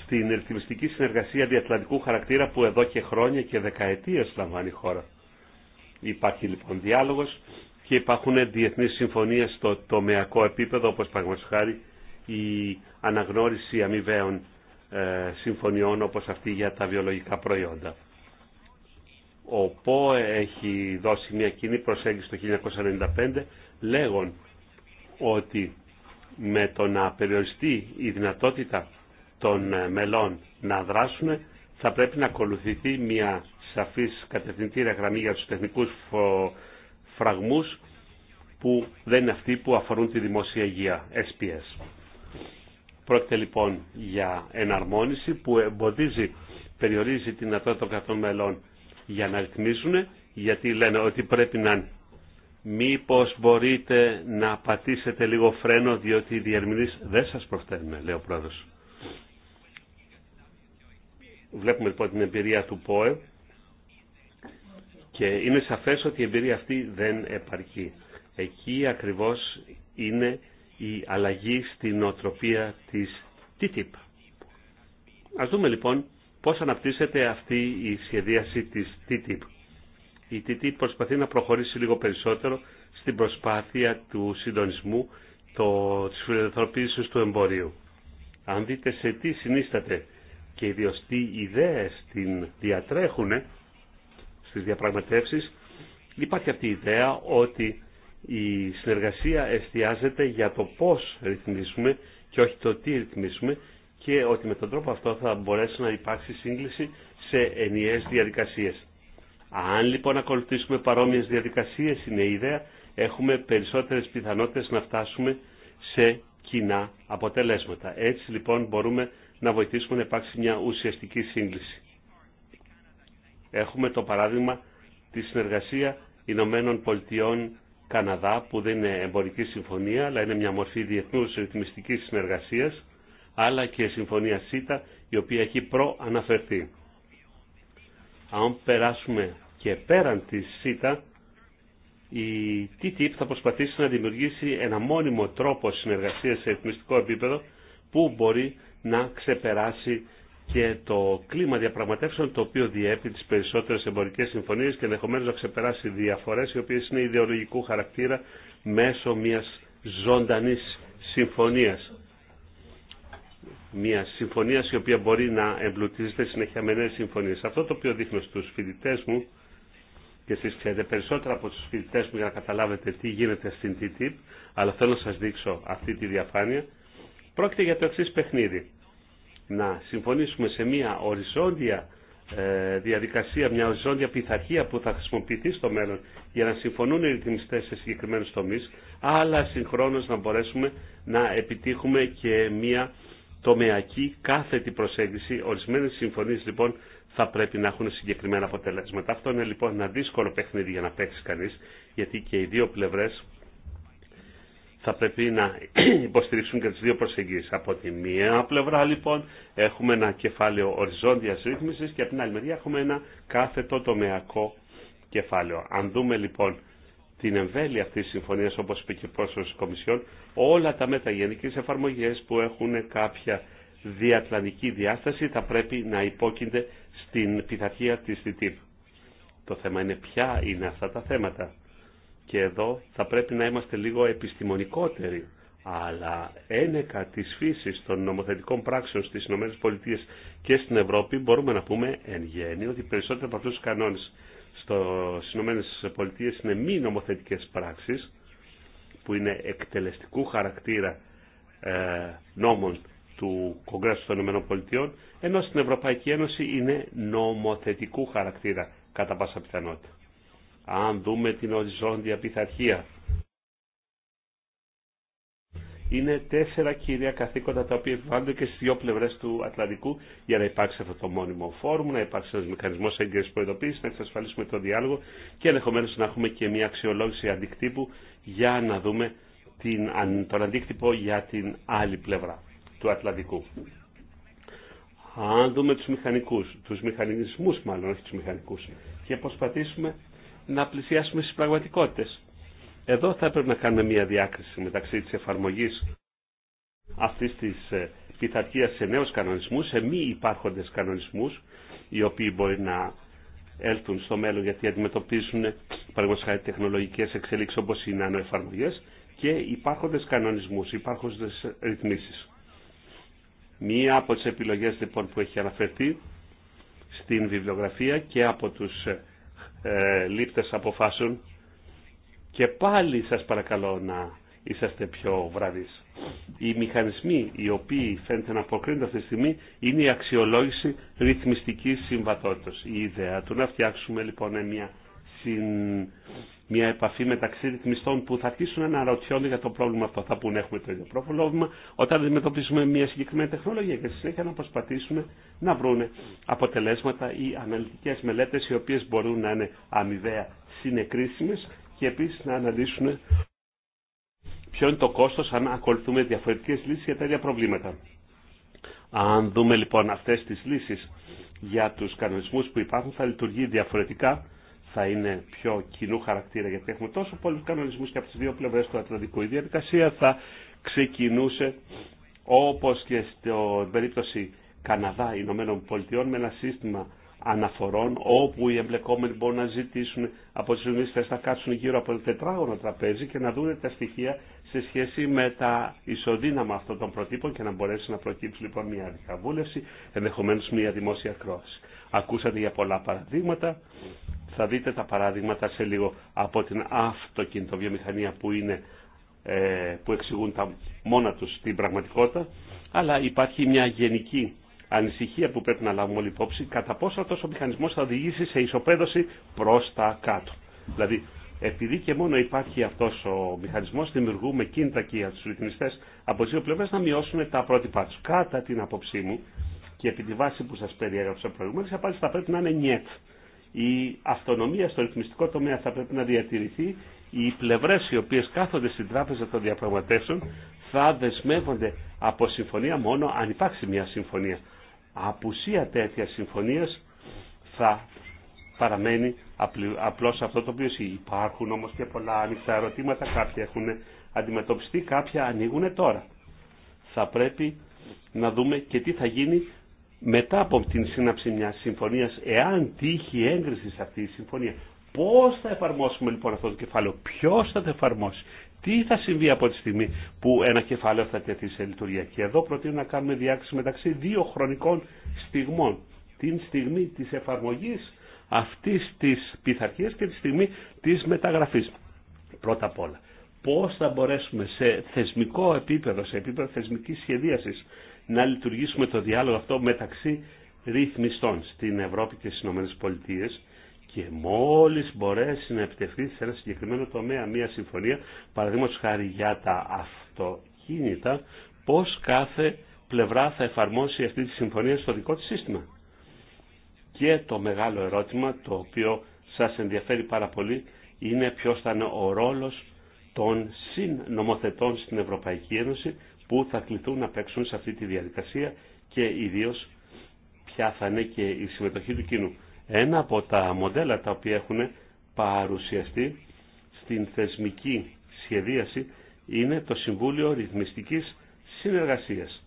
στην ρυθμιστική συνεργασία διατλαντικού χαρακτήρα που εδώ και χρόνια και δεκαετίες λαμβάνει η χώρα. Υπάρχει λοιπόν διάλογος και υπάρχουν διεθνείς συμφωνίες στο τομεακό επίπεδο, όπως χάρη η αναγνώριση αμοιβαίων ε, συμφωνιών όπως αυτή για τα βιολογικά προϊόντα. Ο ΠΟΕ έχει δώσει μια κοινή προσέγγιση το 1995 λέγον ότι με το να περιοριστεί η δυνατότητα των ε, μελών να δράσουν θα πρέπει να ακολουθηθεί μια σαφής κατευθυντήρια γραμμή για τους τεχνικούς φραγμούς που δεν είναι αυτοί που αφορούν τη δημόσια υγεία, SPS. Πρόκειται λοιπόν για εναρμόνιση που εμποδίζει, περιορίζει την δυνατότητα των κρατών μελών για να ρυθμίσουν, γιατί λένε ότι πρέπει να μήπως μπορείτε να πατήσετε λίγο φρένο διότι οι διερμηνείς δεν σας προφέρουν, λέει ο πρόεδρος. Βλέπουμε λοιπόν την εμπειρία του ΠΟΕ και είναι σαφές ότι η εμπειρία αυτή δεν επαρκεί. Εκεί ακριβώς είναι η αλλαγή στην οτροπία της TTIP. Ας δούμε λοιπόν πώς αναπτύσσεται αυτή η σχεδίαση της TTIP. Η TTIP προσπαθεί να προχωρήσει λίγο περισσότερο στην προσπάθεια του συντονισμού το, της του εμπορίου. Αν δείτε σε τι συνίσταται και οι ιδέες την διατρέχουνε, στις διαπραγματεύσεις υπάρχει αυτή η ιδέα ότι η συνεργασία εστιάζεται για το πώς ρυθμίσουμε και όχι το τι ρυθμίσουμε και ότι με τον τρόπο αυτό θα μπορέσει να υπάρξει σύγκληση σε ενιαίες διαδικασίες. Αν λοιπόν ακολουθήσουμε παρόμοιες διαδικασίες είναι η ιδέα, έχουμε περισσότερες πιθανότητες να φτάσουμε σε κοινά αποτελέσματα. Έτσι λοιπόν μπορούμε να βοηθήσουμε να υπάρξει μια ουσιαστική σύγκληση. Έχουμε το παράδειγμα τη συνεργασία Ηνωμένων Πολιτειών Καναδά που δεν είναι εμπορική συμφωνία αλλά είναι μια μορφή διεθνού, ρυθμιστικής συνεργασίας αλλά και συμφωνία ΣΥΤΑ η οποία έχει προαναφερθεί. Αν περάσουμε και πέραν τη ΣΥΤΑ η TTIP θα προσπαθήσει να δημιουργήσει ένα μόνιμο τρόπο συνεργασίας σε ρυθμιστικό επίπεδο που μπορεί να ξεπεράσει και το κλίμα διαπραγματεύσεων το οποίο διέπει τις περισσότερες εμπορικές συμφωνίες και ενδεχομένω να ξεπεράσει διαφορές οι οποίες είναι ιδεολογικού χαρακτήρα μέσω μιας ζωντανής συμφωνίας. Μια συμφωνία η οποία μπορεί να εμπλουτίζεται συνέχεια με συμφωνίες. Αυτό το οποίο δείχνω στους φοιτητέ μου και εσείς ξέρετε περισσότερα από τους φοιτητέ μου για να καταλάβετε τι γίνεται στην TTIP αλλά θέλω να σας δείξω αυτή τη διαφάνεια. Πρόκειται για το εξή παιχνίδι να συμφωνήσουμε σε μια οριζόντια ε, διαδικασία, μια οριζόντια πειθαρχία που θα χρησιμοποιηθεί στο μέλλον για να συμφωνούν οι ρυθμιστέ σε συγκεκριμένου τομεί, αλλά συγχρόνω να μπορέσουμε να επιτύχουμε και μια τομεακή κάθετη προσέγγιση. Ορισμένε συμφωνίε λοιπόν θα πρέπει να έχουν συγκεκριμένα αποτελέσματα. Αυτό είναι λοιπόν ένα δύσκολο παιχνίδι για να παίξει κανεί, γιατί και οι δύο πλευρέ θα πρέπει να υποστηρίξουν και τις δύο προσεγγίσεις. Από τη μία πλευρά λοιπόν έχουμε ένα κεφάλαιο οριζόντιας ρύθμισης και από την άλλη μεριά έχουμε ένα κάθετο τομεακό κεφάλαιο. Αν δούμε λοιπόν την εμβέλεια αυτή τη συμφωνία, όπω είπε και πρόσωπο τη Κομισιόν, όλα τα μεταγενικέ εφαρμογέ που έχουν κάποια διατλαντική διάσταση θα πρέπει να υπόκεινται στην πειθαρχία τη ΤΤΙΠ. Το θέμα είναι ποια είναι αυτά τα θέματα και εδώ θα πρέπει να είμαστε λίγο επιστημονικότεροι αλλά ένεκα της φύσης των νομοθετικών πράξεων στις ΗΠΑ και στην Ευρώπη μπορούμε να πούμε εν γέννη ότι περισσότερο από αυτούς τους κανόνες στις ΗΠΑ είναι μη νομοθετικές πράξεις που είναι εκτελεστικού χαρακτήρα ε, νόμων του Κογκρέσου των ΗΠΑ, ενώ στην Ευρωπαϊκή Ένωση είναι νομοθετικού χαρακτήρα κατά πάσα πιθανότητα αν δούμε την οριζόντια πειθαρχία. Είναι τέσσερα κυρία καθήκοντα τα οποία επιβάλλονται και στι δύο πλευρέ του Ατλαντικού για να υπάρξει αυτό το μόνιμο φόρουμ, να υπάρξει ένα μηχανισμό έγκαιρη προειδοποίηση, να εξασφαλίσουμε το διάλογο και ενδεχομένω να έχουμε και μια αξιολόγηση αντικτύπου για να δούμε την, τον αντίκτυπο για την άλλη πλευρά του Ατλαντικού. Αν δούμε του μηχανικού, του μηχανισμού, μάλλον, όχι του μηχανικού, και προσπαθήσουμε να πλησιάσουμε στις πραγματικότητες. Εδώ θα έπρεπε να κάνουμε μια διάκριση μεταξύ της εφαρμογής αυτής της ε, πειθαρχίας σε νέους κανονισμούς, σε μη υπάρχοντες κανονισμούς, οι οποίοι μπορεί να έλθουν στο μέλλον γιατί αντιμετωπίζουν παραγωγικά τεχνολογικές εξελίξεις όπως οι νανοεφαρμογές και υπάρχοντες κανονισμούς, υπάρχοντες ρυθμίσεις. Μία από τις επιλογές λοιπόν που έχει αναφερθεί στην βιβλιογραφία και από τους ε, ε, λήπτες αποφάσεων και πάλι σας παρακαλώ να είσαστε πιο βραδείς. Οι μηχανισμοί οι οποίοι φαίνεται να αποκρίνονται αυτή τη στιγμή είναι η αξιολόγηση ρυθμιστικής συμβατότητας. Η ιδέα του να φτιάξουμε λοιπόν μια στην μια επαφή μεταξύ ρυθμιστών που θα αρχίσουν να αναρωτιόνται για το πρόβλημα αυτό. Θα πούνε έχουμε το ίδιο πρόβλημα όταν αντιμετωπίσουμε μια συγκεκριμένη τεχνολογία και συνέχεια να προσπαθήσουν να βρουν αποτελέσματα ή αναλυτικέ μελέτε οι οποίε μπορούν να είναι αμοιβαία συνεκρίσιμε και επίση να αναλύσουν ποιο είναι το κόστο αν ακολουθούμε διαφορετικέ λύσει για τα προβλήματα. Αν δούμε λοιπόν αυτέ τι λύσει για του κανονισμού που υπάρχουν θα λειτουργεί διαφορετικά θα είναι πιο κοινού χαρακτήρα γιατί έχουμε τόσο πολλού κανονισμού και από τι δύο πλευρέ του Ατλαντικού. Η διαδικασία θα ξεκινούσε όπω και στην περίπτωση Καναδά Ηνωμένων Πολιτειών με ένα σύστημα αναφορών όπου οι εμπλεκόμενοι μπορούν να ζητήσουν από τι ρυθμίσει να κάτσουν γύρω από το τετράγωνο τραπέζι και να δουν τα στοιχεία σε σχέση με τα ισοδύναμα αυτών των προτύπων και να μπορέσει να προκύψει λοιπόν μια διαβούλευση, ενδεχομένω μια δημόσια κρόαση. Ακούσατε για πολλά παραδείγματα θα δείτε τα παράδειγματα σε λίγο από την αυτοκινητοβιομηχανία που, είναι, ε, που εξηγούν τα μόνα τους την πραγματικότητα. Αλλά υπάρχει μια γενική ανησυχία που πρέπει να λάβουμε όλοι υπόψη κατά πόσο αυτός ο μηχανισμός θα οδηγήσει σε ισοπαίδωση προς τα κάτω. Δηλαδή, επειδή και μόνο υπάρχει αυτός ο μηχανισμός, δημιουργούμε κίνητα και για τους ρυθμιστές από τις δύο πλευρές να μειώσουν τα πρότυπά τους. Κατά την άποψή μου και επί τη βάση που σας περιέγραψα προηγουμένως, η απάντηση θα πρέπει να είναι νιέτ η αυτονομία στο ρυθμιστικό τομέα θα πρέπει να διατηρηθεί, οι πλευρές οι οποίες κάθονται στην τράπεζα των διαπραγματεύσεων θα δεσμεύονται από συμφωνία μόνο αν υπάρξει μια συμφωνία. Απουσία τέτοια συμφωνίας θα παραμένει απλώς αυτό το οποίο υπάρχουν όμως και πολλά ανοιχτά ερωτήματα, κάποια έχουν αντιμετωπιστεί, κάποια ανοίγουν τώρα. Θα πρέπει να δούμε και τι θα γίνει μετά από την σύναψη μια συμφωνία, εάν τύχει έγκριση σε αυτή η συμφωνία, πώ θα εφαρμόσουμε λοιπόν αυτό το κεφάλαιο, ποιο θα το εφαρμόσει, τι θα συμβεί από τη στιγμή που ένα κεφάλαιο θα τεθεί σε λειτουργία. Και εδώ προτείνω να κάνουμε διάκριση μεταξύ δύο χρονικών στιγμών. Την στιγμή τη εφαρμογή αυτή τη πειθαρχία και τη στιγμή τη μεταγραφή. Πρώτα απ' όλα, πώ θα μπορέσουμε σε θεσμικό επίπεδο, σε επίπεδο θεσμική σχεδίαση να λειτουργήσουμε το διάλογο αυτό μεταξύ ρυθμιστών στην Ευρώπη και στι Ηνωμένες Πολιτείες και μόλις μπορέσει να επιτευχθεί σε ένα συγκεκριμένο τομέα μια συμφωνία, παραδείγματο χάρη για τα αυτοκίνητα, πώς κάθε πλευρά θα εφαρμόσει αυτή τη συμφωνία στο δικό τη σύστημα. Και το μεγάλο ερώτημα, το οποίο σα ενδιαφέρει πάρα πολύ, είναι ποιο θα είναι ο ρόλο των συνομοθετών στην Ευρωπαϊκή Ένωση που θα κληθούν να παίξουν σε αυτή τη διαδικασία και ιδίω ποια θα είναι και η συμμετοχή του κοινού. Ένα από τα μοντέλα τα οποία έχουν παρουσιαστεί στην θεσμική σχεδίαση είναι το Συμβούλιο Ρυθμιστικής Συνεργασίας,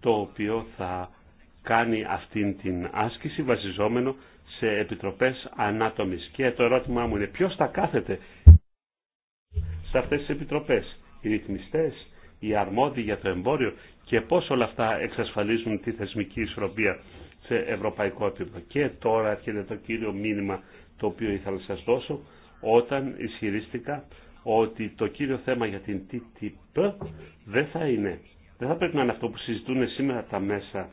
το οποίο θα κάνει αυτήν την άσκηση βασιζόμενο σε επιτροπές ανάτομης. Και το ερώτημά μου είναι ποιος θα κάθεται σε αυτές τις επιτροπές, οι ρυθμιστές, οι αρμόδιοι για το εμπόριο και πώς όλα αυτά εξασφαλίζουν τη θεσμική ισορροπία σε ευρωπαϊκό επίπεδο. Και τώρα έρχεται το κύριο μήνυμα το οποίο ήθελα να σας δώσω όταν ισχυρίστηκα ότι το κύριο θέμα για την TTIP δεν θα είναι, δεν θα πρέπει να είναι αυτό που συζητούν σήμερα τα μέσα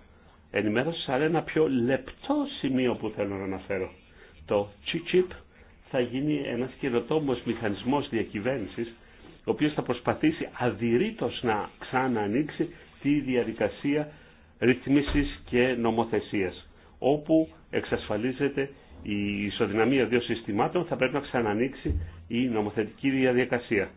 ενημέρωση, αλλά ένα πιο λεπτό σημείο που θέλω να αναφέρω. Το TTIP θα γίνει ένας καινοτόμος μηχανισμός διακυβέρνησης ο οποίος θα προσπαθήσει αδειρήτως να ξανανοίξει τη διαδικασία ρυθμίσης και νομοθεσίας, όπου εξασφαλίζεται η ισοδυναμία δύο συστημάτων θα πρέπει να ξανανοίξει η νομοθετική διαδικασία.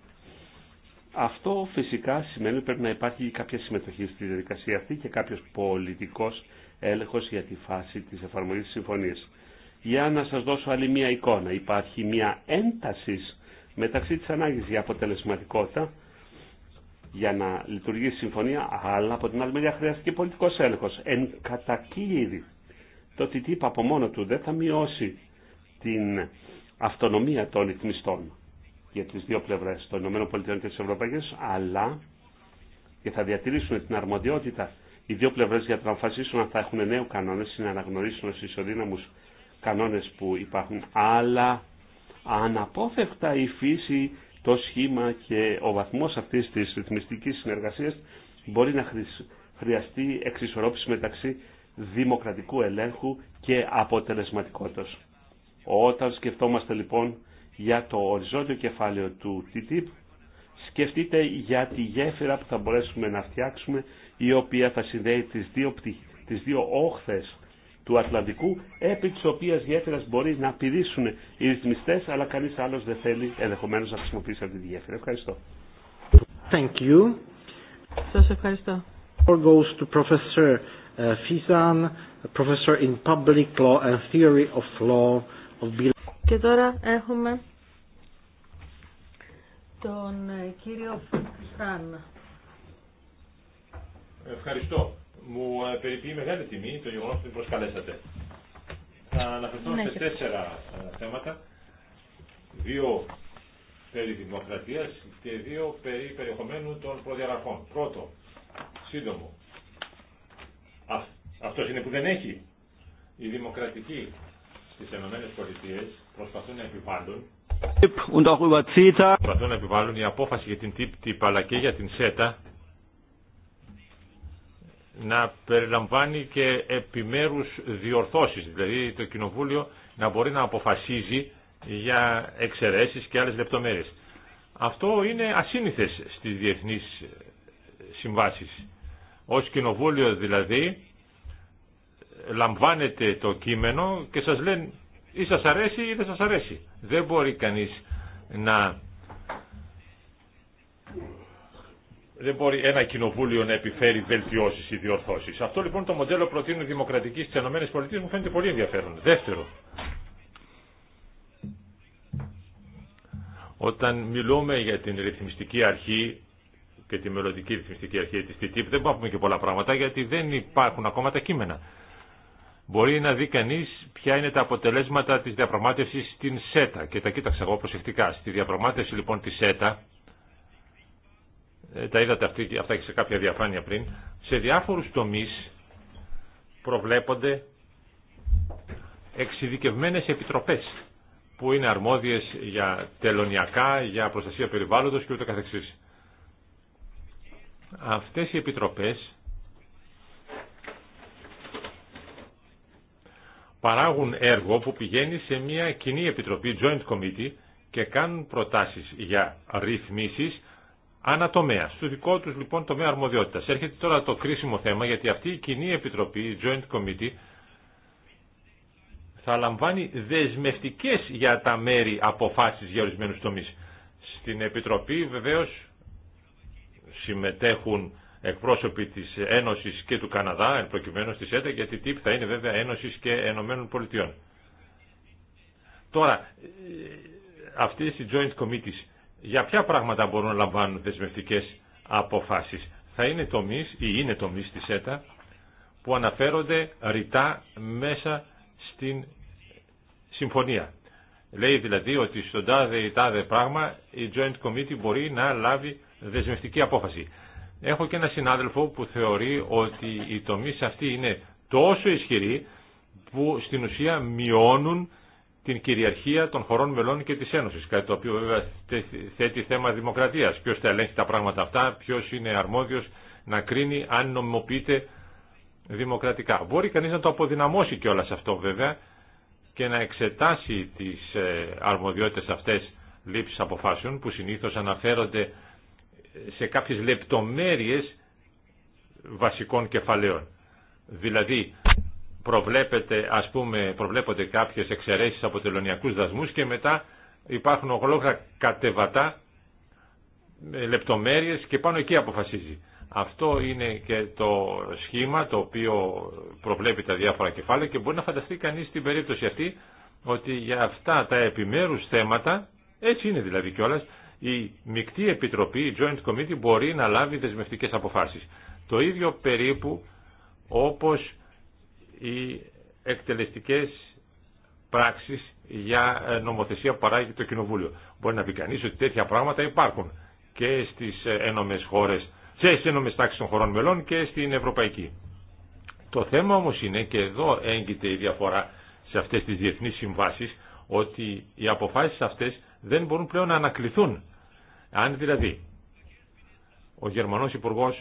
Αυτό φυσικά σημαίνει ότι πρέπει να υπάρχει κάποια συμμετοχή στη διαδικασία αυτή και κάποιος πολιτικό έλεγχος για τη φάση της εφαρμογής της συμφωνίας. Για να σας δώσω άλλη μία εικόνα, υπάρχει μία ένταση μεταξύ της ανάγκης για αποτελεσματικότητα για να λειτουργήσει η συμφωνία, αλλά από την άλλη μεριά χρειάζεται και πολιτικός έλεγχος. Εν κατακήρυ, το TTIP από μόνο του δεν θα μειώσει την αυτονομία των ρυθμιστών για τις δύο πλευρές των ΗΠΑ και της Ευρωπαϊκής, αλλά και θα διατηρήσουν την αρμοδιότητα οι δύο πλευρές για να αποφασίσουν αν θα έχουν νέου κανόνες ή να αναγνωρίσουν ως ισοδύναμους κανόνες που υπάρχουν, αλλά αναπόφευκτα η φύση, το σχήμα και ο βαθμός αυτής της ρυθμιστικής συνεργασίας μπορεί να χρειαστεί εξισορρόπηση μεταξύ δημοκρατικού ελέγχου και αποτελεσματικότητας. Όταν σκεφτόμαστε λοιπόν για το οριζόντιο κεφάλαιο του TTIP, σκεφτείτε για τη γέφυρα που θα μπορέσουμε να φτιάξουμε, η οποία θα συνδέει τις δύο, τις δύο όχθες του Ατλαντικού, επί τη οποία γέφυρα μπορεί να πηδήσουν οι ρυθμιστέ, αλλά κανείς άλλος δεν θέλει ενδεχομένω να χρησιμοποιήσει αυτή τη γέφυρα. Ευχαριστώ. Thank you. Σας ευχαριστώ. Or Goes to Professor uh, Fizan, Professor in Public Law and Theory of Law of Και τώρα έχουμε τον ε, κύριο Φραν. Ευχαριστώ μου ε, περιποιεί μεγάλη τιμή το γεγονό που την προσκαλέσατε. Θα αναφερθώ ναι, σε τέσσερα ε, θέματα. Δύο περί δημοκρατίας και δύο περί περιεχομένου των προδιαγραφών. Πρώτο, σύντομο. Αυτό αυτός είναι που δεν έχει. Οι δημοκρατικοί στις ΗΠΑ προσπαθούν να επιβάλλουν und να επιβάλλουν η απόφαση για την TTIP αλλά και για την ΣΕΤΑ να περιλαμβάνει και επιμέρους διορθώσεις, δηλαδή το Κοινοβούλιο να μπορεί να αποφασίζει για εξαιρέσεις και άλλες λεπτομέρειες. Αυτό είναι ασύνηθες στις διεθνείς συμβάσεις. Ως Κοινοβούλιο δηλαδή λαμβάνετε το κείμενο και σας λένε ή σας αρέσει ή δεν σας αρέσει. Δεν μπορεί κανείς να δεν μπορεί ένα κοινοβούλιο να επιφέρει βελτιώσει ή διορθώσει. Αυτό λοιπόν το μοντέλο προτείνουν οι δημοκρατικοί στι ΗΠΑ μου φαίνεται πολύ ενδιαφέρον. Δεύτερο, όταν μιλούμε για την ρυθμιστική αρχή και τη μελλοντική ρυθμιστική αρχή τη TTIP, δεν μπορούμε και πολλά πράγματα γιατί δεν υπάρχουν ακόμα τα κείμενα. Μπορεί να δει κανεί ποια είναι τα αποτελέσματα τη διαπραγμάτευση στην ΣΕΤΑ. Και τα κοίταξα εγώ προσεκτικά. Στη διαπραγμάτευση λοιπόν τη ΣΕΤΑ, ε, τα είδατε αυτά και σε κάποια διαφάνεια πριν, σε διάφορους τομείς προβλέπονται εξειδικευμένες επιτροπές που είναι αρμόδιες για τελωνιακά, για προστασία περιβάλλοντος και ούτε καθεξής. Αυτές οι επιτροπές παράγουν έργο που πηγαίνει σε μια κοινή επιτροπή, joint committee, και κάνουν προτάσεις για ρυθμίσεις ανατομέα. Στο δικό του λοιπόν τομέα αρμοδιότητας. Έρχεται τώρα το κρίσιμο θέμα γιατί αυτή η κοινή επιτροπή, η Joint Committee, θα λαμβάνει δεσμευτικές για τα μέρη αποφάσεις για ορισμένου τομεί. Στην Επιτροπή βεβαίως συμμετέχουν εκπρόσωποι της Ένωσης και του Καναδά, εν προκειμένου στη ΣΕΤΑ γιατί τύπ θα είναι βέβαια Ένωση και Ενωμένων Πολιτειών. Τώρα, ε, αυτή οι joint Committee για ποια πράγματα μπορούν να λαμβάνουν δεσμευτικές αποφάσεις. Θα είναι τομείς ή είναι τομείς της ΕΤΑ που αναφέρονται ρητά μέσα στην συμφωνία. Λέει δηλαδή ότι στον τάδε ή τάδε πράγμα η Joint Committee μπορεί να λάβει δεσμευτική απόφαση. Έχω και ένα συνάδελφο που θεωρεί ότι οι τομείς αυτοί είναι τόσο ισχυροί που στην ουσία μειώνουν την κυριαρχία των χωρών μελών και τη Ένωση, κάτι το οποίο βέβαια θέτει θέμα δημοκρατίας. ποιο θα ελέγχει τα πράγματα αυτά, ποιο είναι αρμόδιος να κρίνει αν νομιμοποιείται δημοκρατικά. Μπορεί κανείς να το αποδυναμώσει κιόλα αυτό βέβαια και να εξετάσει τις ε, αρμοδιότητες αυτές λήψη αποφάσεων που συνήθω αναφέρονται σε κάποιε λεπτομέρειε βασικών κεφαλαίων. Δηλαδή, προβλέπεται, ας πούμε, προβλέπονται κάποιες εξαιρέσεις από τελωνιακούς δασμούς και μετά υπάρχουν ογλόγρα κατεβατά ε, λεπτομέρειες και πάνω εκεί αποφασίζει. Αυτό είναι και το σχήμα το οποίο προβλέπει τα διάφορα κεφάλαια και μπορεί να φανταστεί κανείς στην περίπτωση αυτή ότι για αυτά τα επιμέρους θέματα, έτσι είναι δηλαδή κιόλα, η μεικτή επιτροπή, η Joint Committee, μπορεί να λάβει δεσμευτικές αποφάσεις. Το ίδιο περίπου όπως οι εκτελεστικές πράξεις για ε, νομοθεσία που παράγει το Κοινοβούλιο. Μπορεί να πει κανεί ότι τέτοια πράγματα υπάρχουν και στις ε, ένομες χώρες, σε ένομες τάξεις των χωρών μελών και στην Ευρωπαϊκή. Το θέμα όμως είναι, και εδώ έγκυται η διαφορά σε αυτές τις διεθνείς συμβάσεις, ότι οι αποφάσεις αυτές δεν μπορούν πλέον να ανακληθούν. Αν δηλαδή ο Γερμανός υπουργό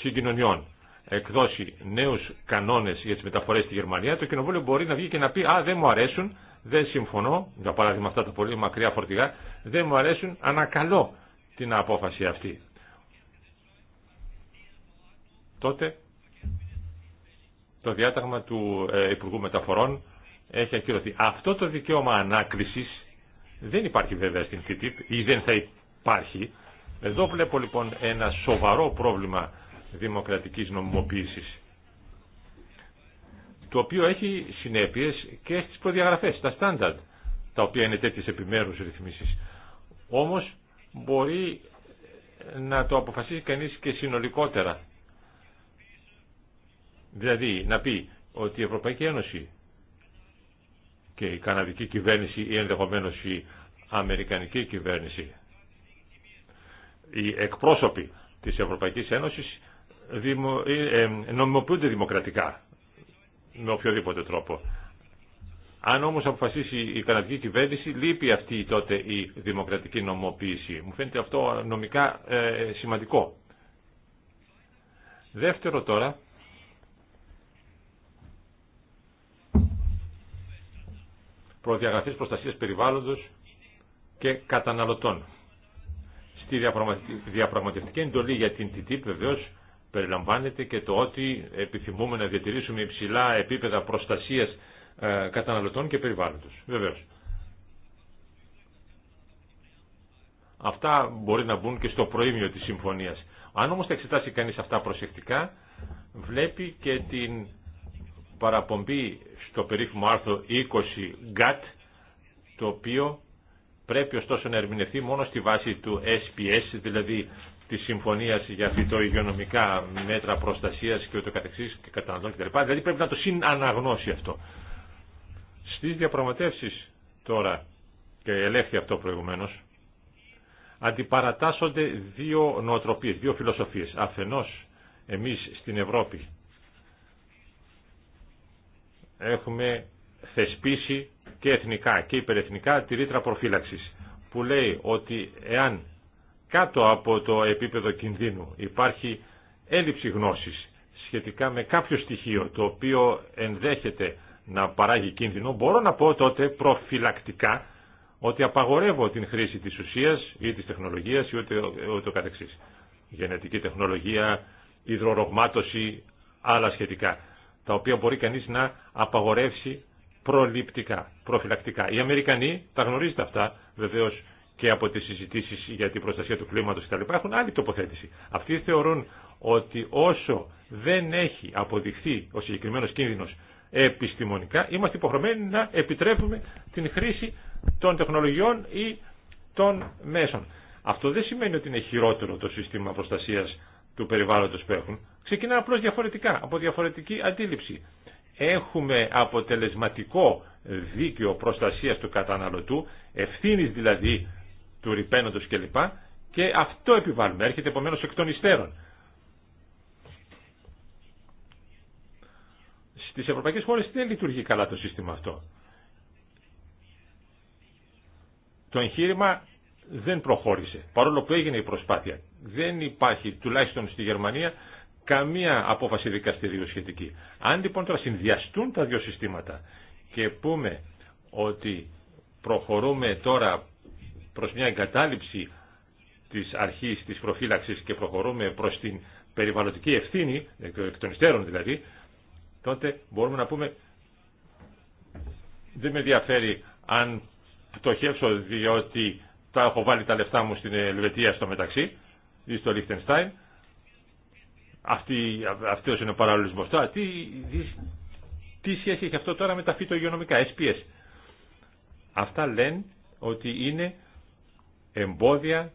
Συγκοινωνιών εκδώσει νέους κανόνες για τις μεταφορές στη Γερμανία, το Κοινοβούλιο μπορεί να βγει και να πει «Α, δεν μου αρέσουν, δεν συμφωνώ, για παράδειγμα αυτά τα πολύ μακριά φορτηγά, δεν μου αρέσουν, ανακαλώ την απόφαση αυτή». Τότε το διάταγμα του ε, Υπουργού Μεταφορών έχει ακυρωθεί. Αυτό το δικαίωμα ανάκρισης δεν υπάρχει βέβαια στην TTIP ή δεν θα υπάρχει. Εδώ βλέπω λοιπόν ένα σοβαρό πρόβλημα δημοκρατικής νομιμοποίησης το οποίο έχει συνέπειες και στις προδιαγραφές, τα στάνταρτ τα οποία είναι τέτοιες επιμέρους ρυθμίσεις όμως μπορεί να το αποφασίσει κανείς και συνολικότερα δηλαδή να πει ότι η Ευρωπαϊκή Ένωση και η Καναδική κυβέρνηση ή ενδεχομένως η Αμερικανική κυβέρνηση οι εκπρόσωποι της Ευρωπαϊκής Ένωσης δημο, ε, ε, νομιμοποιούνται δημοκρατικά με οποιοδήποτε τρόπο. Αν όμως αποφασίσει η καναδική κυβέρνηση, λείπει αυτή τότε η δημοκρατική νομοποίηση. Μου φαίνεται αυτό νομικά ε, σημαντικό. Δεύτερο τώρα, προδιαγραφές προστασίας περιβάλλοντος και καταναλωτών. Στη διαπραγματευτική εντολή για την TTIP βεβαίως περιλαμβάνεται και το ότι επιθυμούμε να διατηρήσουμε υψηλά επίπεδα προστασίας ε, καταναλωτών και περιβάλλοντος. Βεβαίως. Αυτά μπορεί να μπουν και στο προήμιο της συμφωνίας. Αν όμως τα εξετάσει κανείς αυτά προσεκτικά, βλέπει και την παραπομπή στο περίφημο άρθρο 20 GATT, το οποίο πρέπει ωστόσο να ερμηνευτεί μόνο στη βάση του SPS, δηλαδή τη συμφωνία για φυτο-υγειονομικά μέτρα προστασίας και ούτω καθεξή και καταναλωτών κτλ. Δηλαδή πρέπει να το συναναγνώσει αυτό. Στις διαπραγματεύσει τώρα, και ελέγχθη αυτό προηγουμένω αντιπαρατάσσονται δύο νοοτροπίες, δύο φιλοσοφίες. Αφενό εμείς στην Ευρώπη έχουμε θεσπίσει και εθνικά και υπερεθνικά τη ρήτρα προφύλαξη που λέει ότι εάν κάτω από το επίπεδο κινδύνου. Υπάρχει έλλειψη γνώσης σχετικά με κάποιο στοιχείο το οποίο ενδέχεται να παράγει κίνδυνο, μπορώ να πω τότε προφυλακτικά ότι απαγορεύω την χρήση της ουσίας ή της τεχνολογίας ή ο καθεξής. Γενετική τεχνολογία, υδρορογμάτωση, άλλα σχετικά, τα οποία μπορεί κανείς να απαγορεύσει προληπτικά, προφυλακτικά. Οι Αμερικανοί τα γνωρίζετε αυτά, βεβαίως και από τις συζητήσεις για την προστασία του κλίματος κτλ. έχουν άλλη τοποθέτηση. Αυτοί θεωρούν ότι όσο δεν έχει αποδειχθεί ο συγκεκριμένος κίνδυνος επιστημονικά, είμαστε υποχρεωμένοι να επιτρέπουμε την χρήση των τεχνολογιών ή των μέσων. Αυτό δεν σημαίνει ότι είναι χειρότερο το σύστημα προστασίας του περιβάλλοντος που έχουν. Ξεκινά απλώς διαφορετικά, από διαφορετική αντίληψη. Έχουμε αποτελεσματικό δίκαιο προστασίας του καταναλωτού, ευθύνης δηλαδή του ρηπαίνοντο κλπ. Και αυτό επιβάλλουμε. Έρχεται επομένω εκ των υστέρων. Στι ευρωπαϊκέ χώρε δεν λειτουργεί καλά το σύστημα αυτό. Το εγχείρημα δεν προχώρησε, παρόλο που έγινε η προσπάθεια. Δεν υπάρχει, τουλάχιστον στη Γερμανία, καμία απόφαση δικαστηρίου σχετική. Αν λοιπόν τώρα συνδυαστούν τα δύο συστήματα και πούμε ότι προχωρούμε τώρα προς μια εγκατάλειψη της αρχής της προφύλαξης και προχωρούμε προς την περιβαλλοντική ευθύνη, εκ των υστέρων δηλαδή, τότε μπορούμε να πούμε δεν με ενδιαφέρει αν πτωχεύσω διότι τα έχω βάλει τα λεφτά μου στην Ελβετία στο μεταξύ ή στο Λίχτενστάιν. Αυτή, είναι ο παραλληλισμός. Τώρα, τι, τι, σχέση έχει αυτό τώρα με τα φυτογειονομικά, SPS. Αυτά λένε ότι είναι εμπόδια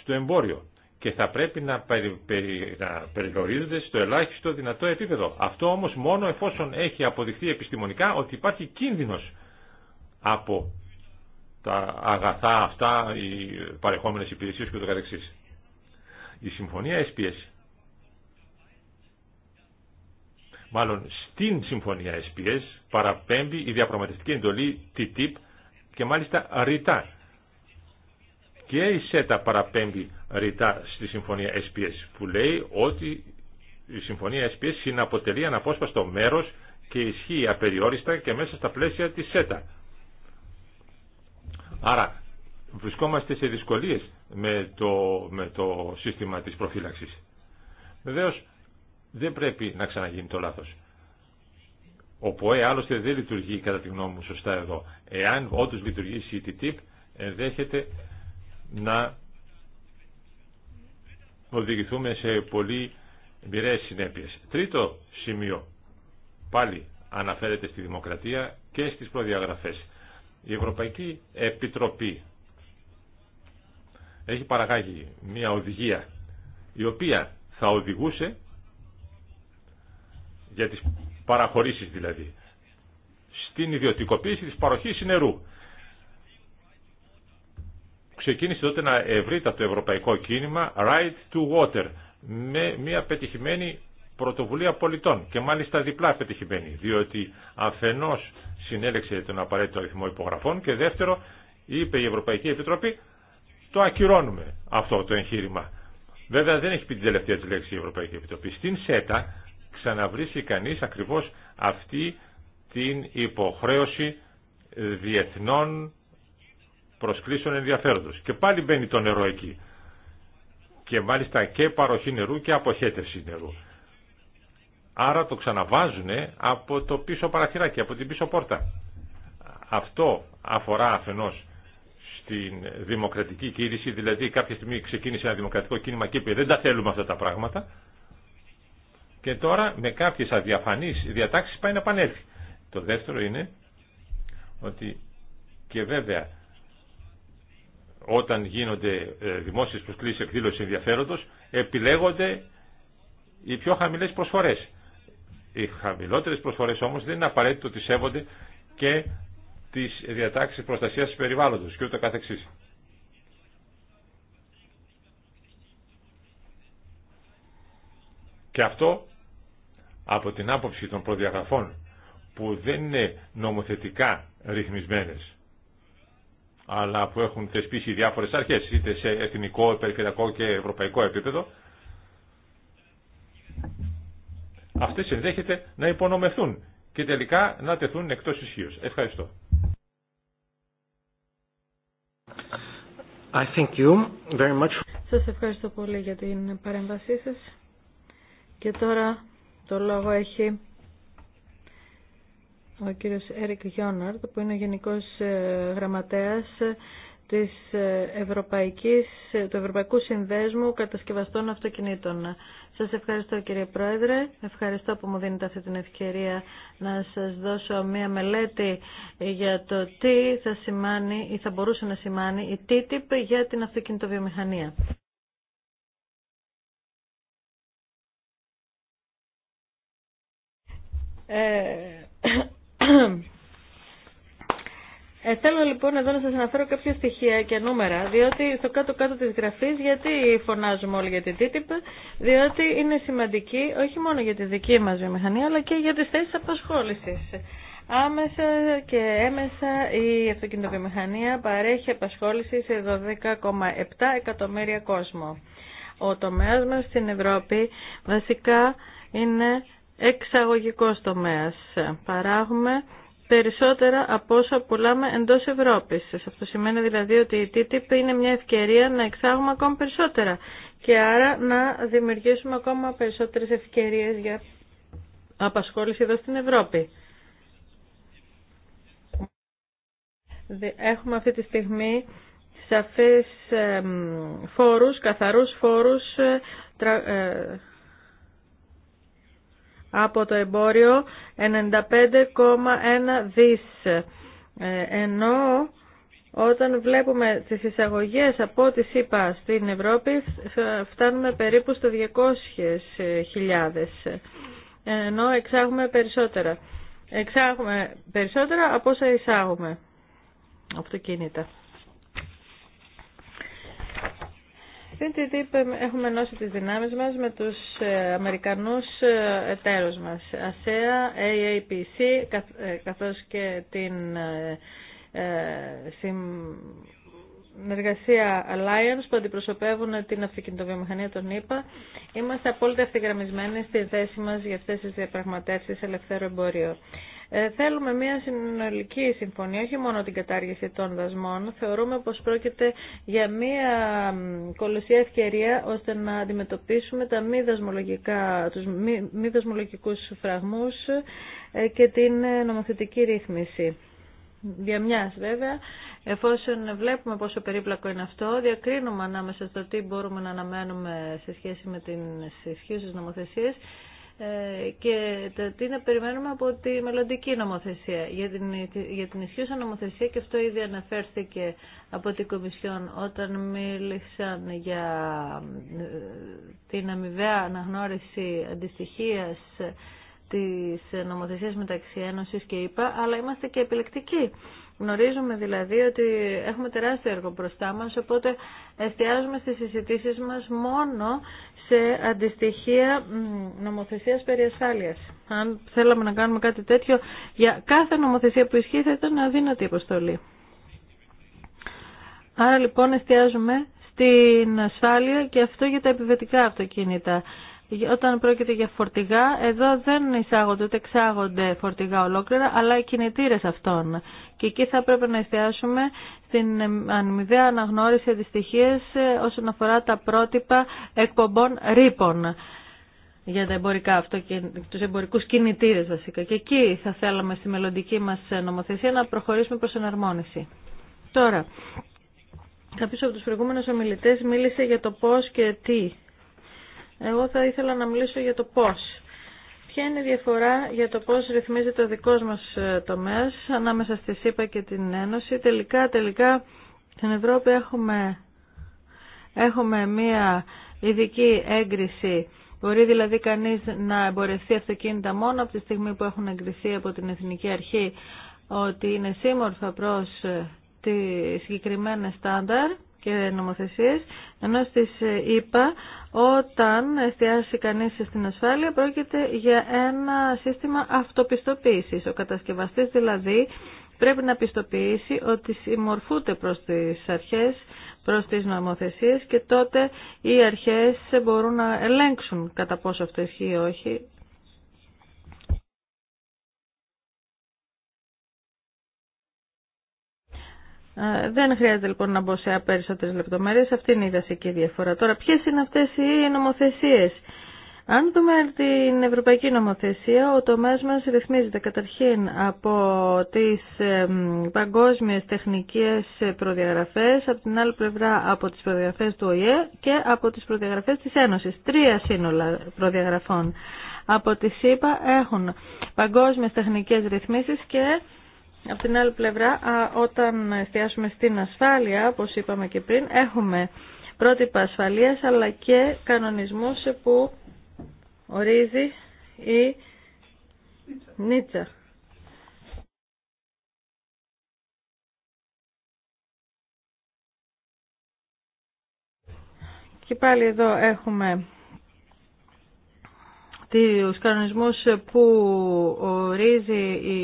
στο εμπόριο και θα πρέπει να, περι, περιορίζονται στο ελάχιστο δυνατό επίπεδο. Αυτό όμως μόνο εφόσον έχει αποδειχθεί επιστημονικά ότι υπάρχει κίνδυνος από τα αγαθά αυτά, οι παρεχόμενες υπηρεσίες και το καθεξής. Η συμφωνία SPS, μάλλον στην συμφωνία SPS παραπέμπει η διαπραγματευτική εντολή TTIP και μάλιστα ρητά και η ΣΕΤΑ παραπέμπει ρητά στη συμφωνία SPS που λέει ότι η συμφωνία SPS συναποτελεί αναπόσπαστο μέρος και ισχύει απεριόριστα και μέσα στα πλαίσια της ΣΕΤΑ. Άρα βρισκόμαστε σε δυσκολίες με το, το σύστημα της προφύλαξης. Βεβαίω δεν πρέπει να ξαναγίνει το λάθος. Ο ΠΟΕ άλλωστε δεν λειτουργεί κατά τη γνώμη μου σωστά εδώ. Εάν όντως λειτουργήσει η ενδέχεται να οδηγηθούμε σε πολύ μοιραίες συνέπειες. Τρίτο σημείο, πάλι αναφέρεται στη δημοκρατία και στις προδιαγραφές. Η Ευρωπαϊκή Επιτροπή έχει παραγάγει μια οδηγία η οποία θα οδηγούσε για τις παραχωρήσεις δηλαδή στην ιδιωτικοποίηση της παροχής νερού ξεκίνησε τότε ένα ευρύτατο ευρωπαϊκό κίνημα Right to Water με μια πετυχημένη πρωτοβουλία πολιτών και μάλιστα διπλά πετυχημένη διότι αφενός συνέλεξε τον απαραίτητο αριθμό υπογραφών και δεύτερο είπε η Ευρωπαϊκή Επιτροπή το ακυρώνουμε αυτό το εγχείρημα. Βέβαια δεν έχει πει την τελευταία της λέξη η Ευρωπαϊκή Επιτροπή. Στην ΣΕΤΑ ξαναβρίσκει κανείς ακριβώς αυτή την υποχρέωση διεθνών προσκλήσεων ενδιαφέροντος. Και πάλι μπαίνει το νερό εκεί. Και μάλιστα και παροχή νερού και αποχέτευση νερού. Άρα το ξαναβάζουν από το πίσω παραθυράκι, από την πίσω πόρτα. Αυτό αφορά αφενός στην δημοκρατική κήρυξη, δηλαδή κάποια στιγμή ξεκίνησε ένα δημοκρατικό κίνημα και είπε δεν τα θέλουμε αυτά τα πράγματα και τώρα με κάποιες αδιαφανείς διατάξεις πάει να πανέλθει. Το δεύτερο είναι ότι και βέβαια όταν γίνονται ε, δημόσιες προσκλήσεις εκδήλωση ενδιαφέροντος επιλέγονται οι πιο χαμηλές προσφορές. Οι χαμηλότερες προσφορές όμως δεν είναι απαραίτητο ότι σέβονται και τις διατάξεις προστασίας περιβάλλοντος και ούτω καθεξής. Και αυτό από την άποψη των προδιαγραφών που δεν είναι νομοθετικά ρυθμισμένες αλλά που έχουν θεσπίσει διάφορες αρχές, είτε σε εθνικό, περιφερειακό και ευρωπαϊκό επίπεδο, αυτές ενδέχεται να υπονομεθούν και τελικά να τεθούν εκτός ισχύως. Ευχαριστώ. I thank you very much. Σας ευχαριστώ πολύ για την παρέμβασή σας. Και τώρα το λόγο έχει ο κύριος Έρικ Γιόναρτ που είναι ο Γενικός ε, Γραμματέας της ε, Ευρωπαϊκής, ε, του Ευρωπαϊκού Συνδέσμου Κατασκευαστών Αυτοκινήτων. Σας ευχαριστώ κύριε Πρόεδρε, ευχαριστώ που μου δίνετε αυτή την ευκαιρία να σας δώσω μια μελέτη για το τι θα σημάνει ή θα μπορούσε να σημάνει η TTIP για την αυτοκινητοβιομηχανία. Ε, ε, θέλω λοιπόν εδώ να σας αναφέρω κάποια στοιχεία και νούμερα, διότι στο κάτω-κάτω της γραφής, γιατί φωνάζουμε όλοι για την TTIP, διότι είναι σημαντική όχι μόνο για τη δική μας βιομηχανία, αλλά και για τις θέσεις απασχόλησης. Άμεσα και έμεσα η αυτοκινητοβιομηχανία παρέχει απασχόληση σε 12,7 εκατομμύρια κόσμο. Ο τομέας μας στην Ευρώπη βασικά είναι εξαγωγικός τομέας. Παράγουμε περισσότερα από όσα πουλάμε εντός Ευρώπης. Αυτό σημαίνει δηλαδή ότι η TTIP είναι μια ευκαιρία να εξάγουμε ακόμα περισσότερα και άρα να δημιουργήσουμε ακόμα περισσότερες ευκαιρίες για απασχόληση εδώ στην Ευρώπη. Έχουμε αυτή τη στιγμή σαφείς φόρους, καθαρούς φόρους, ε, ε, από το εμπόριο 95,1 δις. Ε, ενώ όταν βλέπουμε τις εισαγωγές από ό,τι είπα στην Ευρώπη φτάνουμε περίπου στο 200.000 ε, ενώ εξάγουμε περισσότερα. Εξάγουμε περισσότερα από όσα εισάγουμε αυτοκίνητα. Στην TTIP έχουμε ενώσει τις δυνάμεις μας με τους ε, Αμερικανούς ε, εταίρους μας, ΑΣΕΑ, AAPC, ε, καθώς και την συνεργασία Alliance που αντιπροσωπεύουν την αυτοκινητοβιομηχανία των ΗΠΑ. Είμαστε απόλυτα ευθυγραμμισμένοι στη θέση μας για αυτές τις διαπραγματεύσεις ελευθέρω εμπόριο. Ε, θέλουμε μια συνολική συμφωνία, όχι μόνο την κατάργηση των δασμών. Θεωρούμε πως πρόκειται για μια κολοσσία ευκαιρία ώστε να αντιμετωπίσουμε τα μη δασμολογικά, τους μη, δασμολογικούς φραγμούς ε, και την ε, νομοθετική ρύθμιση. Για μιας βέβαια, εφόσον βλέπουμε πόσο περίπλακο είναι αυτό, διακρίνουμε ανάμεσα στο τι μπορούμε να αναμένουμε σε σχέση με τις ισχύσεις νομοθεσίες ε, και τι να περιμένουμε από τη μελλοντική νομοθεσία. Για την, για την ισχύουσα νομοθεσία και αυτό ήδη αναφέρθηκε από την Κομισιόν όταν μίλησαν για ε, την αμοιβαία αναγνώριση αντιστοιχίας της νομοθεσίας μεταξύ Ένωσης και ΕΙΠΑ, ΕΕ, αλλά είμαστε και επιλεκτικοί Γνωρίζουμε δηλαδή ότι έχουμε τεράστιο έργο μπροστά μας, οπότε εστιάζουμε στις συζητήσει μας μόνο σε αντιστοιχεία νομοθεσίας περί ασφάλειας. Αν θέλαμε να κάνουμε κάτι τέτοιο, για κάθε νομοθεσία που ισχύει θα ήταν αδύνατη υποστολή. Άρα λοιπόν εστιάζουμε στην ασφάλεια και αυτό για τα επιβετικά αυτοκίνητα. Όταν πρόκειται για φορτηγά, εδώ δεν εισάγονται ούτε εξάγονται φορτηγά ολόκληρα, αλλά οι κινητήρες αυτών. Και εκεί θα πρέπει να εστιάσουμε στην ε, ανημιδέα αναγνώριση αντιστοιχίε ε, όσον αφορά τα πρότυπα εκπομπών ρήπων για τα εμπορικά αυτοκίνητα, τους εμπορικούς κινητήρες βασικά. Και εκεί θα θέλαμε στη μελλοντική μας νομοθεσία να προχωρήσουμε προς εναρμόνιση. Τώρα, κάποιος από τους προηγούμενους ομιλητές μίλησε για το πώς και τι εγώ θα ήθελα να μιλήσω για το πώς. Ποια είναι η διαφορά για το πώς ρυθμίζεται ο δικός μας ε, τομέας ανάμεσα στη ΣΥΠΑ και την Ένωση. Τελικά, τελικά, στην Ευρώπη έχουμε, έχουμε μία ειδική έγκριση Μπορεί δηλαδή κανείς να εμπορευτεί αυτοκίνητα μόνο από τη στιγμή που έχουν εγκριθεί από την Εθνική Αρχή ότι είναι σύμμορφα προς ε, τη συγκεκριμένα στάνταρ και νομοθεσίες, ενώ στις είπα όταν εστιάσει κανείς στην ασφάλεια πρόκειται για ένα σύστημα αυτοπιστοποίησης. Ο κατασκευαστής δηλαδή πρέπει να πιστοποιήσει ότι συμμορφούνται προς τις αρχές, προς τις νομοθεσίες και τότε οι αρχές μπορούν να ελέγξουν κατά πόσο αυτό ή όχι Ε, δεν χρειάζεται λοιπόν να μπω σε περισσότερες λεπτομέρειες. Αυτή είναι η δασική διαφορά. Τώρα, ποιες είναι αυτές οι νομοθεσίες. Αν δούμε την ευρωπαϊκή νομοθεσία, ο τομέας μας ρυθμίζεται καταρχήν από τις παγκόσμιες τεχνικές προδιαγραφές, από την άλλη πλευρά από τις προδιαγραφές του ΟΗΕ και από τις προδιαγραφές της Ένωσης. Τρία σύνολα προδιαγραφών από τη ΣΥΠΑ έχουν παγκόσμιες τεχνικές ρυθμίσεις και από την άλλη πλευρά, όταν εστιάσουμε στην ασφάλεια, όπως είπαμε και πριν, έχουμε πρότυπα ασφαλείας αλλά και κανονισμούς που ορίζει η Νίτσα. Και πάλι εδώ έχουμε του κανονισμούς που ορίζει η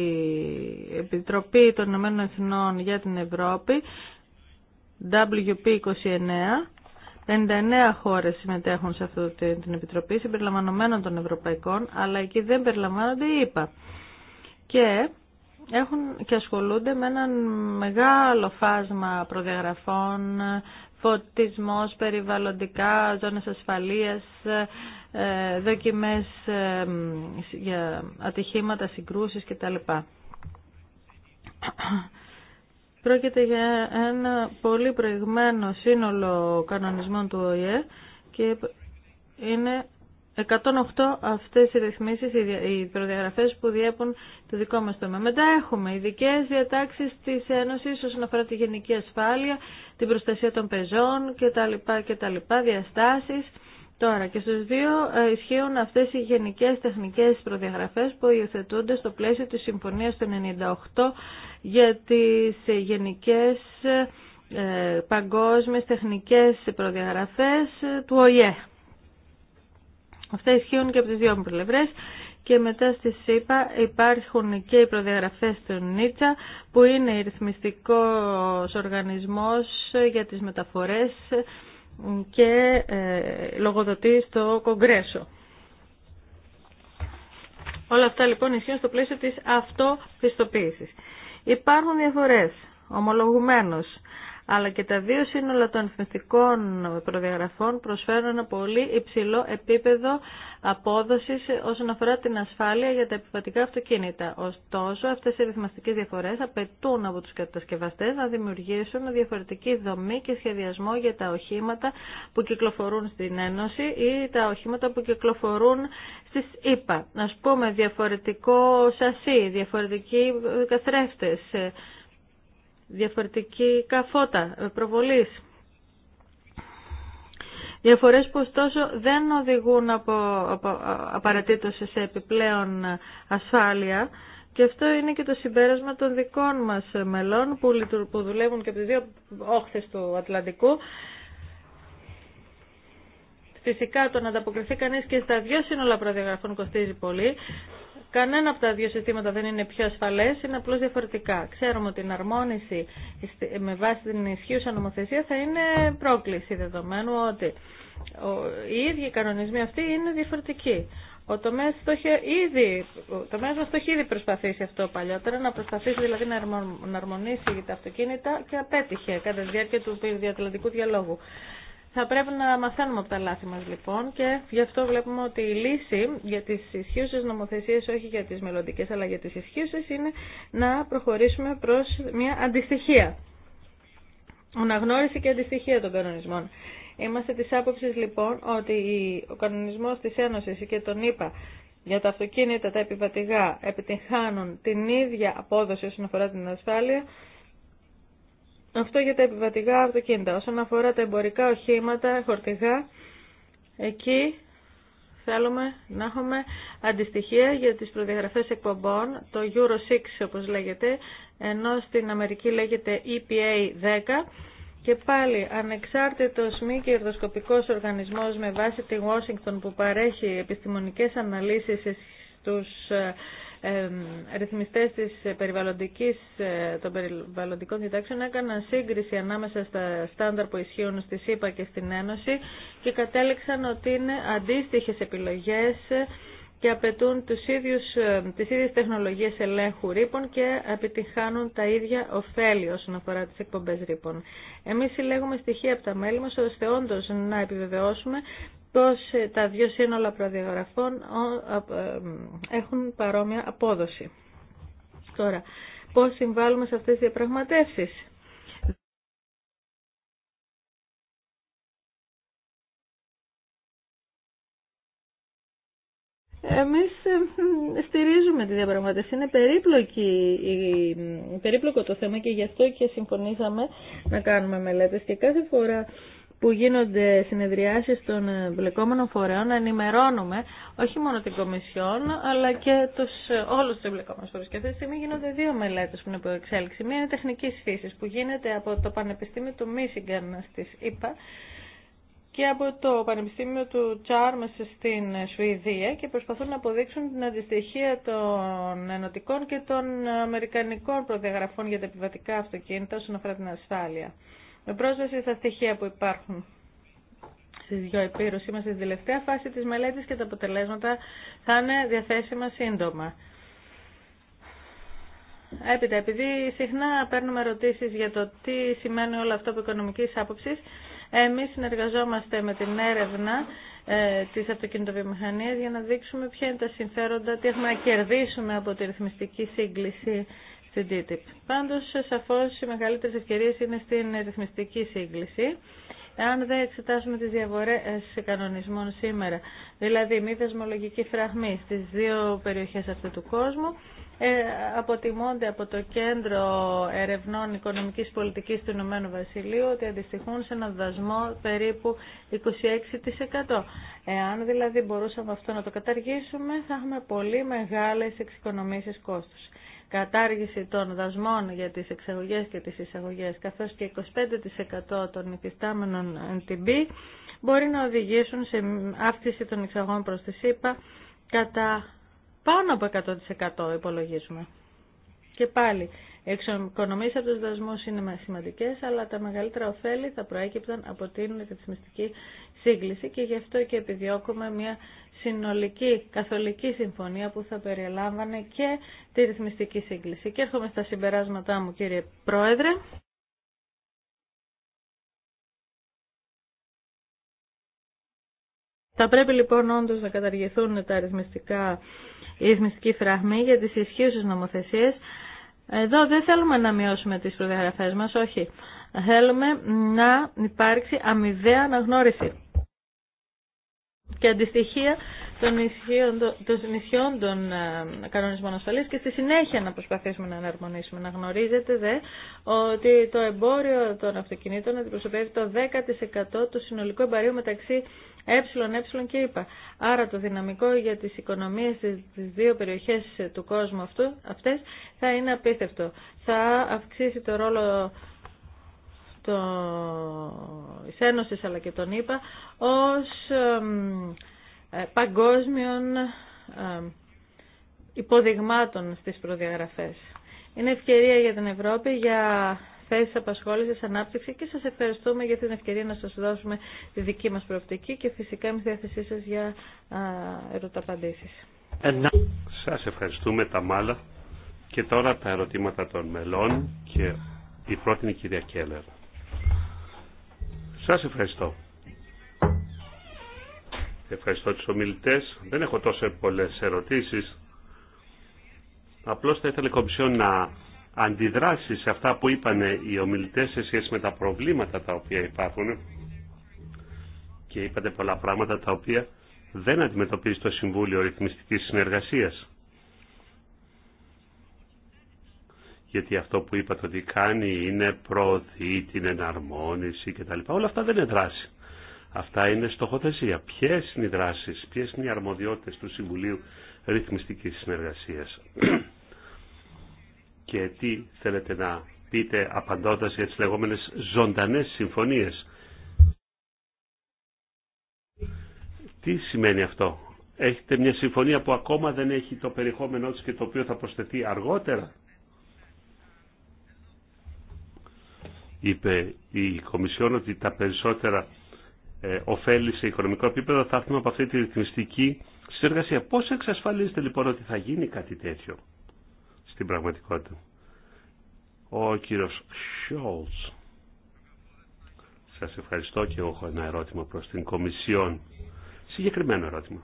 Επιτροπή των Ηνωμένων Εθνών για την Ευρώπη, WP29, 59 χώρε συμμετέχουν σε αυτή την επιτροπή, συμπεριλαμβανομένων των ευρωπαϊκών, αλλά εκεί δεν περιλαμβάνονται οι ΙΠΑ. Και, έχουν και ασχολούνται με έναν μεγάλο φάσμα προδιαγραφών, φωτισμός, περιβαλλοντικά, ζώνες ασφαλείας, ε, δοκιμές ε, για ατυχήματα, συγκρούσεις κτλ. Πρόκειται για ένα πολύ προηγμένο σύνολο κανονισμών του ΟΗΕ και είναι 108 αυτές οι ρυθμίσεις, οι προδιαγραφές που διέπουν το δικό μας τομέα. Μετά έχουμε ειδικέ διατάξεις της Ένωσης όσον αφορά τη γενική ασφάλεια, την προστασία των πεζών κτλ. διαστάσεις. Τώρα και στους δύο ε, ισχύουν αυτές οι γενικές τεχνικές προδιαγραφές που υιοθετούνται στο πλαίσιο της Συμφωνίας του 98 για τις γενικές ε, παγκόσμιες τεχνικές προδιαγραφές του ΟΗΕ. Αυτά ισχύουν και από τις δύο πλευρέ και μετά στη ΣΥΠΑ υπάρχουν και οι προδιαγραφές του Νίτσα που είναι η ρυθμιστικός οργανισμός για τις μεταφορές και ε, λογοδοτεί στο Κογκρέσο. Όλα αυτά λοιπόν ισχύουν στο πλαίσιο της αυτοπιστοποίησης. Υπάρχουν διαφορές, ομολογουμένως, αλλά και τα δύο σύνολα των ρυθμιστικών προδιαγραφών προσφέρουν ένα πολύ υψηλό επίπεδο απόδοσης όσον αφορά την ασφάλεια για τα επιβατικά αυτοκίνητα. Ωστόσο, αυτές οι ρυθμιστικές διαφορές απαιτούν από τους κατασκευαστές να δημιουργήσουν διαφορετική δομή και σχεδιασμό για τα οχήματα που κυκλοφορούν στην Ένωση ή τα οχήματα που κυκλοφορούν στις ΗΠΑ. Να πούμε διαφορετικό σασί, διαφορετικοί καθρέφτες, διαφορετική καφότα ε, προβολής. Διαφορές που ωστόσο δεν οδηγούν από, από, σε επιπλέον ασφάλεια και αυτό είναι και το συμπέρασμα των δικών μας μελών που, που δουλεύουν και από τις δύο όχθες του Ατλαντικού. Φυσικά το να ανταποκριθεί κανείς και στα δυο σύνολα προδιαγραφών κοστίζει πολύ. Κανένα από τα δύο συστήματα δεν είναι πιο ασφαλές, είναι απλώ διαφορετικά. Ξέρουμε ότι η εναρμόνιση με βάση την ισχύουσα νομοθεσία θα είναι πρόκληση δεδομένου ότι οι ίδιοι κανονισμοί αυτοί είναι διαφορετικοί. Ο τομέας, μα το έχει ήδη προσπαθήσει αυτό παλιότερα, να προσπαθήσει δηλαδή να αρμονίσει τα αυτοκίνητα και απέτυχε κατά τη διάρκεια του διατλαντικού διαλόγου. Θα πρέπει να μαθαίνουμε από τα λάθη μας λοιπόν και γι' αυτό βλέπουμε ότι η λύση για τις ισχύουσε νομοθεσίες, όχι για τις μελλοντικές αλλά για τις ισχύουσε είναι να προχωρήσουμε προς μια αντιστοιχία. Αναγνώριση και αντιστοιχία των κανονισμών. Είμαστε της άποψης λοιπόν ότι ο κανονισμός της Ένωσης και τον είπα για τα αυτοκίνητα, τα επιβατηγά επιτυγχάνουν την ίδια απόδοση όσον αφορά την ασφάλεια αυτό για τα επιβατικά αυτοκίνητα. Όσον αφορά τα εμπορικά οχήματα, χορτηγά, εκεί θέλουμε να έχουμε αντιστοιχεία για τις προδιαγραφές εκπομπών, το Euro 6 όπως λέγεται, ενώ στην Αμερική λέγεται EPA 10. Και πάλι, ανεξάρτητος μη κερδοσκοπικός οργανισμός με βάση τη Washington που παρέχει επιστημονικές αναλύσεις στους ε, ρυθμιστές της ε, περιβαλλοντικής, ε, των περιβαλλοντικών διδάξεων έκαναν σύγκριση ανάμεσα στα στάνταρ που ισχύουν στη ΣΥΠΑ και στην Ένωση και κατέληξαν ότι είναι αντίστοιχες επιλογές και απαιτούν τους ίδιους, ε, τις ίδιες τεχνολογίες ελέγχου ρήπων και επιτυχάνουν τα ίδια ωφέλη όσον αφορά τις εκπομπές ρήπων. Εμείς συλλέγουμε στοιχεία από τα μέλη μας ώστε όντω να επιβεβαιώσουμε πως ε, τα δύο σύνολα προδιαγραφών ε, έχουν παρόμοια απόδοση. Τώρα, πώς συμβάλλουμε σε αυτές τις διαπραγματεύσεις. Εμείς ε, στηρίζουμε τη διαπραγματεύση. Είναι περίπλοκη, περίπλοκο το θέμα και γι' αυτό και συμφωνήσαμε να κάνουμε μελέτες και κάθε φορά που γίνονται συνεδριάσεις των ε, εμπλεκόμενων φορέων να ενημερώνουμε όχι μόνο την Κομισιόν αλλά και τους, ε, όλους τους εμπλεκόμενους φορείς. Και αυτή τη στιγμή γίνονται δύο μελέτες που είναι υπό εξέλιξη. Μία είναι τεχνικής φύσης που γίνεται από το Πανεπιστήμιο του Μίσιγκαν στις ΗΠΑ και από το Πανεπιστήμιο του Τσάρμες στην Σουηδία και προσπαθούν να αποδείξουν την αντιστοιχεία των ενωτικών και των αμερικανικών προδιαγραφών για τα επιβατικά αυτοκίνητα όσον αφορά την ασφάλεια. Με πρόσβαση στα στοιχεία που υπάρχουν στις δυο επίρου είμαστε στην τελευταία φάση της μελέτης και τα αποτελέσματα θα είναι διαθέσιμα σύντομα. Έπειτα, επειδή συχνά παίρνουμε ερωτήσει για το τι σημαίνει όλο αυτό από οικονομικής άποψης, εμείς συνεργαζόμαστε με την έρευνα ε, της αυτοκινητοβιομηχανίας για να δείξουμε ποια είναι τα συμφέροντα, τι έχουμε να κερδίσουμε από τη ρυθμιστική σύγκληση στην TTIP. Πάντως, σαφώς, οι μεγαλύτερε ευκαιρίε είναι στην ρυθμιστική σύγκληση. Αν δεν εξετάσουμε τι διαφορέ κανονισμών σήμερα, δηλαδή μη δεσμολογική φραγμή στι δύο περιοχέ αυτού του κόσμου, ε, αποτιμώνται από το Κέντρο Ερευνών Οικονομικής Πολιτικής του Ηνωμένου Βασιλείου ότι αντιστοιχούν σε έναν δασμό περίπου 26%. Εάν δηλαδή μπορούσαμε αυτό να το καταργήσουμε, θα έχουμε πολύ μεγάλες εξοικονομήσεις κόστου κατάργηση των δασμών για τις εξαγωγές και τις εισαγωγές, καθώς και 25% των υφιστάμενων NTB, μπορεί να οδηγήσουν σε αύξηση των εξαγών προς τη ΣΥΠΑ κατά πάνω από 100% υπολογίζουμε. Και πάλι, Εξοικονομήσει από του δασμού είναι σημαντικέ, αλλά τα μεγαλύτερα ωφέλη θα προέκυπταν από την ρυθμιστική σύγκληση και γι' αυτό και επιδιώκουμε μια συνολική καθολική συμφωνία που θα περιλάμβανε και τη ρυθμιστική σύγκληση. Και έρχομαι στα συμπεράσματά μου κύριε Πρόεδρε. Θα πρέπει λοιπόν όντως να καταργηθούν τα ρυθμιστικά, οι ρυθμιστικοί φραγμοί για τις ισχύουσες νομοθεσίες εδώ δεν θέλουμε να μειώσουμε τις προδιαγραφές μας, όχι. Θέλουμε να υπάρξει αμοιβαία αναγνώριση και αντιστοιχεία των ισχυών των, ισχυών των ε, κανονισμών ασφαλής και στη συνέχεια να προσπαθήσουμε να εναρμονίσουμε. Να γνωρίζετε δε ότι το εμπόριο των αυτοκινήτων αντιπροσωπεύει το 10% του συνολικού εμπαρίου μεταξύ ε, ε και είπα. Άρα το δυναμικό για τις οικονομίες στις δύο περιοχές του κόσμου αυτού, αυτές θα είναι απίστευτο. Θα αυξήσει το ρόλο το... της Ένωσης αλλά και των ΙΠΑ ως ε, παγκόσμιων υποδειγμάτων στις προδιαγραφές. Είναι ευκαιρία για την Ευρώπη για θέσεις απασχόληση, ανάπτυξη και σας ευχαριστούμε για την ευκαιρία να σας δώσουμε τη δική μας προοπτική και φυσικά είμαι στη διάθεσή σας για ερωταπαντήσεις. Ε, σας ευχαριστούμε τα μάλα και τώρα τα ερωτήματα των μελών και η πρώτη είναι η κυρία Κέλλερ. Σας ευχαριστώ. Ευχαριστώ τους ομιλητές. Δεν έχω τόσο πολλές ερωτήσεις. Απλώς θα ήθελα η να αντιδράσει σε αυτά που είπαν οι ομιλητές σε σχέση με τα προβλήματα τα οποία υπάρχουν και είπατε πολλά πράγματα τα οποία δεν αντιμετωπίζει το Συμβούλιο Ρυθμιστικής Συνεργασίας. Γιατί αυτό που είπατε ότι κάνει είναι προωθεί την εναρμόνιση κτλ. Όλα αυτά δεν είναι δράση. Αυτά είναι στοχοθεσία. Ποιε είναι οι δράσει, ποιε είναι οι αρμοδιότητε του Συμβουλίου Ρυθμιστική Συνεργασία και τι θέλετε να πείτε απαντώντας για τις λεγόμενες ζωντανές συμφωνίες. Τι σημαίνει αυτό. Έχετε μια συμφωνία που ακόμα δεν έχει το περιεχόμενό της και το οποίο θα προσθεθεί αργότερα. Είπε η Κομισιόν ότι τα περισσότερα ε, ωφέλη σε οικονομικό επίπεδο θα έρθουν από αυτή τη ρυθμιστική συνεργασία. Πώς εξασφαλίζετε λοιπόν ότι θα γίνει κάτι τέτοιο στην πραγματικότητα. Ο κύριος Σιόλτς. Σας ευχαριστώ και εγώ έχω ένα ερώτημα προς την Κομισιόν. Συγκεκριμένο ερώτημα.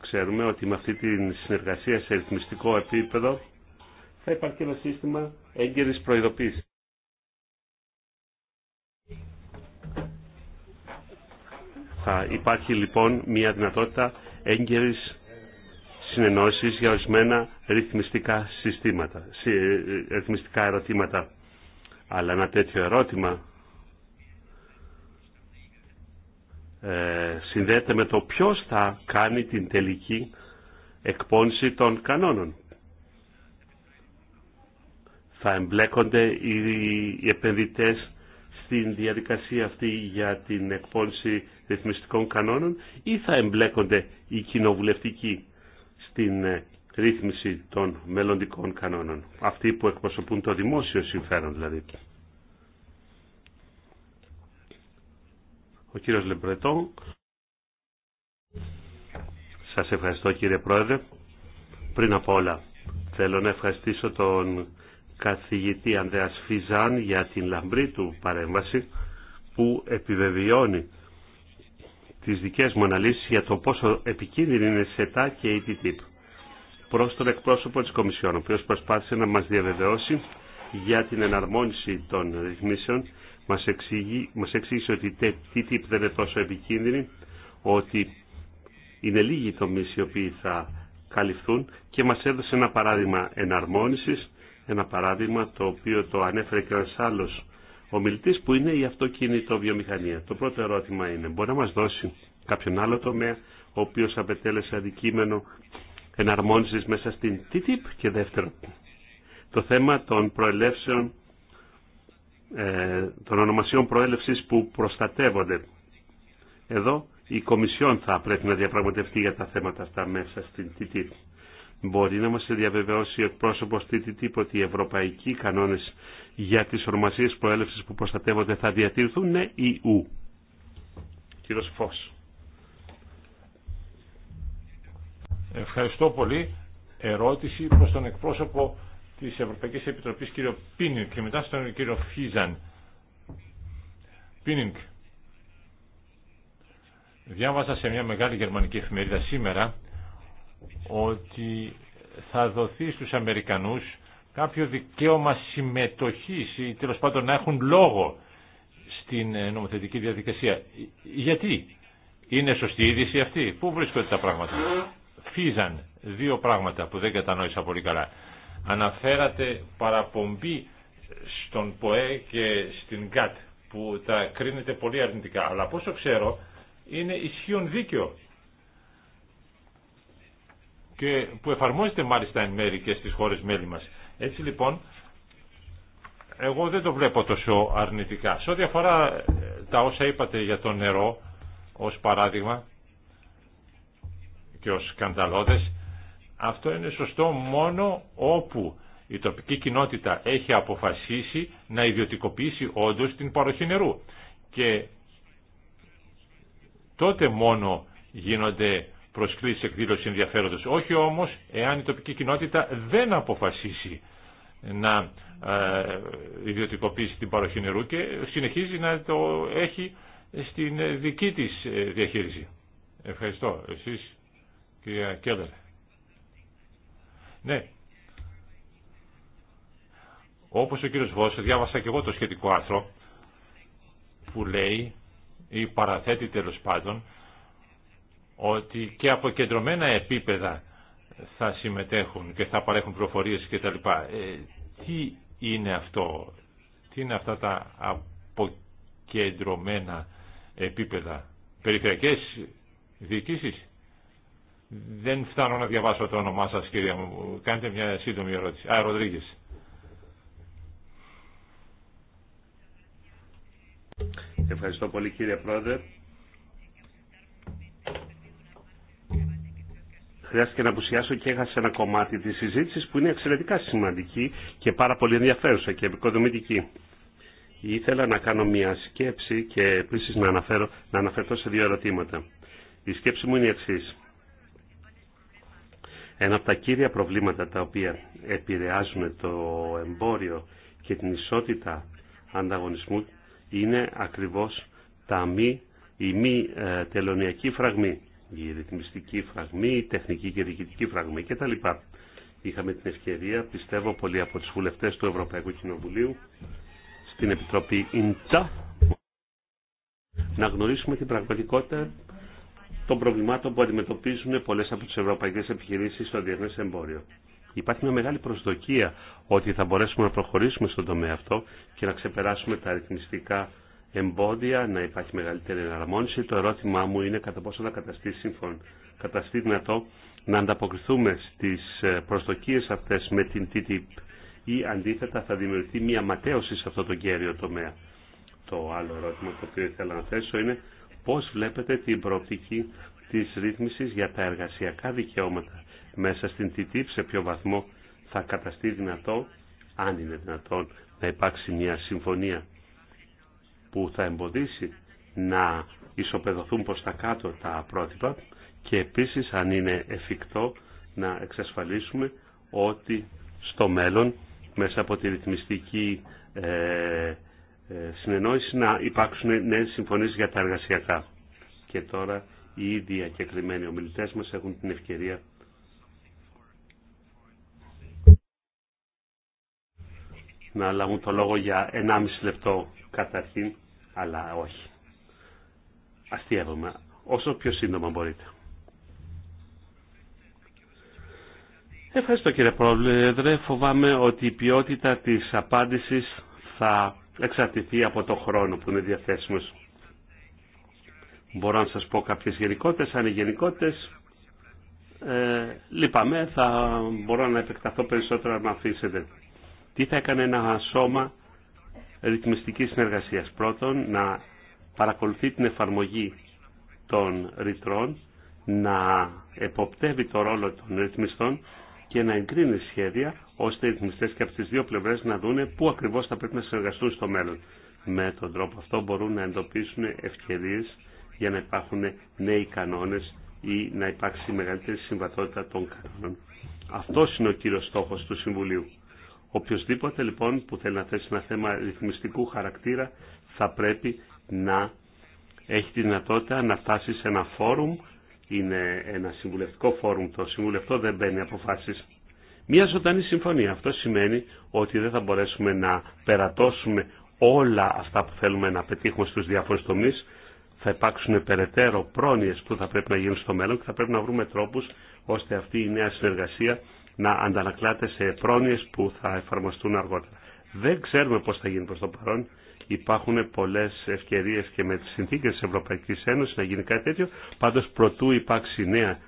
Ξέρουμε ότι με αυτή τη συνεργασία σε ρυθμιστικό επίπεδο θα υπάρχει ένα σύστημα έγκαιρης προειδοποίησης. Θα υπάρχει λοιπόν μια δυνατότητα έγκαιρης συνεννόησης για ορισμένα ρυθμιστικά συστήματα, ε, ε, ρυθμιστικά ερωτήματα. Αλλά ένα τέτοιο ερώτημα ε, συνδέεται με το ποιος θα κάνει την τελική εκπόνηση των κανόνων. Θα εμπλέκονται οι επενδυτές στην διαδικασία αυτή για την εκπόνηση ρυθμιστικών κανόνων ή θα εμπλέκονται οι κοινοβουλευτικοί την ε, ρύθμιση των μελλοντικών κανόνων. Αυτοί που εκπροσωπούν το δημόσιο συμφέρον δηλαδή. Ο κύριος Λεμπρετό. Σας ευχαριστώ κύριε Πρόεδρε. Πριν από όλα θέλω να ευχαριστήσω τον καθηγητή Ανδρέας Φιζάν για την λαμπρή του παρέμβαση που επιβεβαιώνει τις δικές μου αναλύσεις για το πόσο επικίνδυνη είναι η ΣΕΤΑ και η TTIP προς τον εκπρόσωπο της Κομισιόν, ο οποίος προσπάθησε να μας διαβεβαιώσει για την εναρμόνιση των ρυθμίσεων. Μας, μας εξήγησε ότι η TTIP δεν είναι τόσο επικίνδυνη, ότι είναι λίγοι οι τομείς οι οποίοι θα καλυφθούν και μας έδωσε ένα παράδειγμα εναρμόνισης, ένα παράδειγμα το οποίο το ανέφερε και ένας άλλος ο μιλητή που είναι η αυτοκίνητο βιομηχανία. Το πρώτο ερώτημα είναι, μπορεί να μα δώσει κάποιον άλλο τομέα ο οποίο απετέλεσε αντικείμενο εναρμόνιση μέσα στην TTIP και δεύτερο, το θέμα των προελεύσεων, ε, των ονομασιών προέλευση που προστατεύονται. Εδώ η Κομισιόν θα πρέπει να διαπραγματευτεί για τα θέματα αυτά μέσα στην TTIP. Μπορεί να μας διαβεβαιώσει ο πρόσωπος TTIP ότι οι ευρωπαϊκοί κανόνες για τις ορμασίες προέλευσης που προστατεύονται θα διατηρηθούν, ναι ή ου. Κύριος Φως. Ευχαριστώ πολύ. Ερώτηση προς τον εκπρόσωπο της Ευρωπαϊκής Επιτροπής κύριο Πίνινγκ και μετά στον κύριο Φίζαν. Πίνινγκ. Διάβασα σε μια μεγάλη γερμανική εφημερίδα σήμερα ότι θα δοθεί στους Αμερικανούς κάποιο δικαίωμα συμμετοχής ή τέλο πάντων να έχουν λόγο στην ε, νομοθετική διαδικασία. Ε, γιατί είναι σωστή είδηση αυτή. Πού βρίσκονται τα πράγματα. Φύζαν δύο πράγματα που δεν κατανόησα πολύ καλά. Αναφέρατε παραπομπή στον ΠΟΕ και στην ΚΑΤ που τα κρίνεται πολύ αρνητικά. Αλλά πόσο ξέρω είναι ισχύον δίκαιο και που εφαρμόζεται μάλιστα εν μέρη και στις χώρες μέλη μας. Έτσι λοιπόν, εγώ δεν το βλέπω τόσο αρνητικά. Σε ό,τι αφορά ε, τα όσα είπατε για το νερό, ως παράδειγμα, και ως σκανδαλώδες, αυτό είναι σωστό μόνο όπου η τοπική κοινότητα έχει αποφασίσει να ιδιωτικοποιήσει όντως την παροχή νερού. Και τότε μόνο γίνονται προσκλήσει εκδήλωση ενδιαφέροντος. Όχι όμως εάν η τοπική κοινότητα δεν αποφασίσει να ε, ιδιωτικοποιήσει την παροχή νερού και συνεχίζει να το έχει στην δική της ε, διαχείριση. Ευχαριστώ. Εσείς, κυρία Κέλλερ. Ναι. Όπως ο κύριος Βόσο, διάβασα και εγώ το σχετικό άρθρο που λέει ή παραθέτει τέλο πάντων ότι και από κεντρωμένα επίπεδα θα συμμετέχουν και θα παρέχουν προφορίες τα Ε, τι είναι αυτό, τι είναι αυτά τα αποκεντρωμένα επίπεδα, περιφερειακές διοικήσεις. Δεν φτάνω να διαβάσω το όνομά σας κύριε μου, κάντε μια σύντομη ερώτηση. Α, Ροδρίγης. Ευχαριστώ πολύ κύριε Πρόεδρε. χρειάστηκε να απουσιάσω και έχασε ένα κομμάτι της συζήτηση, που είναι εξαιρετικά σημαντική και πάρα πολύ ενδιαφέρουσα και επικοδομητική. Ήθελα να κάνω μια σκέψη και επίση να, να αναφερθώ σε δύο ερωτήματα. Η σκέψη μου είναι η εξή. Ένα από τα κύρια προβλήματα τα οποία επηρεάζουν το εμπόριο και την ισότητα ανταγωνισμού είναι ακριβώς τα μη, η μη ε, τελωνιακή φραγμή η ρυθμιστική φραγμή, η τεχνική και διοικητική φραγμή κτλ. Είχαμε την ευκαιρία, πιστεύω, πολλοί από τις βουλευτές του Ευρωπαϊκού Κοινοβουλίου στην Επιτροπή ΙΝΤΑ να γνωρίσουμε την πραγματικότητα των προβλημάτων που αντιμετωπίζουν πολλές από τις ευρωπαϊκές επιχειρήσεις στο διεθνές εμπόριο. Υπάρχει μια μεγάλη προσδοκία ότι θα μπορέσουμε να προχωρήσουμε στον τομέα αυτό και να ξεπεράσουμε τα αριθμιστικά εμπόδια, να υπάρχει μεγαλύτερη εναρμόνιση. Το ερώτημά μου είναι κατά πόσο θα καταστεί σύμφωνο, καταστεί δυνατό να ανταποκριθούμε στις ε, προσδοκίες αυτές με την TTIP ή αντίθετα θα δημιουργηθεί μια ματέωση σε αυτό το κέριο τομέα. Το άλλο ερώτημα το οποίο ήθελα να θέσω είναι πώς βλέπετε την προοπτική της ρύθμισης για τα εργασιακά δικαιώματα μέσα στην TTIP, σε ποιο βαθμό θα καταστεί δυνατό, αν είναι δυνατόν, να υπάρξει μια συμφωνία που θα εμποδίσει να ισοπεδωθούν προς τα κάτω τα πρότυπα και επίσης αν είναι εφικτό να εξασφαλίσουμε ότι στο μέλλον μέσα από τη ρυθμιστική ε, ε συνεννόηση να υπάρξουν νέες συμφωνίες για τα εργασιακά. Και τώρα οι ίδιοι ακεκριμένοι ομιλητές μας έχουν την ευκαιρία να λάβουν το λόγο για 1,5 λεπτό καταρχήν, αλλά όχι. Αστείευομαι όσο πιο σύντομα μπορείτε. Ευχαριστώ κύριε Πρόεδρε. Φοβάμαι ότι η ποιότητα της απάντησης θα εξαρτηθεί από το χρόνο που είναι διαθέσιμος. Μπορώ να σας πω κάποιες γενικότητες, αν οι γενικότητες ε, λυπάμαι, θα μπορώ να επεκταθώ περισσότερο αν με αφήσετε. Τι θα έκανε ένα σώμα Ρυθμιστική συνεργασία. Πρώτον, να παρακολουθεί την εφαρμογή των ρητρών, να εποπτεύει το ρόλο των ρυθμιστών και να εγκρίνει σχέδια ώστε οι ρυθμιστές και από τις δύο πλευρές να δούνε πού ακριβώς θα πρέπει να συνεργαστούν στο μέλλον. Με τον τρόπο αυτό μπορούν να εντοπίσουν ευκαιρίες για να υπάρχουν νέοι κανόνες ή να υπάρξει μεγαλύτερη συμβατότητα των κανόνων. Αυτό είναι ο κύριος στόχος του Συμβουλίου. Οποιοςδήποτε λοιπόν που θέλει να θέσει ένα θέμα ρυθμιστικού χαρακτήρα θα πρέπει να έχει τη δυνατότητα να φτάσει σε ένα φόρουμ, είναι ένα συμβουλευτικό φόρουμ, το συμβουλευτό δεν παίρνει αποφάσεις. Μια ζωντανή συμφωνία, αυτό σημαίνει ότι δεν θα μπορέσουμε να περατώσουμε όλα αυτά που θέλουμε να πετύχουμε στους διάφορους τομείς, θα υπάρξουν περαιτέρω πρόνοιες που θα πρέπει να γίνουν στο μέλλον και θα πρέπει να βρούμε τρόπους ώστε αυτή η νέα συνεργασία να αντανακλάται σε πρόνοιες που θα εφαρμοστούν αργότερα. Δεν ξέρουμε πώς θα γίνει προς το παρόν. Υπάρχουν πολλές ευκαιρίες και με τις συνθήκες της Ευρωπαϊκής Ένωσης να γίνει κάτι τέτοιο. Πάντως προτού υπάρξει νέα,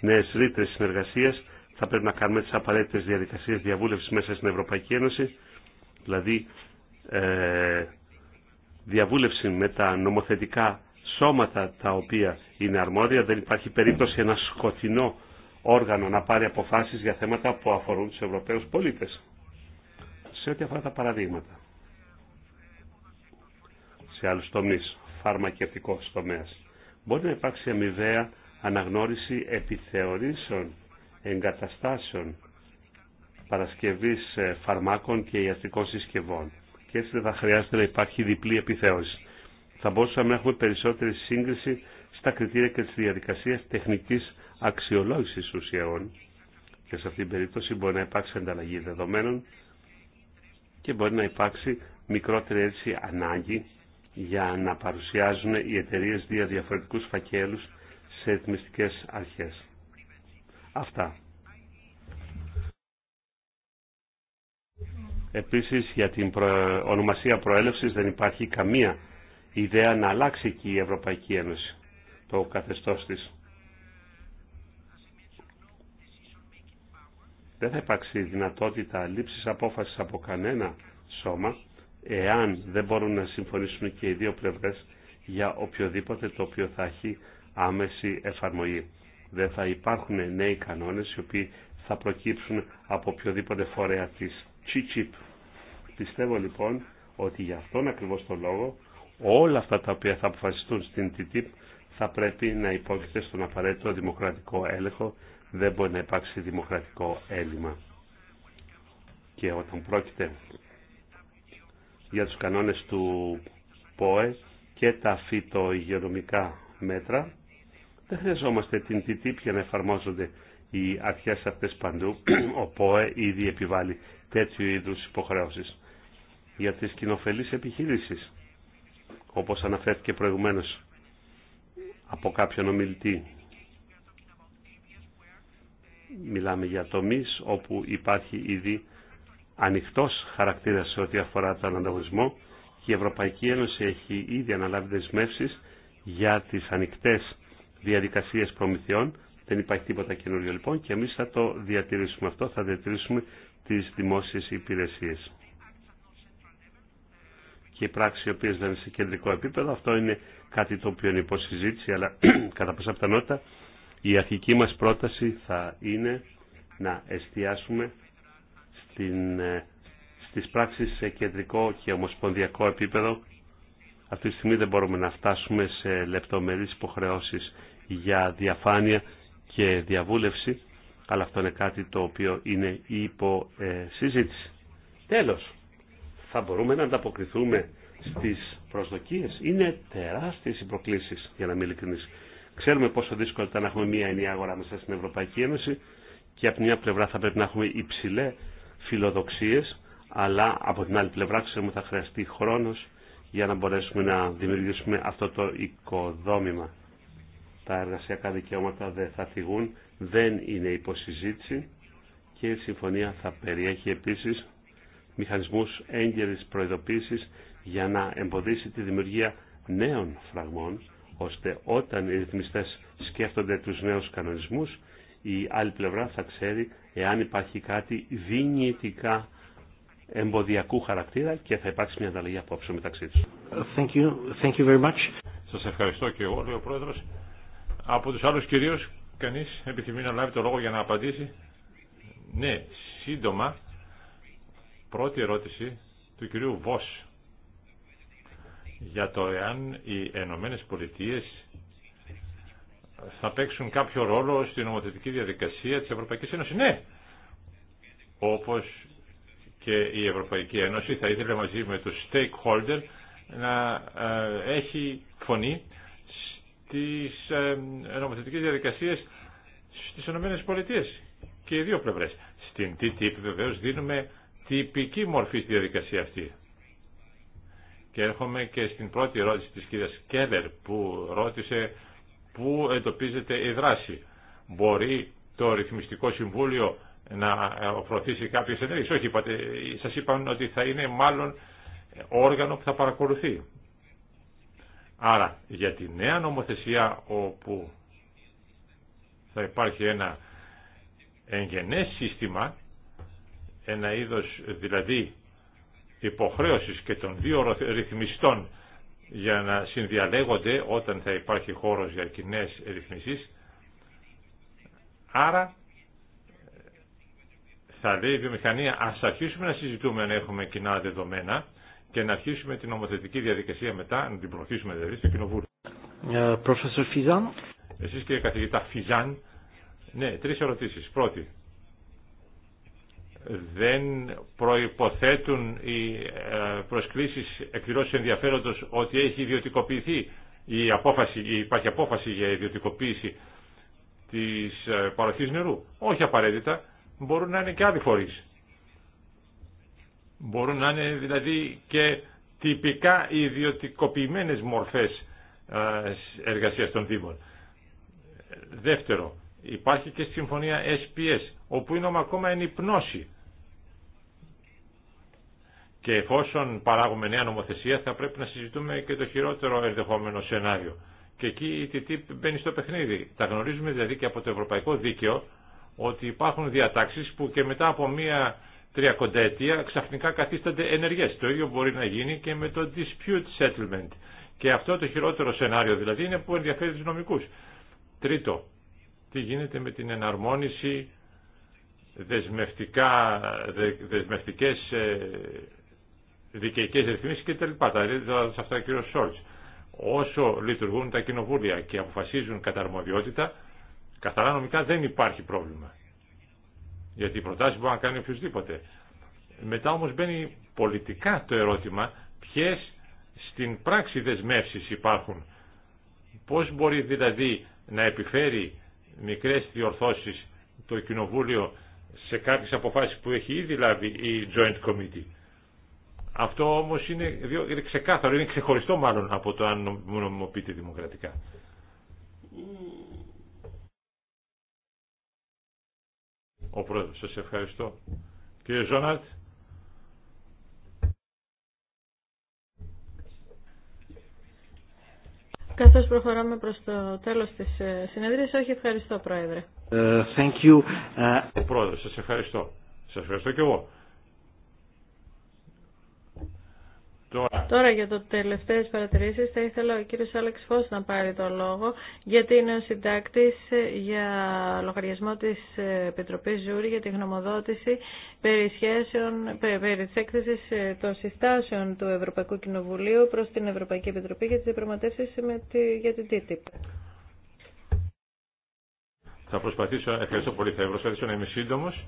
νέες ρήτρες συνεργασίας θα πρέπει να κάνουμε τις απαραίτητες διαδικασίες διαβούλευσης μέσα στην Ευρωπαϊκή Ένωση. Δηλαδή ε, διαβούλευση με τα νομοθετικά σώματα τα οποία είναι αρμόδια. Δεν υπάρχει περίπτωση ένα σκοτεινό όργανο να πάρει αποφάσεις για θέματα που αφορούν τους Ευρωπαίους πολίτες. Σε ό,τι αφορά τα παραδείγματα. Σε άλλους τομείς, φαρμακευτικός τομέας. Μπορεί να υπάρξει αμοιβαία αναγνώριση επιθεωρήσεων, εγκαταστάσεων, παρασκευής ε, φαρμάκων και ιατρικών συσκευών. Και έτσι δεν θα χρειάζεται να υπάρχει διπλή επιθεώρηση. Θα μπορούσαμε να έχουμε περισσότερη σύγκριση στα κριτήρια και τις διαδικασίες τεχνικής Αξιολόγηση ουσιαών και σε αυτήν την περίπτωση μπορεί να υπάρξει ανταλλαγή δεδομένων και μπορεί να υπάρξει μικρότερη έτσι ανάγκη για να παρουσιάζουν οι εταιρείε δύο διαφορετικούς φακέλους σε εθνιστικές αρχές. Αυτά. Επίσης για την ονομασία προέλευσης δεν υπάρχει καμία ιδέα να αλλάξει και η Ευρωπαϊκή Ένωση το καθεστώς της. δεν θα υπάρξει δυνατότητα λήψης απόφασης από κανένα σώμα εάν δεν μπορούν να συμφωνήσουν και οι δύο πλευρές για οποιοδήποτε το οποίο θα έχει άμεση εφαρμογή. Δεν θα υπάρχουν νέοι κανόνες οι οποίοι θα προκύψουν από οποιοδήποτε φορέα της Τσιτσίπ. Πιστεύω λοιπόν ότι για αυτόν ακριβώς τον λόγο όλα αυτά τα οποία θα αποφασιστούν στην TTIP θα πρέπει να υπόκειται στον απαραίτητο δημοκρατικό έλεγχο δεν μπορεί να υπάρξει δημοκρατικό έλλειμμα. Και όταν πρόκειται για τους κανόνες του ΠΟΕ και τα φυτοϊγειονομικά μέτρα, δεν χρειαζόμαστε την TTIP για να εφαρμόζονται οι αρχές αυτές παντού. Ο ΠΟΕ ήδη επιβάλλει τέτοιου είδους υποχρεώσεις για τις κοινοφελείς επιχείρησεις όπως αναφέρθηκε προηγουμένως από κάποιον ομιλητή Μιλάμε για τομείς όπου υπάρχει ήδη ανοιχτός χαρακτήρας σε ό,τι αφορά τον ανταγωνισμό και η Ευρωπαϊκή Ένωση έχει ήδη αναλάβει δεσμεύσει για τις ανοιχτές διαδικασίες προμηθειών. Δεν υπάρχει τίποτα καινούριο λοιπόν και εμείς θα το διατηρήσουμε αυτό, θα διατηρήσουμε τις δημόσιες υπηρεσίες. Και οι πράξεις οι οποίες δεν είναι σε κεντρικό επίπεδο, αυτό είναι κάτι το οποίο είναι συζήτηση αλλά κατά πάσα πιθανότητα η αρχική μας πρόταση θα είναι να εστιάσουμε στην, ε, στις πράξεις σε κεντρικό και ομοσπονδιακό επίπεδο. Αυτή τη στιγμή δεν μπορούμε να φτάσουμε σε λεπτομερείς υποχρεώσεις για διαφάνεια και διαβούλευση, αλλά αυτό είναι κάτι το οποίο είναι υπό ε, Τέλος, θα μπορούμε να ανταποκριθούμε στις προσδοκίες. Είναι τεράστιες οι προκλήσεις, για να μην Ξέρουμε πόσο δύσκολο ήταν να έχουμε μία ενιαία αγορά μέσα στην Ευρωπαϊκή Ένωση και από την μια πλευρά θα πρέπει να έχουμε υψηλέ φιλοδοξίε, αλλά από την άλλη πλευρά ξέρουμε ότι θα χρειαστεί χρόνο για να μπορέσουμε να δημιουργήσουμε αυτό το οικοδόμημα. Τα εργασιακά δικαιώματα δεν θα φυγούν, δεν είναι υποσυζήτηση και η συμφωνία θα περιέχει επίσης μηχανισμούς έγκαιρης προειδοποίησης για να εμποδίσει τη δημιουργία νέων φραγμών ώστε όταν οι ρυθμιστές σκέφτονται τους νέους κανονισμούς, η άλλη πλευρά θα ξέρει εάν υπάρχει κάτι δυνητικά εμποδιακού χαρακτήρα και θα υπάρξει μια ανταλλαγή απόψε μεταξύ τους. Thank Σας ευχαριστώ και εγώ, λέει ο Πρόεδρος. Από τους άλλους κυρίως, κανείς επιθυμεί να λάβει το λόγο για να απαντήσει. Ναι, σύντομα, πρώτη ερώτηση του κυρίου Βος για το εάν οι Ενωμένε Πολιτείε θα παίξουν κάποιο ρόλο στην νομοθετική διαδικασία της Ευρωπαϊκής Ένωσης. Ναι, όπως και η Ευρωπαϊκή Ένωση θα ήθελε μαζί με τους stakeholder να ε, έχει φωνή στις ε, νομοθετικές διαδικασίες στις Ενωμένες Πολιτείες και οι δύο πλευρές. Στην TTIP βεβαίως δίνουμε τυπική μορφή στη διαδικασία αυτή. Και έρχομαι και στην πρώτη ερώτηση της κυρίας Κέλλερ που ρώτησε πού εντοπίζεται η δράση. Μπορεί το Ρυθμιστικό Συμβούλιο να προωθήσει κάποιες ενέργειες. Όχι, είπατε, σας είπαν ότι θα είναι μάλλον όργανο που θα παρακολουθεί. Άρα, για τη νέα νομοθεσία όπου θα υπάρχει ένα εγγενές σύστημα, ένα είδος δηλαδή υποχρέωσης και των δύο ρυθμιστών για να συνδιαλέγονται όταν θα υπάρχει χώρος για κοινέ ρυθμίσεις. Άρα θα λέει η βιομηχανία ας αρχίσουμε να συζητούμε αν έχουμε κοινά δεδομένα και να αρχίσουμε την νομοθετική διαδικασία μετά, να την προωθήσουμε δηλαδή στο Κοινοβούλιο. Ε, professor Fizan; Εσείς κύριε καθηγητά Φιζάν. Ναι, τρεις ερωτήσεις. Πρώτη, δεν προϋποθέτουν οι ε, προσκλήσεις εκδηλώσεις ενδιαφέροντος ότι έχει ιδιωτικοποιηθεί η απόφαση, υπάρχει απόφαση για ιδιωτικοποίηση της ε, παροχής νερού. Όχι απαραίτητα, μπορούν να είναι και άλλοι φορείς. Μπορούν να είναι δηλαδή και τυπικά ιδιωτικοποιημένες μορφές ε, εργασίας των Δήμων. Δεύτερο, υπάρχει και συμφωνία SPS, όπου είναι ακόμα εν και εφόσον παράγουμε νέα νομοθεσία θα πρέπει να συζητούμε και το χειρότερο ενδεχόμενο σενάριο. Και εκεί η TTIP μπαίνει στο παιχνίδι. Τα γνωρίζουμε δηλαδή και από το ευρωπαϊκό δίκαιο ότι υπάρχουν διατάξεις που και μετά από μία τριακονταετία ξαφνικά καθίστανται ενεργές. Το ίδιο μπορεί να γίνει και με το dispute settlement. Και αυτό το χειρότερο σενάριο δηλαδή είναι που ενδιαφέρει τους νομικούς. Τρίτο, τι γίνεται με την εναρμόνιση δεσμευτικά, δεσμευτικές ε, δικαιωτικέ ρυθμίσει κτλ. Τα λέει αυτά ο κ. Όσο λειτουργούν τα κοινοβούλια και αποφασίζουν κατά αρμοδιότητα, καθαρά νομικά δεν υπάρχει πρόβλημα. Γιατί οι προτάσει μπορεί να κάνει οποιοδήποτε. Μετά όμω μπαίνει πολιτικά το ερώτημα ποιε στην πράξη δεσμεύσει υπάρχουν. Πώ μπορεί δηλαδή να επιφέρει μικρές διορθώσει το Κοινοβούλιο σε κάποιες αποφάσεις που έχει ήδη λάβει η Joint Committee. Αυτό όμως είναι, είναι ξεκάθαρο, είναι ξεχωριστό μάλλον από το αν νομιμοποιείται δημοκρατικά. Ο πρόεδρος, σας ευχαριστώ. Κύριε Ζωνάτ. Καθώς προχωράμε προς το τέλος της ε, συνεδρίας, όχι ευχαριστώ πρόεδρε. Uh, thank you. Ε, Ο πρόεδρος, σας ευχαριστώ. Σας ευχαριστώ και εγώ. Τώρα. για το τελευταίες παρατηρήσεις θα ήθελα ο κύριος Άλεξ Φως να πάρει το λόγο γιατί είναι ο συντάκτης ε, για λογαριασμό της ε, Επιτροπής Ζούρη για τη γνωμοδότηση περί, σχέσεων, περί της έκθεσης ε, των συστάσεων του Ευρωπαϊκού Κοινοβουλίου προς την Ευρωπαϊκή Επιτροπή για τις διαπραγματεύσεις τη, για την TTIP. Θα προσπαθήσω, ευχαριστώ πολύ, θα προσπαθήσω να είμαι σύντομος.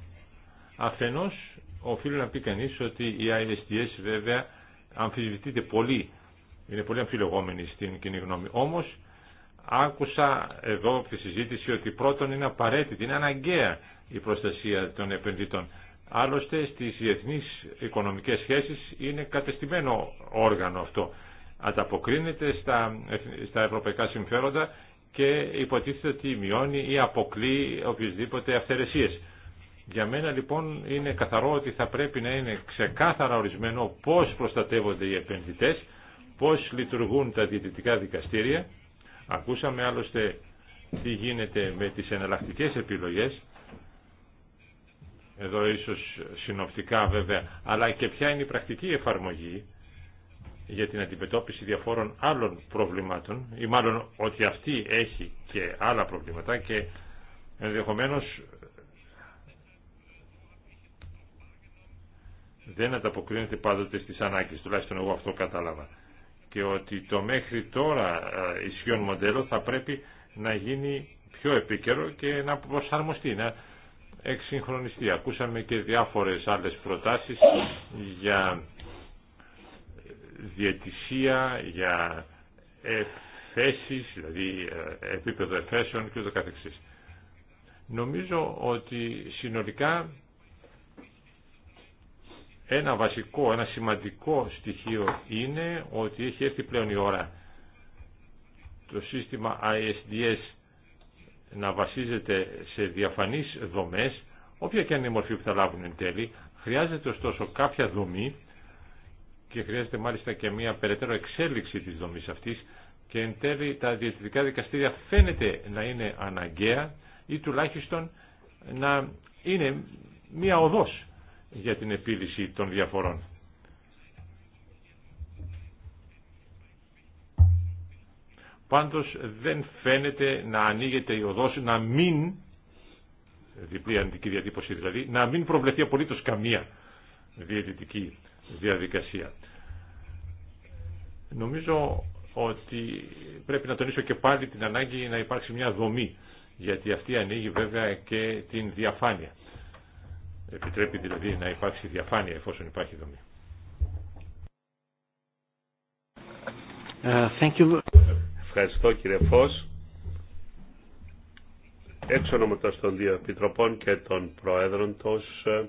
Αφενός, οφείλω να πει κανείς ότι η ISDS βέβαια αμφισβητείται πολύ, είναι πολύ αμφιλεγόμενη στην κοινή γνώμη. Όμω, άκουσα εδώ τη συζήτηση ότι πρώτον είναι απαραίτητη, είναι αναγκαία η προστασία των επενδυτών. Άλλωστε στι διεθνεί οικονομικές σχέσεις είναι κατεστημένο όργανο αυτό. Ανταποκρίνεται στα, στα ευρωπαϊκά συμφέροντα και υποτίθεται ότι μειώνει ή αποκλεί οποιασδήποτε αυθαιρεσίες. Για μένα λοιπόν είναι καθαρό ότι θα πρέπει να είναι ξεκάθαρα ορισμένο πώς προστατεύονται οι επενδυτές, πώς λειτουργούν τα διαιτητικά δικαστήρια. Ακούσαμε άλλωστε τι γίνεται με τις εναλλακτικέ επιλογές, εδώ ίσως συνοπτικά βέβαια, αλλά και ποια είναι η πρακτική εφαρμογή για την αντιμετώπιση διαφόρων άλλων προβλημάτων ή μάλλον ότι αυτή έχει και άλλα προβλήματα και ενδεχομένως δεν ανταποκρίνεται πάντοτε στις ανάγκες, τουλάχιστον εγώ αυτό κατάλαβα. Και ότι το μέχρι τώρα ε, ισχύον μοντέλο θα πρέπει να γίνει πιο επίκαιρο και να προσαρμοστεί, να εξυγχρονιστεί. Ακούσαμε και διάφορες άλλες προτάσεις για διαιτησία, για εφέσεις, δηλαδή ε, επίπεδο εφέσεων και ούτω καθεξής. Νομίζω ότι συνολικά ένα βασικό, ένα σημαντικό στοιχείο είναι ότι έχει έρθει πλέον η ώρα το σύστημα ISDS να βασίζεται σε διαφανείς δομές, όποια και αν είναι η μορφή που θα λάβουν εν τέλει, χρειάζεται ωστόσο κάποια δομή και χρειάζεται μάλιστα και μια περαιτέρω εξέλιξη της δομής αυτής και εν τέλει τα διευθυντικά δικαστήρια φαίνεται να είναι αναγκαία ή τουλάχιστον να είναι μια οδός για την επίλυση των διαφορών. Πάντως δεν φαίνεται να ανοίγεται η οδός να μην, διπλή αντική διατύπωση δηλαδή, να μην προβλεφθεί απολύτως καμία διαιτητική διαδικασία. Νομίζω ότι πρέπει να τονίσω και πάλι την ανάγκη να υπάρξει μια δομή, γιατί αυτή ανοίγει βέβαια και την διαφάνεια. Επιτρέπει δηλαδή να υπάρξει διαφάνεια εφόσον υπάρχει δομή. Ε, thank Ευχαριστώ κύριε Φως. Έξω ονόματος των δύο επιτροπών και των προέδρων τους ε,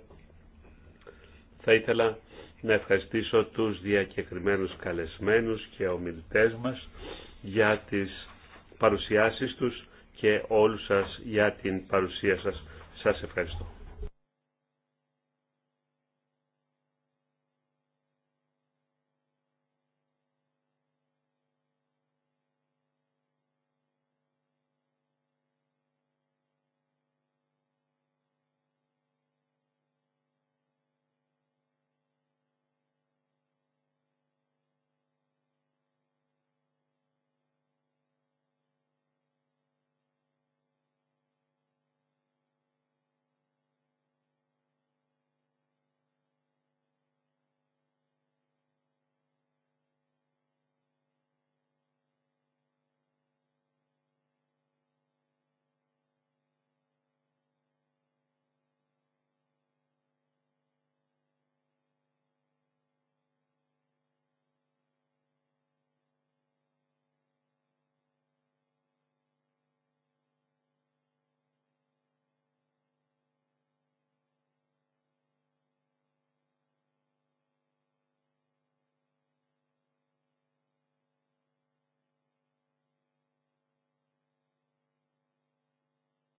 θα ήθελα να ευχαριστήσω τους διακεκριμένους καλεσμένους και ομιλητές μας για τις παρουσιάσεις τους και όλους σας για την παρουσία σας. Σας ευχαριστώ.